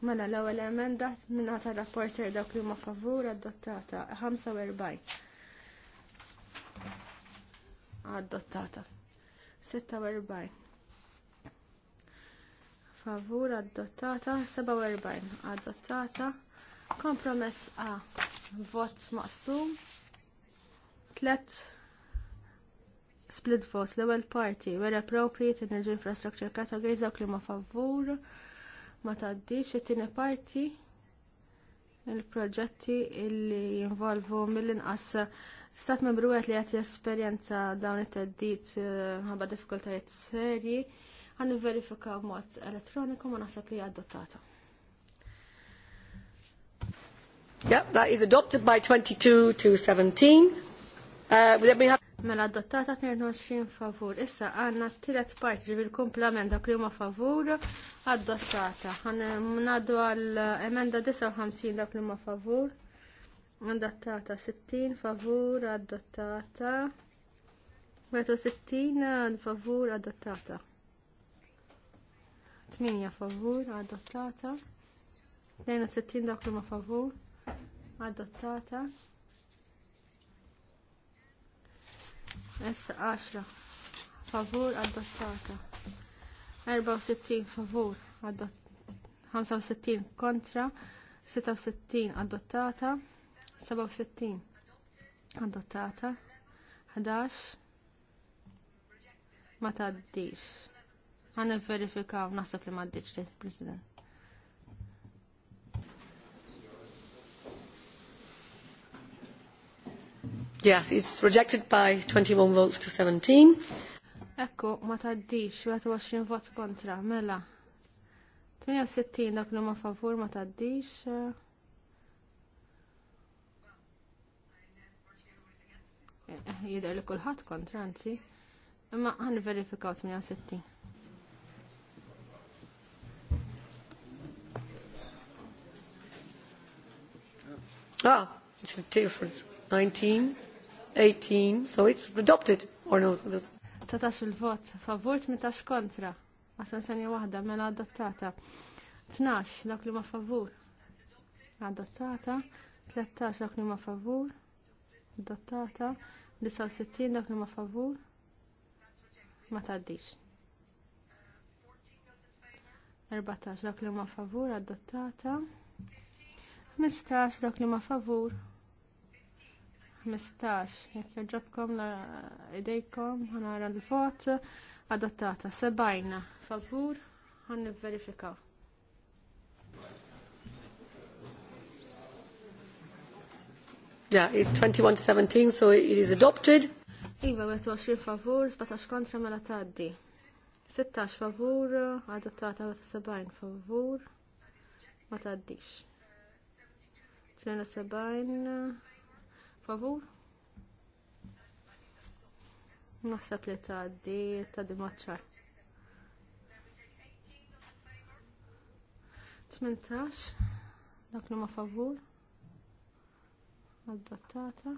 Mela l-ewwel emenda minna tar-rapporter dawk li huma favur adottata 45. Adottata. 46 favur adottata 47 adottata kompromess A vot maqsum tlet split votes l-ewwel parti where appropriate energy infrastructure categories dawk li ma favur ma taddix it-tieni parti il-proġetti li jinvolvu mill-inqas stat membru għet li għet jesperjenza dawn it-teddit eh, ħabba diffikultajiet serji għan verifika mod elettroniku ma nasab li adottata. Yeah, that is adopted by 22 to 17. Uh, we have Mela adottata 22 favur. Issa għanna t-tilet part ġivil komplement dak li huma favur adottata. Għan mnadu mm, għal eh, emenda 59 dak li huma favur. Adottata 60 favur adottata. 60 eh, favur adottata. 8 favur adottata 62 dak ma favur adottata issa 10 favur adottata 64 favur adott 65 kontra 66 adottata 67 adottata 11 ma taddix Għan verifikaw nasab li maddiċ li, President. Yes, it's rejected by 21 votes to 17. Ekku, ma taddix, 21 vot kontra, mela. 68 dak li ma favur ma taddix. Eh, eh, jidher li kulħadd kontra, anzi. Imma għan verifikaw 68. Ah, it's a difference. 19, 18, so it's adopted or not? Setax il-vot, favur 18 kontra, għasansanja wahda mela adottata. 12 dak li ma favur, adottata. 13 dak li ma favur, adottata. 69 dak li ma favur, ma taddix. 14 dak li ma favur, adottata. 15 dak li ma favur. 15 jekk joġobkom la idejkom għanara l-vot adottata 70 favur għan nivverifikaw. Yeah, it's 21 to 17, so it is adopted. Iva, għaxri favur, 17 kontra mela taddi. 16 favur, adottata 70 favur, ma taddix. 72 favur Naħseb li tgħaddi tgħaddi maċċar. 18 dak li ma favur adottata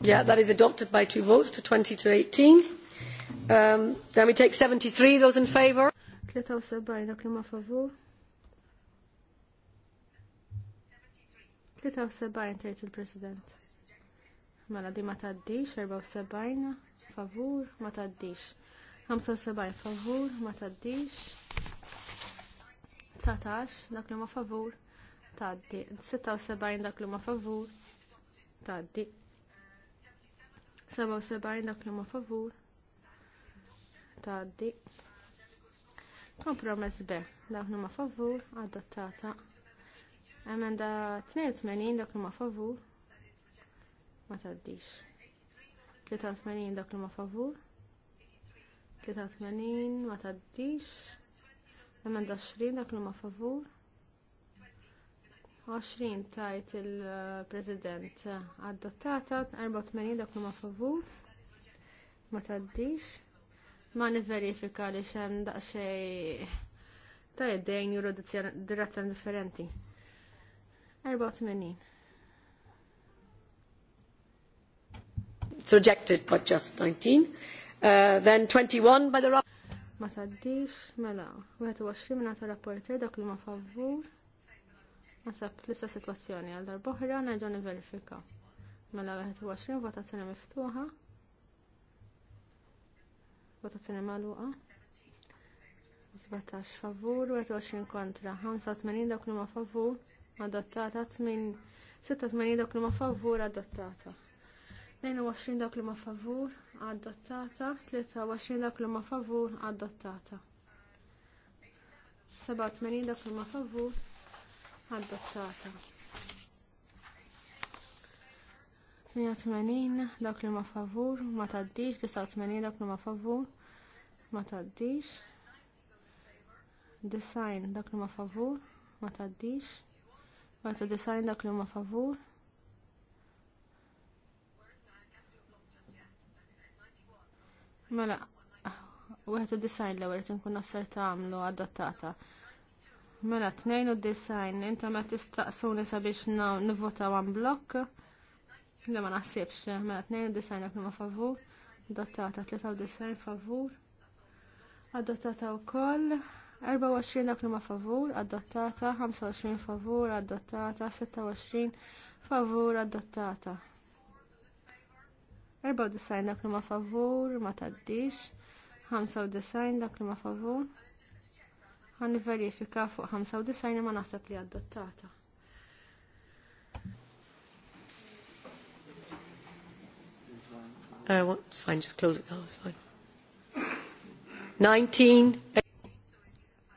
Yeah, that is adopted by two votes to 20 to 18. Um, then we take 73, those in favor. 73 dak li ma favur. 73 tgħid il-President. Mela di ma taddix, 74 favur ma taddix. 75 favur ma taddix. 19 dak li ma favur taddi. 76 dak li ma favur taddi. 77 dak li ma favur taddi. Kompromess B. Dawk huma favur adottata. Emenda 82 dawk huma favur ma taddix. 83 dawk huma favur. 83 ma taddix. Emenda 20 dawk huma favur. 20 tajt il-President adottata, 84 dak huma favur, ma taddix ma niverifika li xem daqxej ta' id juru direzzjoni differenti. 84. It's rejected by just 19. Uh, then 21 by the rapporteur. Ma taddix, mela, 21 minna ta' rapporter dak li ma favur. Nasab l-ista situazzjoni għal darboħra, nerġu verifika. Mela, 21 votazzjoni miftuħa. Votazzjoni maluqa. 17 favur, 21 kontra, 85 dak numa ma favur, adottata, 86 dak numa favur, adottata. 22 dak li ma favur, adottata, 23 dak numa favur, adottata. 87 dak numa favur, adottata. 88 dak li ma favur, ma taddix, 89 dak li ma favur, ma taddix. Design dak li ma favur, ma taddix. Barta design dak li ma favur. Mela, Wieħed u design l-ewwel qed inkun nassar tagħmlu adattata. Mela tnejn u design, inta ma tistaqsuni sabiex nivvotaw għan blokk li ma naħsibx, mela 92 hekk ma favur, adottata 93 favur, adottata wkoll 24 hekk ma favur, adottata 25 favur, adottata 26 favur, adottata. 94 dak li ma favur, ma taddix, 95 dak li ma favur, għan verifika fuq 95 ma naħseb li adottata. Uh, well, it's fine, just close it now, oh, it's fine. 19.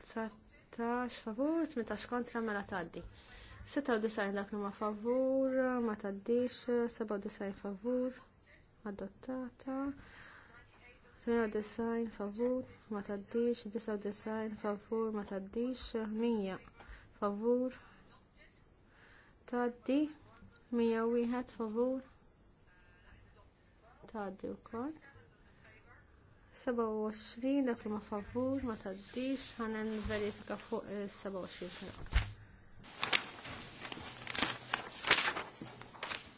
Sattax favur, 18 kontra, mela taddi. 96 favur, ma taddix, 97 design favur, ma taddix, 99 favur, ma taddix, 100 taddi, favur, tgħaddi wkoll. 27 dak li ma favur ma tgħaddix ħanem verifika fuq is-27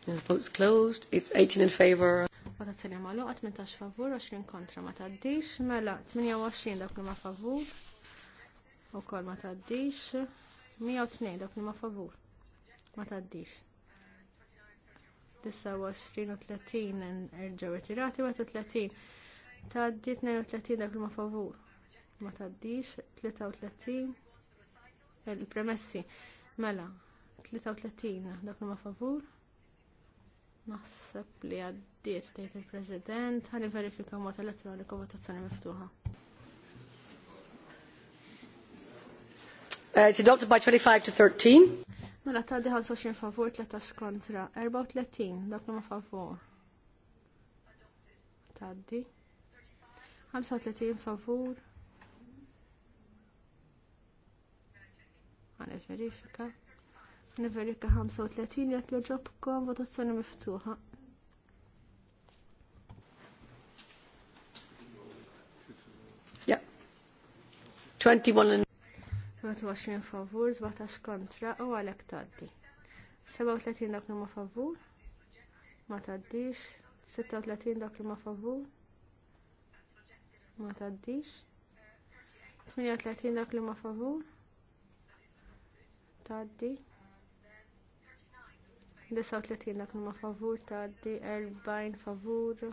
The vote's closed. It's 18 in favor. Votazzjoni magħluqa 18 favur, 20 kontra ma taddix, mela 28 dak li ma favur ukoll ma tgħaddix, 102 dak li ma favur ma taddix. 29 u retirati, 31 taddi 32 dak ma favur ma taddix, 33 il-premessi mela 33 dak ma favur naħseb li għaddiet tgħid il-President ħalli verifika mod elettroniku votazzjoni miftuħa. Uh, it's adopted by 25 to 13. Mela ta' diħan soċin favor, 13 kontra, 34, dak ma favor. Taddi. 35 favor? Għane verifika. Niverika 35 jek joġobkom votazzjoni miftuħa. Yeah. 21 and 21 favur, 17 kontra u għalhekk tgħaddi. 37 dak li ma favur, ma tgħaddix, 36 dak li ma favur, ma tgħaddix, 38 dak li ma favur, tgħaddi. 39 dak li ma favur tgħaddi, 40 favur,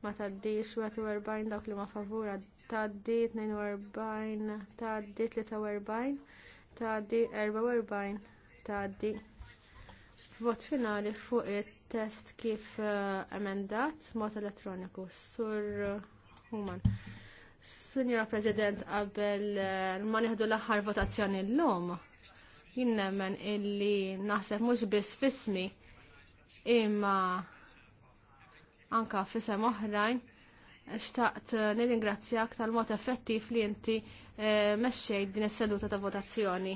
ma tgħaddix, 41 dak li ma favur għaddi d 42 d 43 d 44 D. vot finali fuq it-test kif eh, emendat mod elettroniku sur eh, Human. Sunjora President qabel eh, ma nieħdu l-aħħar votazzjoni llum jien nemmen illi naħseb mhux biss fismi imma anka fisem oħrajn xtaqt eh, nirringrazzjak tal-mod effettiv li inti eh, mexxej din is-seduta ta' votazzjoni.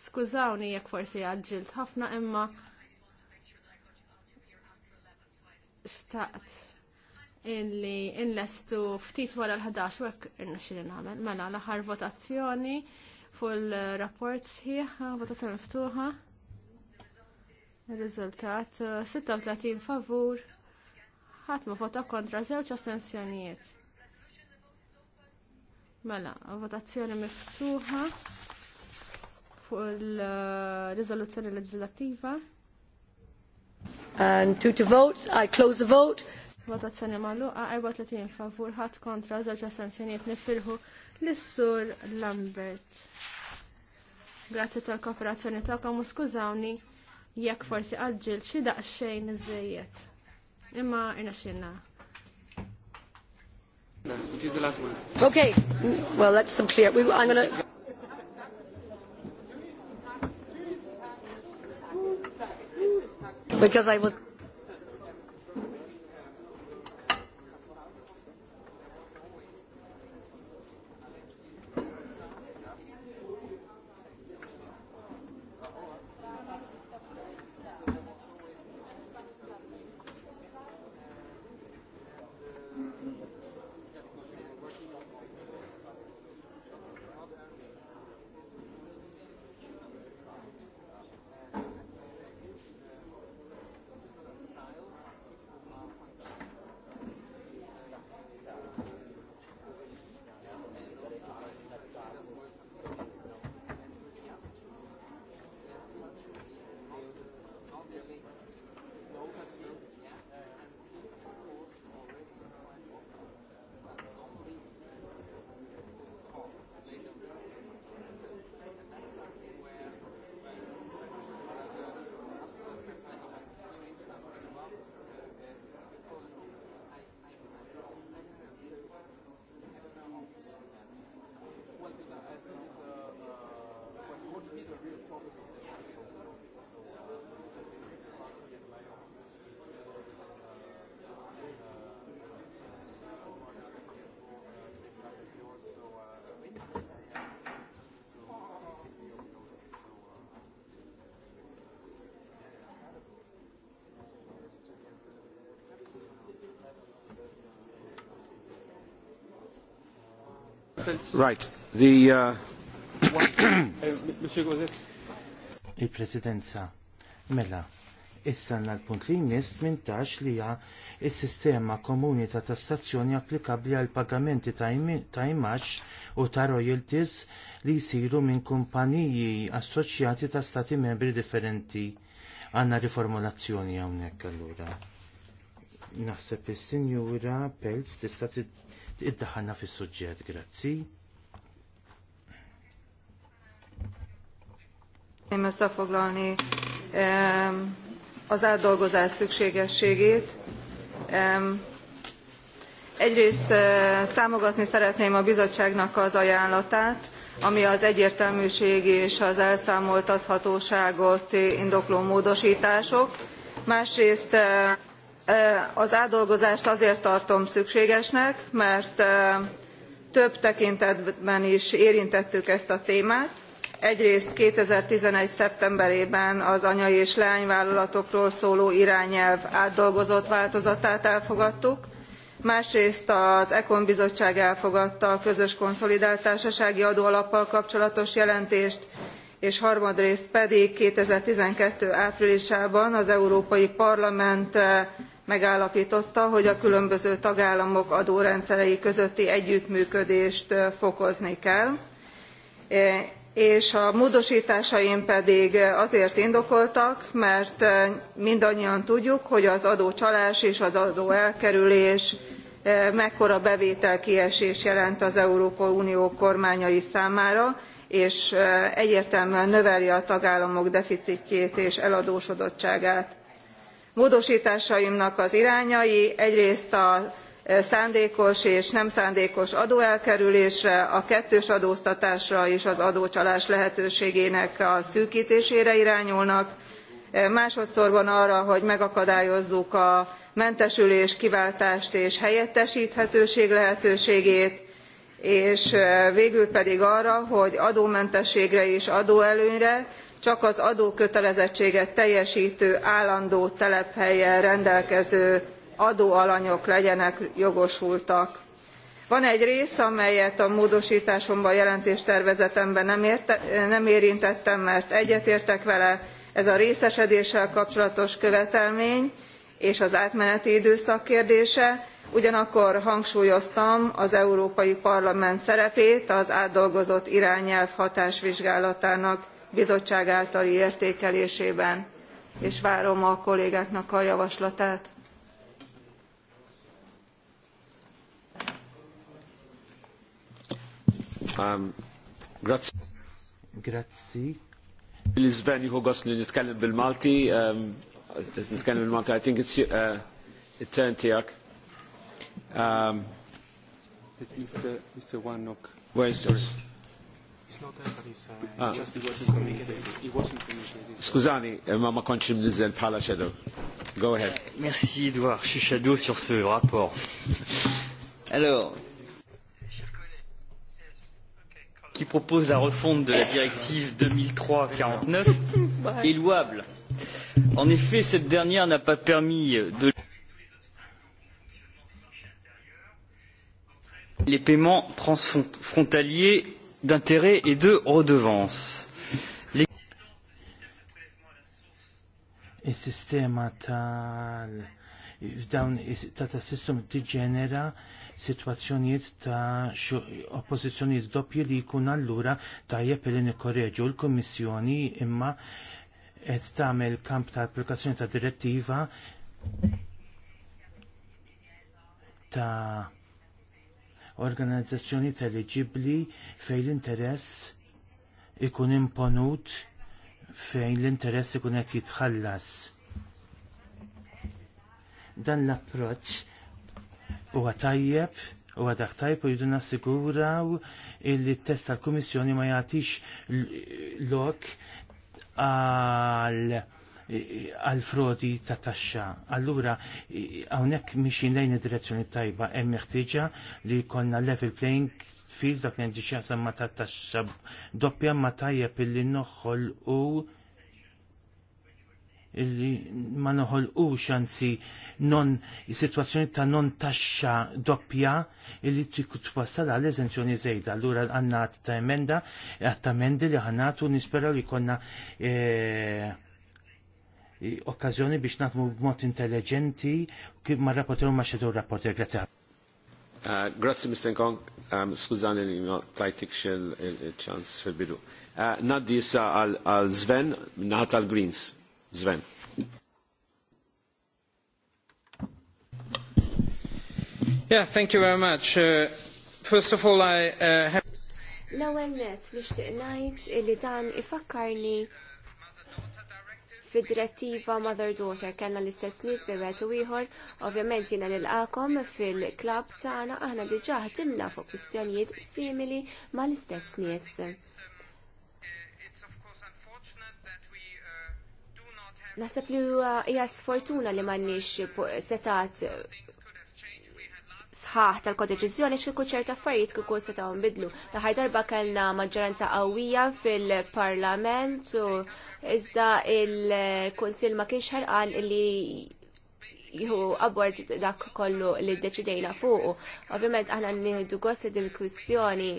Skużawni jekk forsi għadġilt ħafna imma xtaqt illi inlestu ftit wara l-11 wek irnexxili nagħmel mela l-aħħar votazzjoni fuq il rapport sħiħ, votazzjoni miftuħa. Riżultat 36 eh, favur, ħadd ma vota kontra żewġ astensjonijiet. Mela, votazzjoni miftuħa fuq il-riżoluzzjoni eh, leġislattiva. And two to vote, I close the vote. Votazzjoni magħluqa 34 favur, ħadd kontra żewġ astensjonijiet nifirħu l-sur Lambert. Grazzi tal-kooperazzjoni tagħkom u skużawni jekk forsi għadġil xi daqsxejn iż-żejjed. Imma irna xinna. Okay, well that's some clear. We, I'm gonna. Because I was. Right, the... Uh, Il-presidenza, mela, issa għanna l-punt li jmiss 18 li hija s-sistema komuni ta' tassazzjoni applikabli għal pagamenti ta' imax u ta' royalties li jsiru minn kumpaniji assoċjati ta' stati membri differenti. Għanna riformulazzjoni hawnhekk allura. Naħseb is-sinjura Pelz tista' iddaħanna fis-suġġett, grazzi. Én összefoglalni az átdolgozás szükségességét. Egyrészt eh, támogatni szeretném a bizottságnak az ajánlatát, ami az egyértelműség és az elszámoltathatóságot indokló módosítások. Másrészt eh, Az átdolgozást azért tartom szükségesnek, mert több tekintetben is érintettük ezt a témát. Egyrészt 2011. szeptemberében az anyai és leányvállalatokról szóló irányelv átdolgozott változatát elfogadtuk, másrészt az econ bizottság elfogadta a közös konszolidált társasági adóalappal kapcsolatos jelentést és harmadrészt pedig two thousand and twelve áprilisában az európai parlament megállapította, hogy a különböző tagállamok adórendszerei közötti együttműködést fokozni kell és a módosításaim pedig azért indokoltak, mert mindannyian tudjuk, hogy az adócsalás és az adóelkerülés mekkora bevételkiesés jelent az Európai Unió kormányai számára, és egyértelműen növeli a tagállamok deficitjét és eladósodottságát. Módosításaimnak az irányai egyrészt a e, szándékos és nem szándékos adóelkerülésre, a kettős adóztatásra és az adócsalás lehetőségének a szűkítésére irányulnak, e, másodsorban arra, hogy megakadályozzuk a mentesülés, kiváltást és helyettesíthetőség lehetőségét, és e, végül pedig arra, hogy adómentességre és adóelőnyre csak az adókötelezettséget teljestő állandó telephelyen rendelkező adóalanyok legyenek jogosultak. Van egy rész, amelyet a módosításomban, jelentéstervezetemben nem, nem érintettem, mert egyetértek vele, ez a részesedéssel kapcsolatos követelmény és az átmeneti időszak kérdése, ugyanakkor hangsúlyoztam az Európai Parlament szerepét az átdolgozott irányelv hatásvizsgálatának bizottság általi értékelésében, és várom a kollégáknak a javaslatát. Um, grazie. Grazie. L-Izveni hu għosni nitkellem bil-Malti, nitkellem um, bil-Malti, I think it's uh, it turn tijak. Um, it's Mr. Mr. Wannock. Where's yours? Uh, ah. Scusani, eh, ma ma konċi mnizzel bħala shadow. Go ahead. Merci Edouard, je suis shadow sur ce rapport. Alors, qui propose la refonte de la directive 2003-49 est louable. En effet, cette dernière n'a pas permis de les paiements transfrontaliers d'intérêt et de redevance. Is-sistema tal f'dawn ta' ta' sistem tiġenera situazzjonijiet ta' oppożizzjonijiet doppji li jkun allura tajjeb li nikkorreġu l-Kummissjoni imma qed tagħmel kamp ta' applikazzjoni ta' direttiva ta' organizzazzjoni eliġibbli fejn l-interess ikun imponut fejn l-interess ikun qed jitħallas. Dan l-approċċ huwa tajjeb u għadak tajb u jidu nassiguraw illi t-test tal-Komissjoni ma jagħtix lok għal għal frodi ta' taxxa. Allura hawnhekk miexin lejn id-direzzjoni tajba hemm meħtieġa li jkollna level playing field dak li xjaqsam ma ta' taxxa doppja ma tajjeb illi noħol u illi ma noħol u xanzi non situazzjoni ta' non taxxa doppja illi twassal l eżenzjoni zejda. Allura għanna ta' emenda, għat ta' emendi li għannatu nispera li konna eh, okkazjoni biex naħdmu b'mod intelligenti kif ma' rapporter ma' xedur rapporter. Grazie. Uh, grazie, Mr. Nkong. Um, skużani li ma tajtik xel ċans fil-bidu. Uh, naddi jissa għal Sven, naħat għal Greens. Sven. Yeah, thank you very much. Uh, first of all, I uh, have... L-ewel net nixtieq ngħid li dan ifakkarni Fid-direttiva Mother Daughter kellna l-istess nies bebet u ieħor, ovvjament jiena nilqakom fil-klab tagħna aħna diġà ħaddimna fuq kwistjonijiet simili mal-istess nies. Naħseb li hija sfortuna li m'għandniex setat sħaħ tal-kodeċizjoni xkiku ċerta affarijiet kiku setaw nbidlu. Laħar darba kellna maġġoranza qawwija fil-parlament u iżda il-Kunsil ma kienx ħarqan li jihu abbord dak kollu li d-deċidejna fuqu. Ovvjament aħna nieħdu gost il-kwistjoni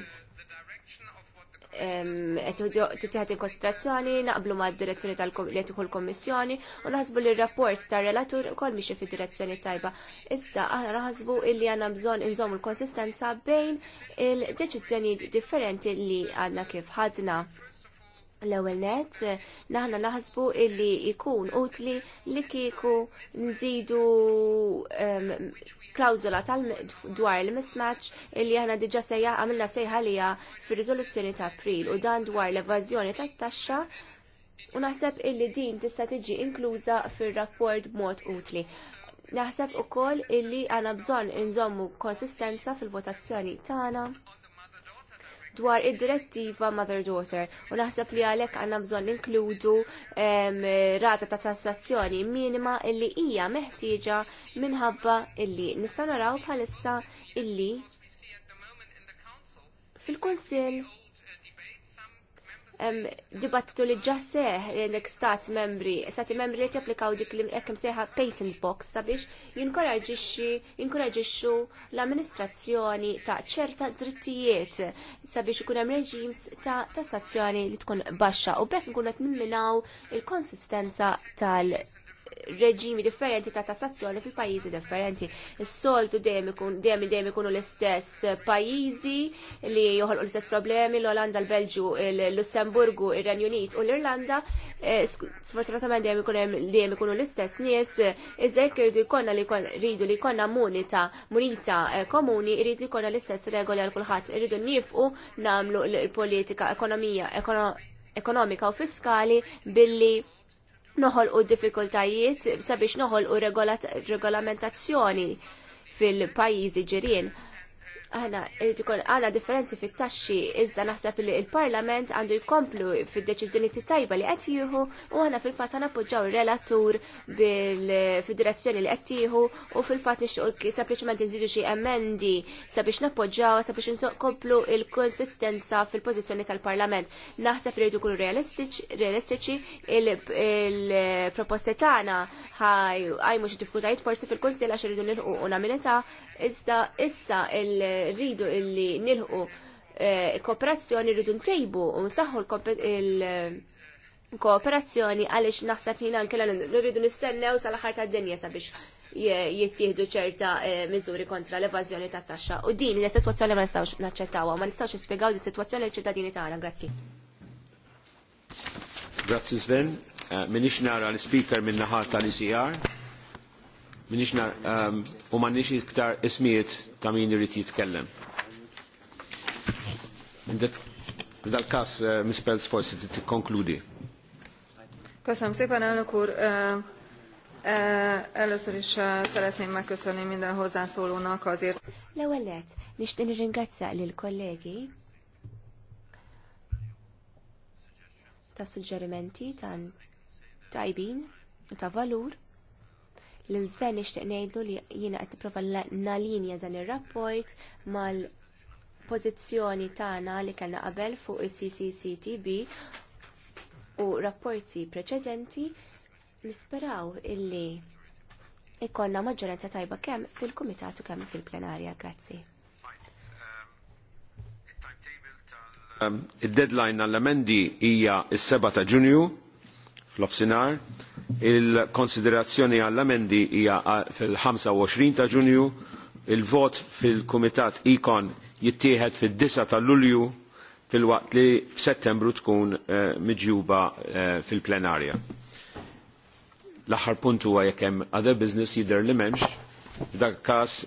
titħat in konsiderazzjoni, naqblu ma' direzzjoni tal-letuħu l-Kommissjoni u naħsbu li r-rapport tar relatur kol miexie fi direzzjoni tajba. Iżda aħna naħsbu illi għanna bżon inżomu l-konsistenza bejn il-deċizjoni differenti li għanna kif ħadna l-ewwel net naħna naħsbu illi jkun utli li kieku nżidu klawzula dwar il-mismatch illi aħna diġa sejja għamilna sejħa lija fir rizoluzzjoni ta' April u dan dwar l-evażjoni tat-taxxa u naħseb illi din tista' tiġi inkluża fir-rapport b'mod utli. Naħseb ukoll illi għana bżonn inżommu konsistenza fil-votazzjoni tagħna dwar id-direttiva mother-daughter u naħseb li għalhekk għandna bżonn inkludu rata ta' tassazzjoni minima illi hija meħtieġa minħabba illi nistgħu naraw bħalissa illi fil-Kunsill dibattitu li ġasseħ l-ek stat membri, stati membri li japplikaw dik li ekkem seħa patent box sabiex jinkoraġixxu l-amministrazzjoni ta' ċerta drittijiet sabiex ikun hemm reġims ta' tassazzjoni li tkun baxxa u bekk nkunet qed nimminaw il-konsistenza tal- reġimi differenti ta' tassazzjoni fil pajjiżi differenti. Is-soltu dejjem ikun dejjem dejjem ikunu l-istess pajjiżi li joħolqu l-istess problemi l-Olanda, l-Belġu, l-Lussemburgu, ir-Renju Unit u l-Irlanda. Eh, sfortunatament dejjem ikun dejjem ikunu l-istess nies, jekk irridu jkollna li rridu li jkollna munita munita eh, komuni irrid li jkollna l-istess regoli għal kulħadd. Irridu nifqu nagħmlu l-politika ekonomija ekonomika u fiskali billi noħolqu diffikultajiet sabiex noħolqu regolamentazzjoni fil-pajjiżi ġirien. Aħna irrid ikun għandna differenzi fit-taxxi iżda naħseb li l-Parlament għandu jkomplu fid-deċiżjoni tajba li qed jieħu u aħna fil-fatt nappoġġaw ir-relatur fid-direzzjoni li qed jieħu u fil-fatt nixtieq sempliċement inżidu xi emendi sabiex nappoġġaw sabiex nkomplu il-konsistenza fil-pożizzjoni tal-Parlament. Naħseb li jridu jkunu realistiċi il-proposti tagħna ħaj għajmu xi diffikultajiet forsi fil-Kunsill għax irridu nilħu unamilita Iżda issa il-ridu illi nilħu eh, kooperazzjoni rridu ntejbu u nsaħħu l-kooperazzjoni għaliex naħseb jina anke rridu nistennew sal ta' tad-dinja sabiex jittieħdu ċerta eh, miżuri kontra l evazjoni ta' taxxa. U din li sitwazzjoni ma nistgħux naċċettawha, ma nistgħux nispjegaw di sitwazzjoni l-ċittadini tagħna. Grazzi. Grazzi Sven. Eh, minix nara l-speaker minnaħat tal-ICR minix um, u mannix iktar ismijiet ta' min irid jitkellem. Dal-kas uh, mispels forsi konkludi Köszönöm szépen, elnök úr. Először is szeretném megköszönni minden hozzászólónak azért. Lewellet, ewwel lett, nixtieq lill-kollegi ta' suġġerimenti ta' tajbin ta' valur. L-inżvel nixtieq ngħidu li jiena qed tipprova nalinja dan ir-rapport mal-pożizzjoni tagħna li kellna qabel fuq is-CCCTB u rapporti preċedenti nisperaw illi ikollna maġġoranza tajba kemm fil-kumitat u kemm fil-plenarja. Grazzi. Um, deadline għall-emendi hija 7 ta' Ġunju fl-ofsinar. Il-konsiderazzjoni għall-amendi hija fil-25 ta' ġunju, il-vot fil-Kumitat Ikon jittieħed fil 9 ta' Lulju fil-waqt li f'Settembru tkun eh, miġjuba eh, fil-plenarja. L-aħħar punt huwa jekk hemm other business jidher li m'hemmx, f'dak każ